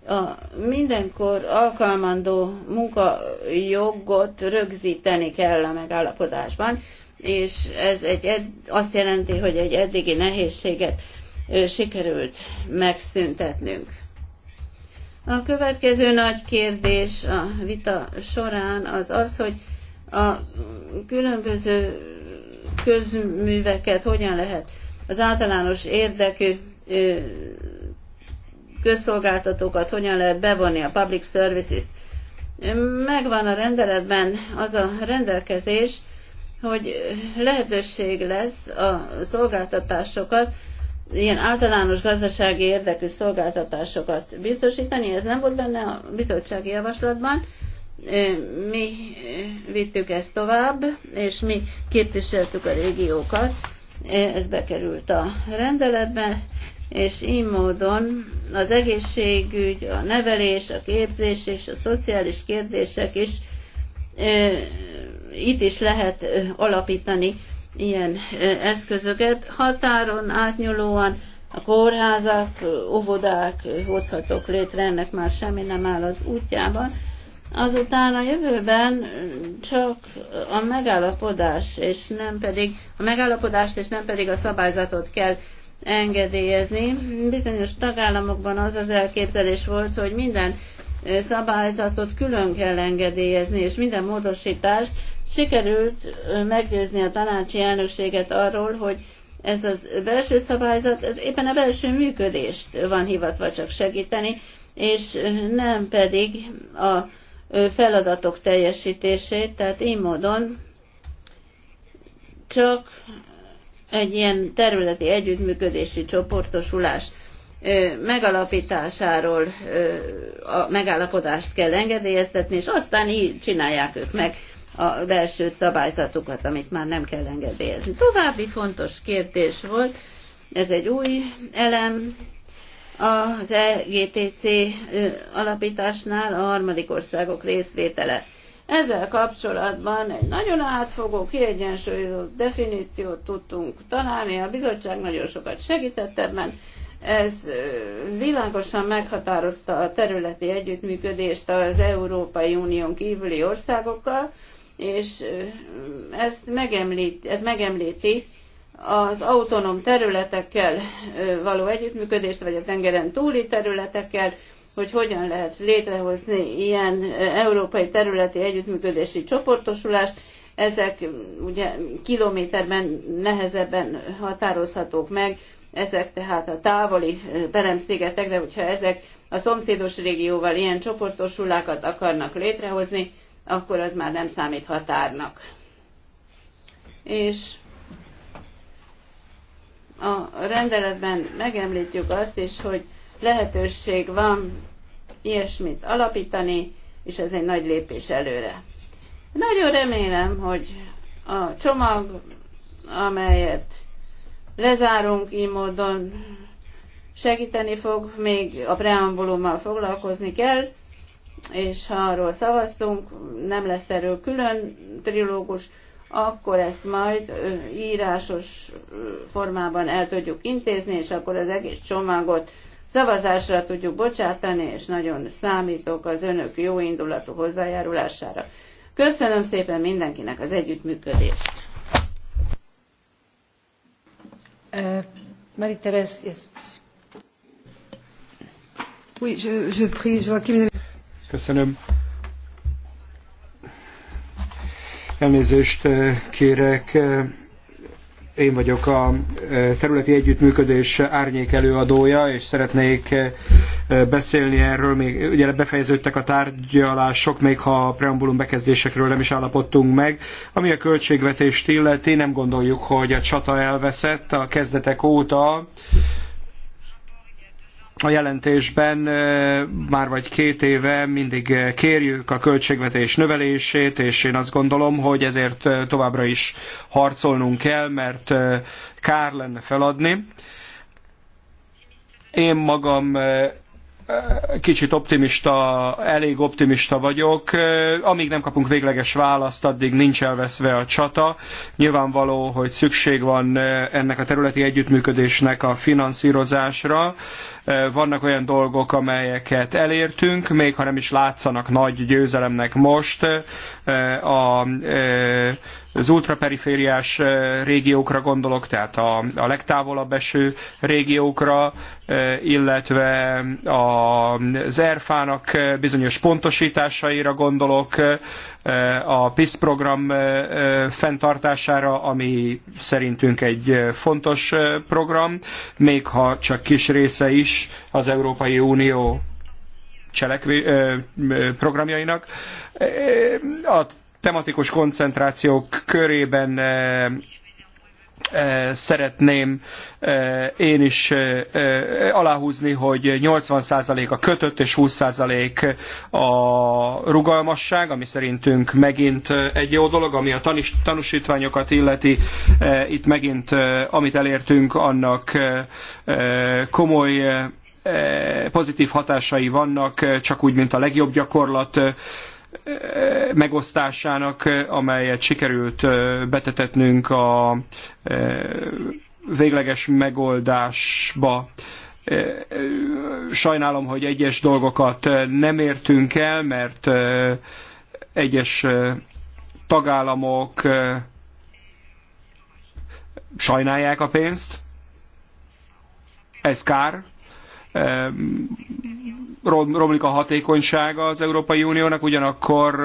A: a mindenkor alkalmandó munkajogot rögzíteni kell a megállapodásban, és ez egy ed, azt jelenti, hogy egy eddigi nehézséget sikerült megszüntetnünk. A következő nagy kérdés a vita során az az, hogy a különböző közműveket hogyan lehet az általános érdekű közszolgáltatókat hogyan lehet bevonni a public services. Megvan a rendeletben az a rendelkezés, hogy lehetőség lesz a szolgáltatásokat, ilyen általános gazdasági érdekű szolgáltatásokat biztosítani. Ez nem volt benne a bizottsági javaslatban, mi vittük ezt tovább, és mi képviseltük a régiókat, ez bekerült a rendeletbe, és így módon az egészségügy, a nevelés, a képzés és a szociális kérdések is itt is lehet alapítani ilyen eszközöket. Határon átnyúlóan a kórházak, óvodák hozhatók létre, ennek már semmi nem áll az útjában Azután a jövőben csak a megállapodás, és nem pedig a megállapodást, és nem pedig a szabályzatot kell engedélyezni. Bizonyos tagállamokban az az elképzelés volt, hogy minden szabályzatot külön kell engedélyezni, és minden módosítást sikerült meggyőzni a tanácsi elnökséget arról, hogy ez az belső szabályzat, ez éppen a belső működést van hivatva csak segíteni, és nem pedig a feladatok teljesítését, tehát így módon csak egy ilyen területi együttműködési csoportosulás megalapításáról a megállapodást kell engedélyeztetni, és aztán így csinálják ők meg a belső szabályzatukat, amit már nem kell engedélyezni. További fontos kérdés volt, ez egy új elem, az EGTC alapításnál a harmadik országok részvétele. Ezzel kapcsolatban egy nagyon átfogó, kiegyensúlyozott definíciót tudtunk találni, a bizottság nagyon sokat segített ebben, ez világosan meghatározta a területi együttműködést az Európai Unión kívüli országokkal, és ezt megemlít, ez megemlíti az autonóm területekkel való együttműködést, vagy a tengeren túli területekkel, hogy hogyan lehet létrehozni ilyen európai területi együttműködési csoportosulást. Ezek ugye kilométerben nehezebben határozhatók meg, ezek tehát a távoli peremszigetek, de hogyha ezek a szomszédos régióval ilyen csoportosulákat akarnak létrehozni, akkor az már nem számít határnak. És a rendeletben megemlítjük azt is, hogy lehetőség van ilyesmit alapítani, és ez egy nagy lépés előre. Nagyon remélem, hogy a csomag, amelyet lezárunk így módon, segíteni fog, még a preambulummal foglalkozni kell, és ha arról szavaztunk, nem lesz erről külön trilógus, akkor ezt majd írásos formában el tudjuk intézni, és akkor az egész csomagot szavazásra tudjuk bocsátani, és nagyon számítok az önök jó indulatú hozzájárulására. Köszönöm szépen mindenkinek az együttműködést.
C: Marie-Thérèse,
B: Köszönöm. Elnézést eh, kérek, eh, én vagyok a eh, területi együttműködés árnyék előadója, és szeretnék beszélni erről. Még, ugye befejeződtek a tárgyalások, még ha a preambulum bekezdésekről nem is állapodtunk meg. Ami a költségvetést illeti, nem gondoljuk, hogy a csata elveszett a kezdetek óta a jelentésben már vagy két éve mindig kérjük a költségvetés növelését, és én azt gondolom, hogy ezért továbbra is harcolnunk kell, mert kár lenne feladni. Én magam kicsit optimista, elég optimista vagyok. Amíg nem kapunk végleges választ, addig nincs elveszve a csata. Nyilvánvaló, hogy szükség van ennek a területi együttműködésnek a finanszírozásra. Vannak olyan dolgok, amelyeket elértünk, még ha nem is látszanak nagy győzelemnek most. A, az ultraperifériás régiókra gondolok, tehát a, a legtávolabb eső régiókra, illetve az erfának bizonyos pontosításaira gondolok, a PISZ program fenntartására, ami szerintünk egy fontos program, még ha csak kis része is az Európai Unió cselekvő programjainak. A tematikus koncentrációk körében Eh, szeretném eh, én is eh, aláhúzni, hogy 80% a kötött és 20% a rugalmasság, ami szerintünk megint egy jó dolog, ami a tanúsítványokat illeti. Itt megint, amit elértünk, annak komoly pozitív hatásai vannak, csak úgy, mint a legjobb gyakorlat megosztásának, amelyet sikerült betetetnünk a végleges megoldásba. Sajnálom, hogy egyes dolgokat nem értünk el, mert egyes tagállamok sajnálják a pénzt. Ez kár romlik a hatékonysága az Európai Uniónak, ugyanakkor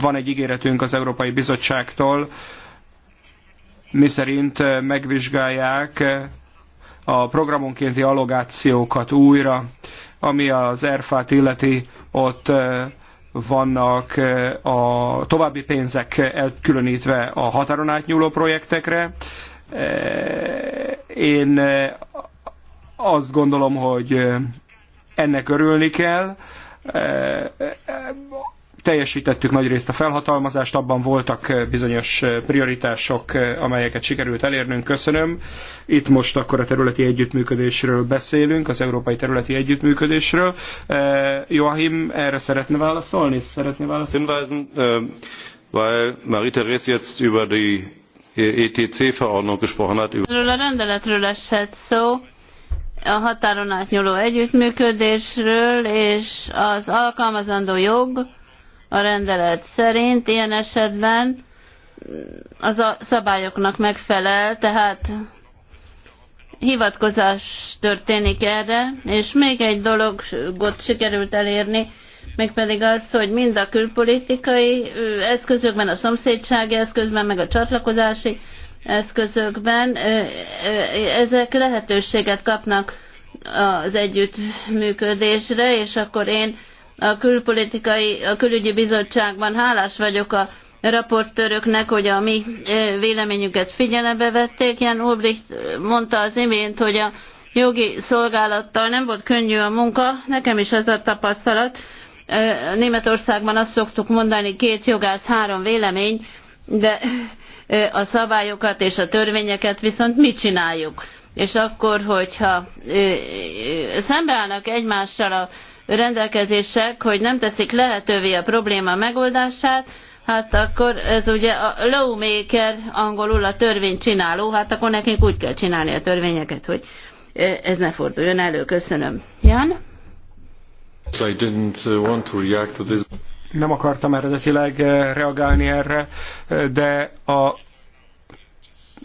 B: van egy ígéretünk az Európai Bizottságtól, miszerint megvizsgálják a programonkénti allogációkat újra, ami az erfát illeti, ott vannak a további pénzek elkülönítve a határon átnyúló projektekre. Én azt gondolom, hogy ennek örülni kell. E, teljesítettük nagyrészt a felhatalmazást, abban voltak bizonyos prioritások, amelyeket sikerült elérnünk, köszönöm. Itt most akkor a területi együttműködésről beszélünk, az európai területi együttműködésről. E, Joachim, erre szeretne válaszolni? Szeretné válaszolni? Äh, weil Marie-Therese jetzt über die ETC-Verordnung gesprochen hat. über.
A: a rendeletről esett szó a határon átnyúló együttműködésről, és az alkalmazandó jog a rendelet szerint ilyen esetben az a szabályoknak megfelel, tehát hivatkozás történik erre, és még egy dologot sikerült elérni, mégpedig az, hogy mind a külpolitikai eszközökben, a szomszédsági eszközben, meg a csatlakozási eszközökben, ezek lehetőséget kapnak az együttműködésre, és akkor én a külpolitikai, a külügyi bizottságban hálás vagyok a raportőröknek, hogy a mi véleményüket figyelembe vették. Jan Ulbricht mondta az imént, hogy a jogi szolgálattal nem volt könnyű a munka, nekem is ez a tapasztalat. Németországban azt szoktuk mondani, két jogász, három vélemény, de a szabályokat és a törvényeket, viszont mit csináljuk? És akkor, hogyha szembeállnak egymással a rendelkezések, hogy nem teszik lehetővé a probléma megoldását, hát akkor ez ugye a lawmaker, angolul a törvény csináló, hát akkor nekünk úgy kell csinálni a törvényeket, hogy ez ne forduljon elő.
B: Köszönöm. Jan? Uh, nem akartam eredetileg eh, reagálni erre, eh, de a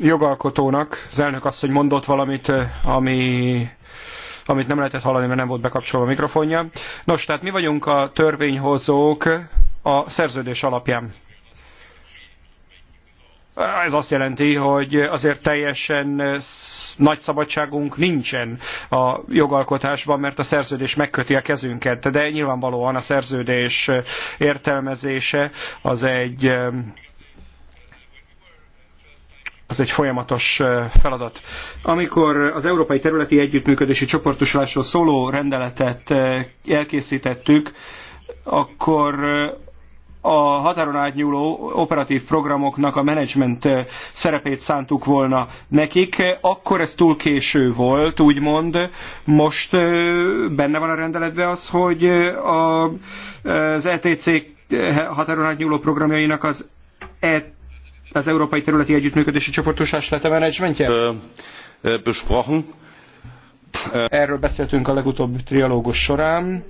B: jogalkotónak, az elnök azt, hogy mondott valamit, eh, ami amit nem lehetett hallani, mert nem volt bekapcsolva a mikrofonja. Nos, tehát mi vagyunk a törvényhozók a szerződés alapján. Ez azt jelenti, hogy azért teljesen nagy szabadságunk nincsen a jogalkotásban, mert a szerződés megköti a kezünket, de nyilvánvalóan a szerződés értelmezése az egy az egy folyamatos feladat. Amikor az Európai Területi Együttműködési Csoportosulásról szóló rendeletet elkészítettük, akkor a határon átnyúló operatív programoknak a menedzsment szerepét szántuk volna nekik. Akkor ez túl késő volt, úgymond. Most benne van a rendeletben az, hogy a, az ETC határon átnyúló programjainak az, e, az Európai Területi Együttműködési Csoportosás lett a menedzsmentje? Erről beszéltünk a legutóbbi trialógus során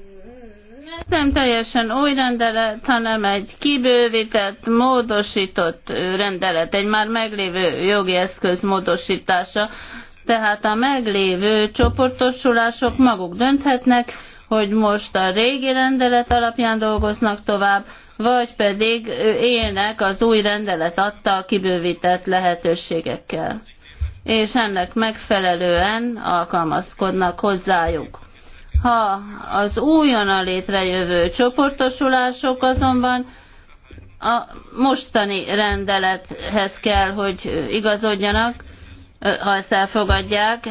A: nem teljesen új rendelet, hanem egy kibővített, módosított rendelet, egy már meglévő jogi eszköz módosítása. Tehát a meglévő csoportosulások maguk dönthetnek, hogy most a régi rendelet alapján dolgoznak tovább, vagy pedig élnek az új rendelet adta a kibővített lehetőségekkel és ennek megfelelően alkalmazkodnak hozzájuk. Ha az újonnan létrejövő csoportosulások azonban a mostani rendelethez kell, hogy igazodjanak, ha ezt elfogadják.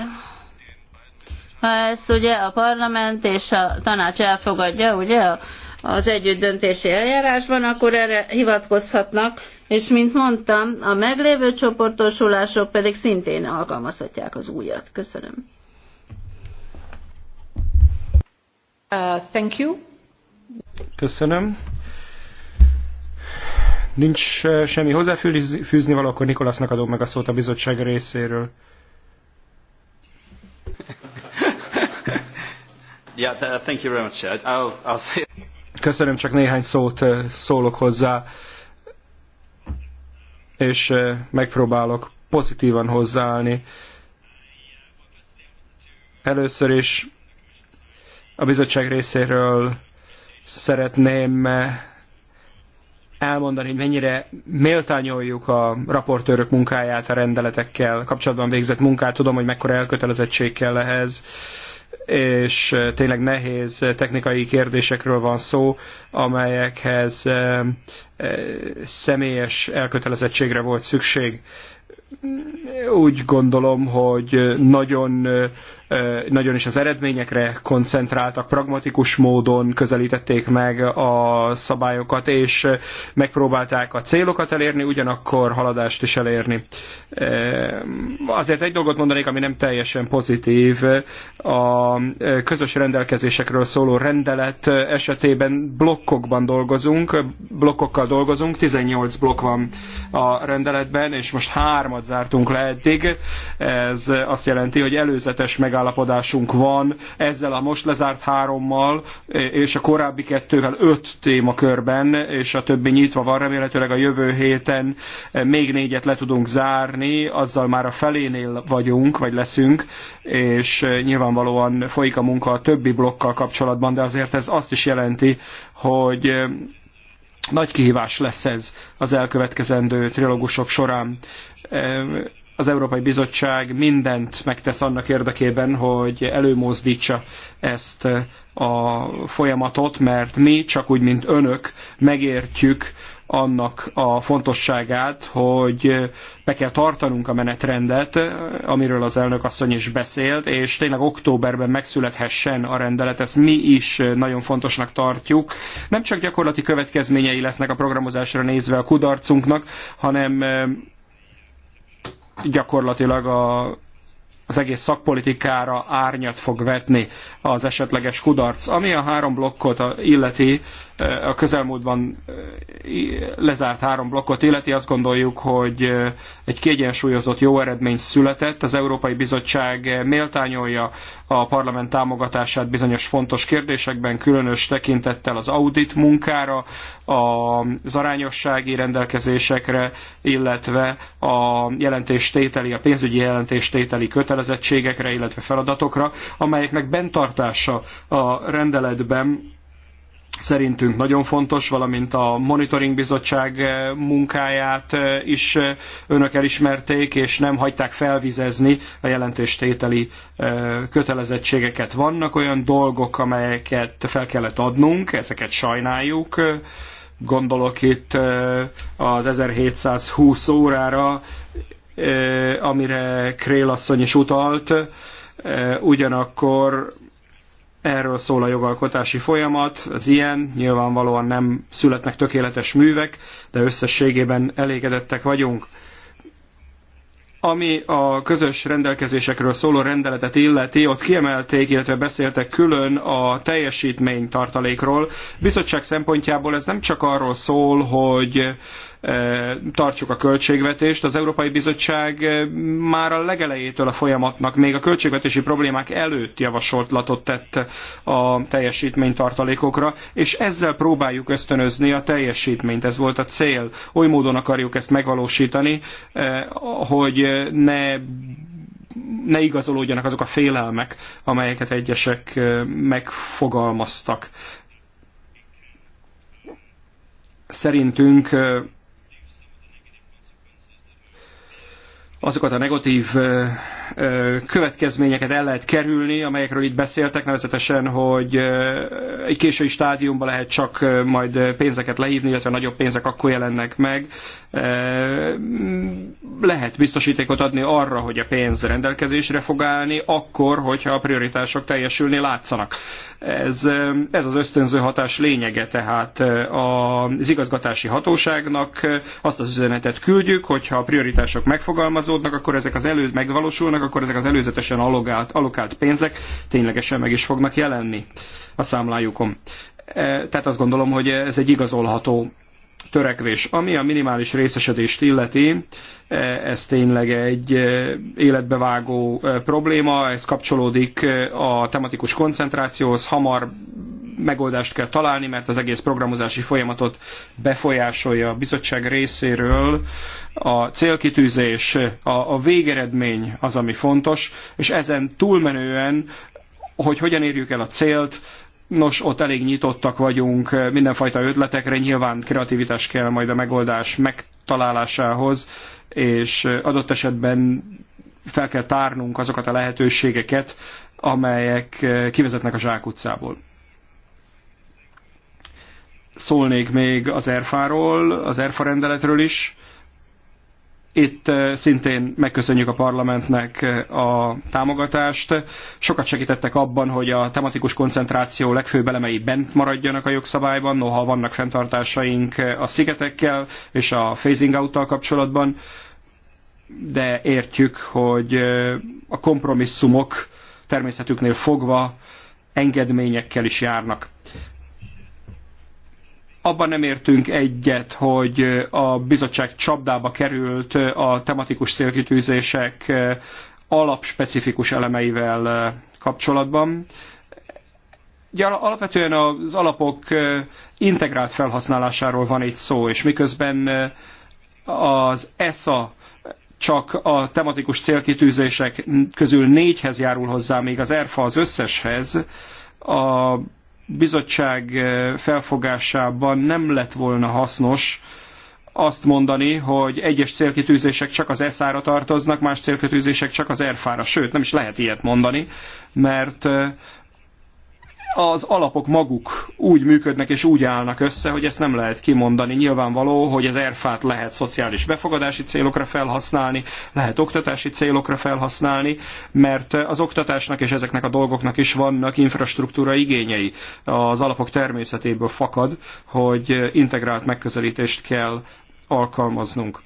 A: Ha ezt ugye a parlament és a tanács elfogadja, ugye az együtt döntési eljárásban, akkor erre hivatkozhatnak, és mint mondtam, a meglévő csoportosulások pedig szintén alkalmazhatják az újat. Köszönöm.
C: Uh, thank you.
B: Köszönöm. Nincs uh, semmi hozzáfűzni való, akkor Nikolásznak adom meg a szót a bizottság részéről.
A: yeah, thank you very much. I'll, I'll say...
B: Köszönöm, csak néhány szót uh, szólok hozzá, és megpróbálok pozitívan hozzáállni. Először is a bizottság részéről szeretném eh, elmondani, hogy mennyire méltányoljuk a raportőrök munkáját, a rendeletekkel kapcsolatban végzett munkát. Tudom, hogy mekkora elkötelezettség kell ehhez és eh, tényleg nehéz technikai kérdésekről van szó, amelyekhez eh, személyes elkötelezettségre volt szükség. Úgy gondolom, hogy nagyon nagyon is az eredményekre koncentráltak, pragmatikus módon közelítették meg a szabályokat, és megpróbálták a célokat elérni, ugyanakkor haladást is elérni. Azért egy dolgot mondanék, ami nem teljesen pozitív. A közös rendelkezésekről szóló rendelet esetében blokkokban dolgozunk, blokkokkal dolgozunk, 18 blokk van a rendeletben, és most hármat zártunk le eddig. Ez azt jelenti, hogy előzetes megállapodás megállapodásunk van ezzel a most lezárt hárommal, és a korábbi kettővel öt témakörben, és a többi nyitva van. Remélhetőleg a jövő héten még négyet le tudunk zárni, azzal már a felénél vagyunk, vagy leszünk, és nyilvánvalóan folyik a munka a többi blokkal kapcsolatban, de azért ez azt is jelenti, hogy nagy kihívás lesz ez az elkövetkezendő trilógusok során. Az Európai Bizottság mindent megtesz annak érdekében, hogy előmozdítsa ezt a folyamatot, mert mi csak úgy, mint önök megértjük annak a fontosságát, hogy be kell tartanunk a menetrendet, amiről az elnök asszony is beszélt, és tényleg októberben megszülethessen a rendelet, ezt mi is nagyon fontosnak tartjuk. Nem csak gyakorlati következményei lesznek a programozásra nézve a kudarcunknak, hanem gyakorlatilag a, az egész szakpolitikára árnyat fog vetni az esetleges kudarc. Ami a három blokkot illeti, Eh, a közelmúltban eh, lezárt három blokkot illeti, azt gondoljuk, hogy eh, egy kiegyensúlyozott jó eredmény született. Az Európai Bizottság méltányolja a parlament támogatását bizonyos fontos kérdésekben, különös tekintettel az audit munkára, az arányossági rendelkezésekre, illetve a jelentéstételi, a pénzügyi jelentéstételi kötelezettségekre, illetve feladatokra, amelyeknek bentartása a rendeletben szerintünk nagyon fontos, valamint a Monitoring Bizottság eh, munkáját eh, is eh, önök elismerték, és nem hagyták felvizezni a jelentéstételi kötelezettségeket. Vannak olyan dolgok, amelyeket fel kellett adnunk, ezeket sajnáljuk, gondolok itt az 1720 órára, amire Krél asszony is utalt, ugyanakkor Erről szól a jogalkotási folyamat, az ilyen, nyilvánvalóan nem születnek tökéletes művek, de összességében elégedettek vagyunk. Ami a közös rendelkezésekről szóló rendeletet illeti, ott kiemelték, illetve beszéltek külön a teljesítmény tartalékról. Bizottság szempontjából ez nem csak arról szól, hogy tartsuk a költségvetést. Az Európai Bizottság már a legelejétől a folyamatnak, még a költségvetési problémák előtt javasoltlatot tett a teljesítménytartalékokra, és ezzel próbáljuk ösztönözni a teljesítményt. Ez volt a cél. Oly módon akarjuk ezt megvalósítani, hogy ne ne igazolódjanak azok a félelmek, amelyeket egyesek megfogalmaztak. Szerintünk azokat a negatív következményeket el lehet kerülni, amelyekről itt beszéltek, nevezetesen, hogy egy késői stádiumban lehet csak majd pénzeket lehívni, illetve nagyobb pénzek akkor jelennek meg. Lehet biztosítékot adni arra, hogy a pénz rendelkezésre fog állni, akkor, hogyha a prioritások teljesülni látszanak. Ez, ez az ösztönző hatás lényege, tehát az igazgatási hatóságnak azt az üzenetet küldjük, hogyha a prioritások megfogalmazódnak, realizálódnak, akkor ezek az elő megvalósulnak, akkor ezek az előzetesen alokált, alokált pénzek ténylegesen meg is fognak jelenni a számlájukon. E, tehát azt gondolom, hogy ez egy igazolható törekvés. Ami a minimális részesedést illeti, e, ez tényleg egy e, életbevágó probléma, ez kapcsolódik a tematikus koncentrációhoz, hamar megoldást kell találni, mert az egész programozási folyamatot befolyásolja a bizottság részéről. A célkitűzés, a, a végeredmény az, ami fontos, és ezen túlmenően, hogy hogyan érjük el a célt, Nos, ott elég nyitottak vagyunk mindenfajta ötletekre, nyilván kreativitás kell majd a megoldás megtalálásához, és adott esetben fel kell tárnunk azokat a lehetőségeket, amelyek kivezetnek a zsákutcából szólnék még az ERFA-ról, az ERFA rendeletről is. Itt eh, szintén megköszönjük a parlamentnek eh, a támogatást. Sokat segítettek abban, hogy a tematikus koncentráció legfőbb elemei bent maradjanak a jogszabályban, noha vannak fenntartásaink eh, a szigetekkel és a phasing out kapcsolatban, de értjük, hogy a kompromisszumok természetüknél fogva engedményekkel is járnak abban nem értünk egyet, hogy a bizottság csapdába került a tematikus célkitűzések alapspecifikus elemeivel kapcsolatban. Ugye alapvetően az alapok integrált felhasználásáról van itt szó, és miközben az ESA csak a tematikus célkitűzések közül négyhez járul hozzá, még az ERFA az összeshez, a bizottság eh, felfogásában nem lett volna hasznos azt mondani, hogy egyes célkitűzések csak az ESZ-ra tartoznak, más célkitűzések csak az ERFA-ra. Sőt, nem is lehet ilyet mondani, mert eh, az alapok maguk úgy működnek és úgy állnak össze, hogy ezt nem lehet kimondani. Nyilvánvaló, hogy az erfát lehet szociális befogadási célokra felhasználni, lehet oktatási célokra felhasználni, mert az oktatásnak és ezeknek a dolgoknak is vannak infrastruktúra igényei. Az alapok természetéből fakad, hogy integrált megközelítést kell alkalmaznunk.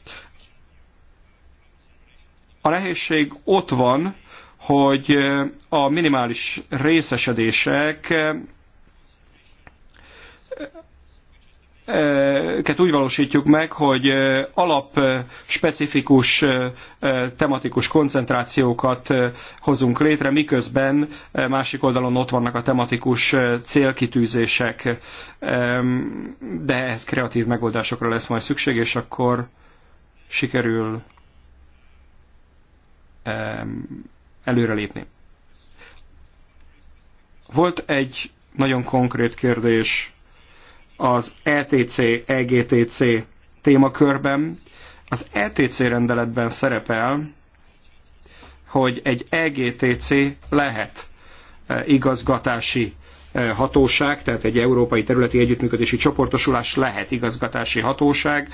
B: A nehézség ott van, hogy a minimális részesedések ket úgy valósítjuk meg, hogy alap specifikus tematikus koncentrációkat hozunk létre, miközben másik oldalon ott vannak a tematikus célkitűzések, de ehhez kreatív megoldásokra lesz majd szükség, és akkor sikerül előrelépni. Volt egy nagyon konkrét kérdés az ETC, EGTC témakörben. Az ETC rendeletben szerepel, hogy egy EGTC lehet eh, igazgatási eh, hatóság, tehát egy Európai Területi Együttműködési Csoportosulás lehet igazgatási hatóság.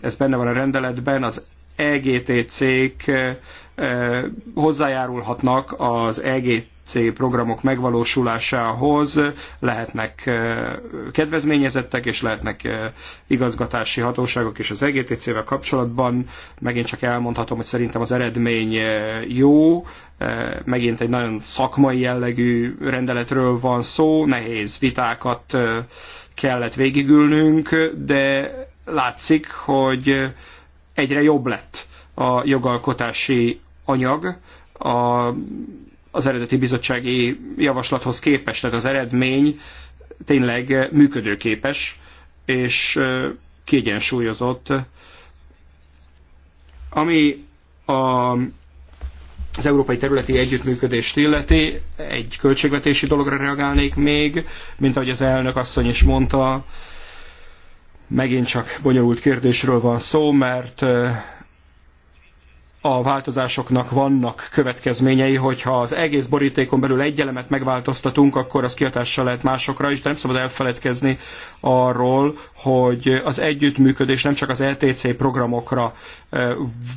B: Ez benne van a rendeletben, az EGT cég eh, eh, hozzájárulhatnak az EGC programok megvalósulásához, lehetnek eh, kedvezményezettek, és lehetnek igazgatási hatóságok és az EGTC-vel kapcsolatban. Megint csak elmondhatom, hogy szerintem az eredmény jó, megint egy nagyon szakmai jellegű rendeletről van szó, nehéz vitákat kellett végigülnünk, de látszik, hogy egyre jobb lett a jogalkotási anyag a, az eredeti bizottsági javaslathoz képest, tehát az eredmény tényleg működőképes és kiegyensúlyozott. Ami a az európai területi együttműködést illeti, egy költségvetési dologra reagálnék még, mint ahogy az elnök asszony is mondta, megint csak bonyolult kérdésről van szó, mert a változásoknak vannak következményei, hogyha az egész borítékon belül egy elemet megváltoztatunk, akkor az kihatással lehet másokra is, de nem szabad elfeledkezni arról, hogy az együttműködés nem csak az LTC e programokra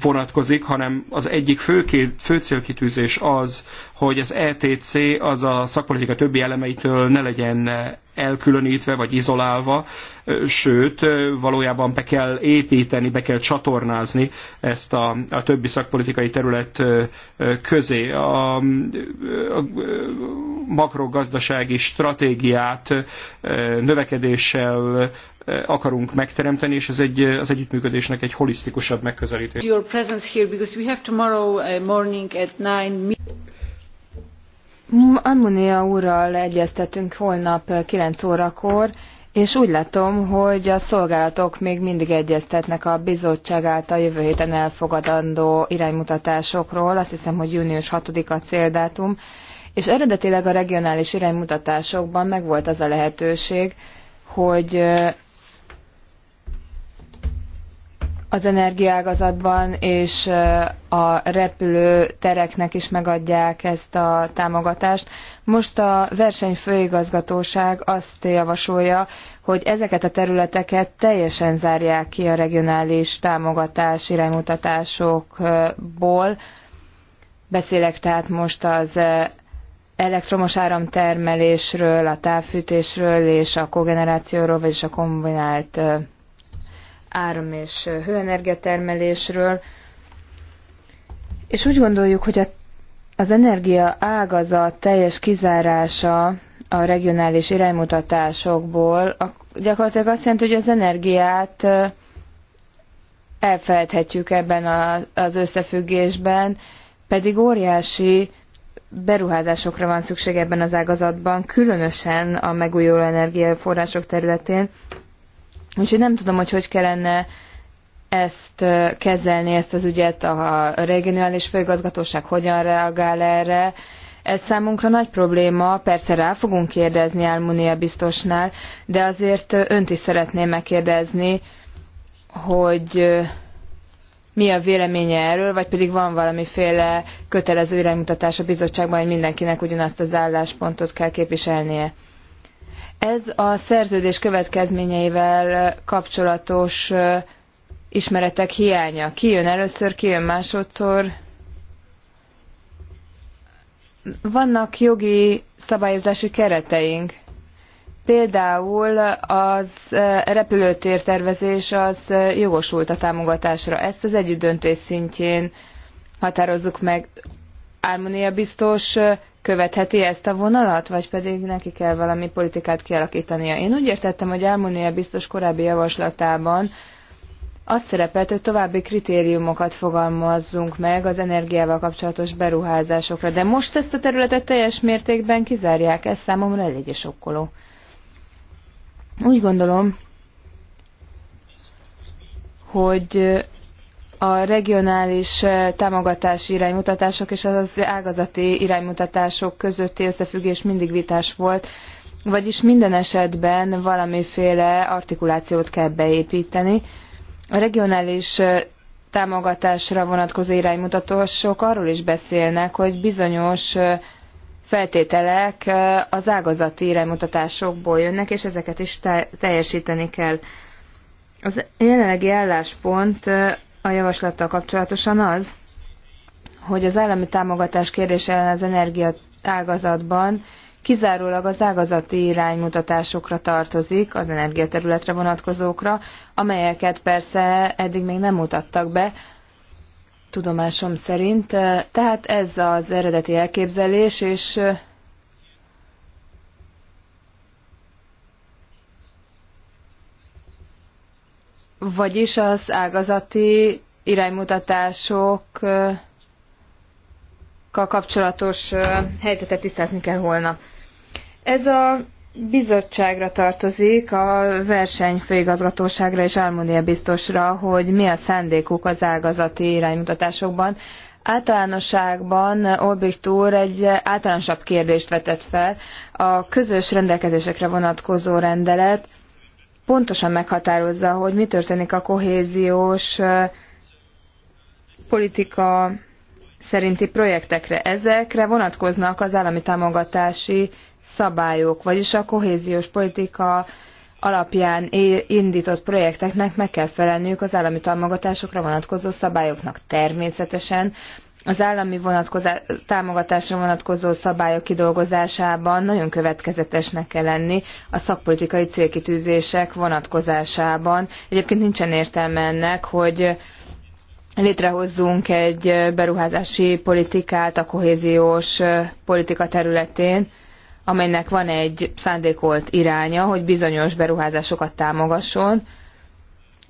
B: vonatkozik, hanem az egyik fő, fő célkitűzés az, hogy az ETC az a szakpolitika többi elemeitől ne legyen elkülönítve vagy izolálva, sőt, valójában be kell építeni, be kell csatornázni ezt a, a többi szakpolitikai terület közé. A, a, makrogazdasági stratégiát növekedéssel akarunk megteremteni, és ez egy, az együttműködésnek egy holisztikusabb megközelítés.
C: Almunia úrral egyeztetünk holnap 9 eh, órakor, és úgy látom, hogy a szolgálatok még mindig egyeztetnek a bizottság által jövő héten elfogadandó iránymutatásokról. Azt hiszem, hogy június 6-a céldátum, és eredetileg a regionális iránymutatásokban megvolt az a lehetőség, hogy eh, az energiágazatban és a repülőtereknek is megadják ezt a támogatást. Most a versenyfőigazgatóság azt javasolja, hogy ezeket a területeket teljesen zárják ki a regionális támogatás iránymutatásokból. Beszélek tehát most az elektromos áramtermelésről, a távfűtésről és a kogenerációról, vagyis a kombinált áram- és hőenergiatermelésről, és úgy gondoljuk, hogy a, az energia ágazat teljes kizárása a regionális iránymutatásokból a, gyakorlatilag azt jelenti, hogy az energiát elfelejthetjük ebben a, az összefüggésben, pedig óriási beruházásokra van szükség ebben az ágazatban, különösen a megújuló energiaforrások területén, Úgyhogy nem tudom, hogy hogy kellene ezt kezelni, ezt az ügyet, a regionális főigazgatóság hogyan reagál erre. Ez számunkra nagy probléma, persze rá fogunk kérdezni Almunia biztosnál, de azért önt is szeretném megkérdezni, hogy mi a véleménye erről, vagy pedig van valamiféle kötelező iránymutatás a bizottságban, hogy mindenkinek ugyanazt az álláspontot kell képviselnie. Ez a szerződés következményeivel kapcsolatos ismeretek hiánya. Ki jön először, ki jön másodszor. Vannak jogi szabályozási kereteink. Például az repülőtér tervezés az jogosult a támogatásra. Ezt az együttdöntés szintjén határozzuk meg. Álmonia biztos követheti ezt a vonalat, vagy pedig neki kell valami politikát kialakítania. Én úgy értettem, hogy Almunia biztos korábbi javaslatában azt szerepelt, hogy további kritériumokat fogalmazzunk meg az energiával kapcsolatos beruházásokra, de most ezt a területet teljes mértékben kizárják, ez számomra eléggé sokkoló. Úgy gondolom, hogy a regionális támogatási iránymutatások és az ágazati iránymutatások közötti összefüggés mindig vitás volt, vagyis minden esetben valamiféle artikulációt kell beépíteni. A regionális támogatásra vonatkozó iránymutatások arról is beszélnek, hogy bizonyos feltételek az ágazati iránymutatásokból jönnek, és ezeket is teljesíteni kell. Az jelenlegi álláspont a javaslattal kapcsolatosan az, hogy az állami támogatás kérdése az energia ágazatban kizárólag az ágazati iránymutatásokra tartozik, az energiaterületre vonatkozókra, amelyeket persze eddig még nem mutattak be, tudomásom szerint. Tehát ez az eredeti elképzelés, és vagyis az ágazati iránymutatások kapcsolatos helyzetet tisztázni kell holnap. Ez a bizottságra tartozik, a versenyfőigazgatóságra és Almunia biztosra, hogy mi a szándékuk az ágazati iránymutatásokban. Általánosságban Olbricht úr egy általánosabb kérdést vetett fel. A közös rendelkezésekre vonatkozó rendelet pontosan meghatározza, hogy mi történik a kohéziós politika szerinti projektekre. Ezekre vonatkoznak az állami támogatási szabályok, vagyis a kohéziós politika alapján indított projekteknek meg kell felelniük az állami támogatásokra vonatkozó szabályoknak. Természetesen az állami vonatkozás, támogatásra vonatkozó szabályok kidolgozásában nagyon következetesnek kell lenni a szakpolitikai célkitűzések vonatkozásában. Egyébként nincsen értelme ennek, hogy létrehozzunk egy beruházási politikát a kohéziós politika területén, amelynek van egy szándékolt iránya, hogy bizonyos beruházásokat támogasson,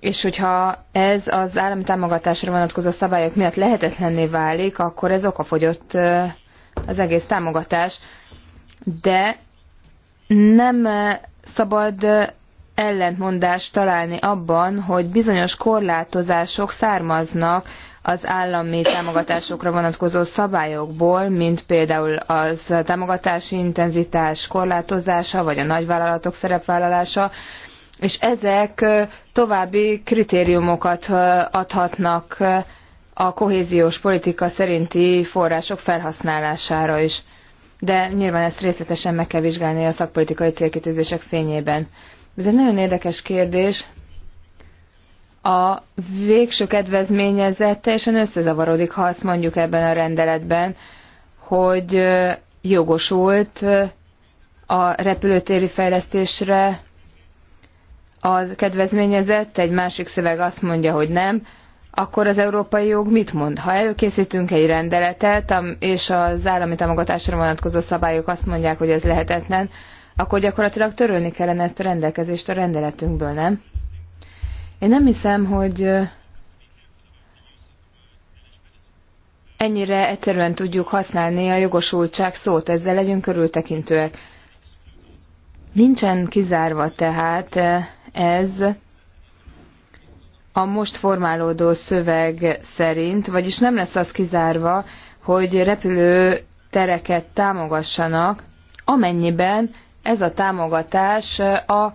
C: és hogyha ez az állami támogatásra vonatkozó szabályok miatt lehetetlenné válik, akkor ez okafogyott az egész támogatás. De nem szabad ellentmondást találni abban, hogy bizonyos korlátozások származnak az állami támogatásokra vonatkozó szabályokból, mint például az támogatási intenzitás korlátozása, vagy a nagyvállalatok szerepvállalása, és ezek további kritériumokat adhatnak a kohéziós politika szerinti források felhasználására is. De nyilván ezt részletesen meg kell vizsgálni a szakpolitikai célkitűzések fényében. Ez egy nagyon érdekes kérdés. A végső kedvezményezett teljesen összezavarodik, ha azt mondjuk ebben a rendeletben, hogy jogosult a repülőtéri fejlesztésre a kedvezményezett, egy másik szöveg azt mondja, hogy nem, akkor az európai jog mit mond? Ha előkészítünk egy rendeletet, és az állami támogatásra vonatkozó szabályok azt mondják, hogy ez lehetetlen, akkor gyakorlatilag törölni kellene ezt a rendelkezést a rendeletünkből, nem? Én nem hiszem, hogy ennyire egyszerűen tudjuk használni a jogosultság szót, ezzel legyünk körültekintőek. Nincsen kizárva tehát ez a most formálódó szöveg szerint, vagyis nem lesz az kizárva, hogy repülő tereket támogassanak, amennyiben ez a támogatás a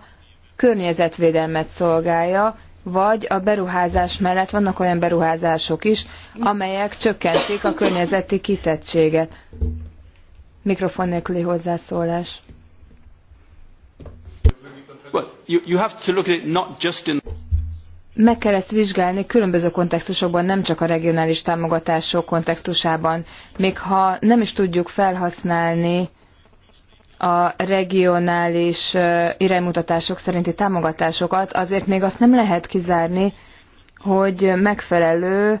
C: környezetvédelmet szolgálja, vagy a beruházás mellett vannak olyan beruházások is, amelyek csökkentik a környezeti kitettséget. Mikrofon nélküli hozzászólás. Meg kell ezt vizsgálni különböző kontextusokban, nem csak a regionális támogatások kontextusában. Még ha nem is tudjuk felhasználni a regionális iránymutatások szerinti támogatásokat, azért még azt nem lehet kizárni, hogy megfelelő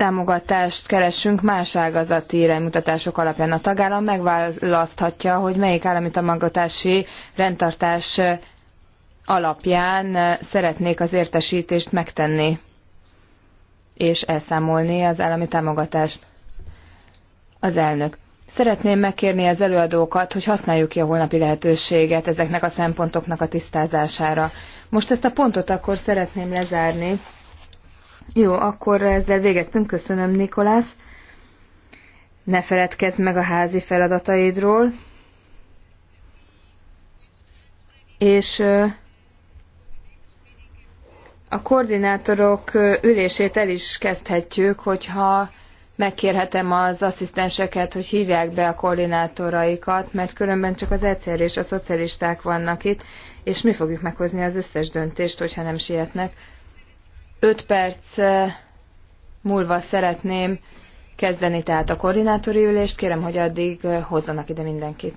C: támogatást keresünk más ágazati iránymutatások alapján. A tagállam megválaszthatja, hogy melyik állami támogatási rendtartás alapján szeretnék az értesítést megtenni és elszámolni az állami támogatást. Az elnök. Szeretném megkérni az előadókat, hogy használjuk ki a holnapi lehetőséget ezeknek a szempontoknak a tisztázására. Most ezt a pontot akkor szeretném lezárni. Jó, akkor ezzel végeztünk. Köszönöm, Nikolász. Ne feledkezz meg a házi feladataidról. És a koordinátorok ülését el is kezdhetjük, hogyha megkérhetem az asszisztenseket, hogy hívják be a koordinátoraikat, mert különben csak az egyszer és a szocialisták vannak itt, és mi fogjuk meghozni az összes döntést, hogyha nem sietnek. 5 perc eh, múlva szeretném kezdeni tehát a koordinátori ülést. Kérem, hogy addig eh, hozzanak ide mindenkit.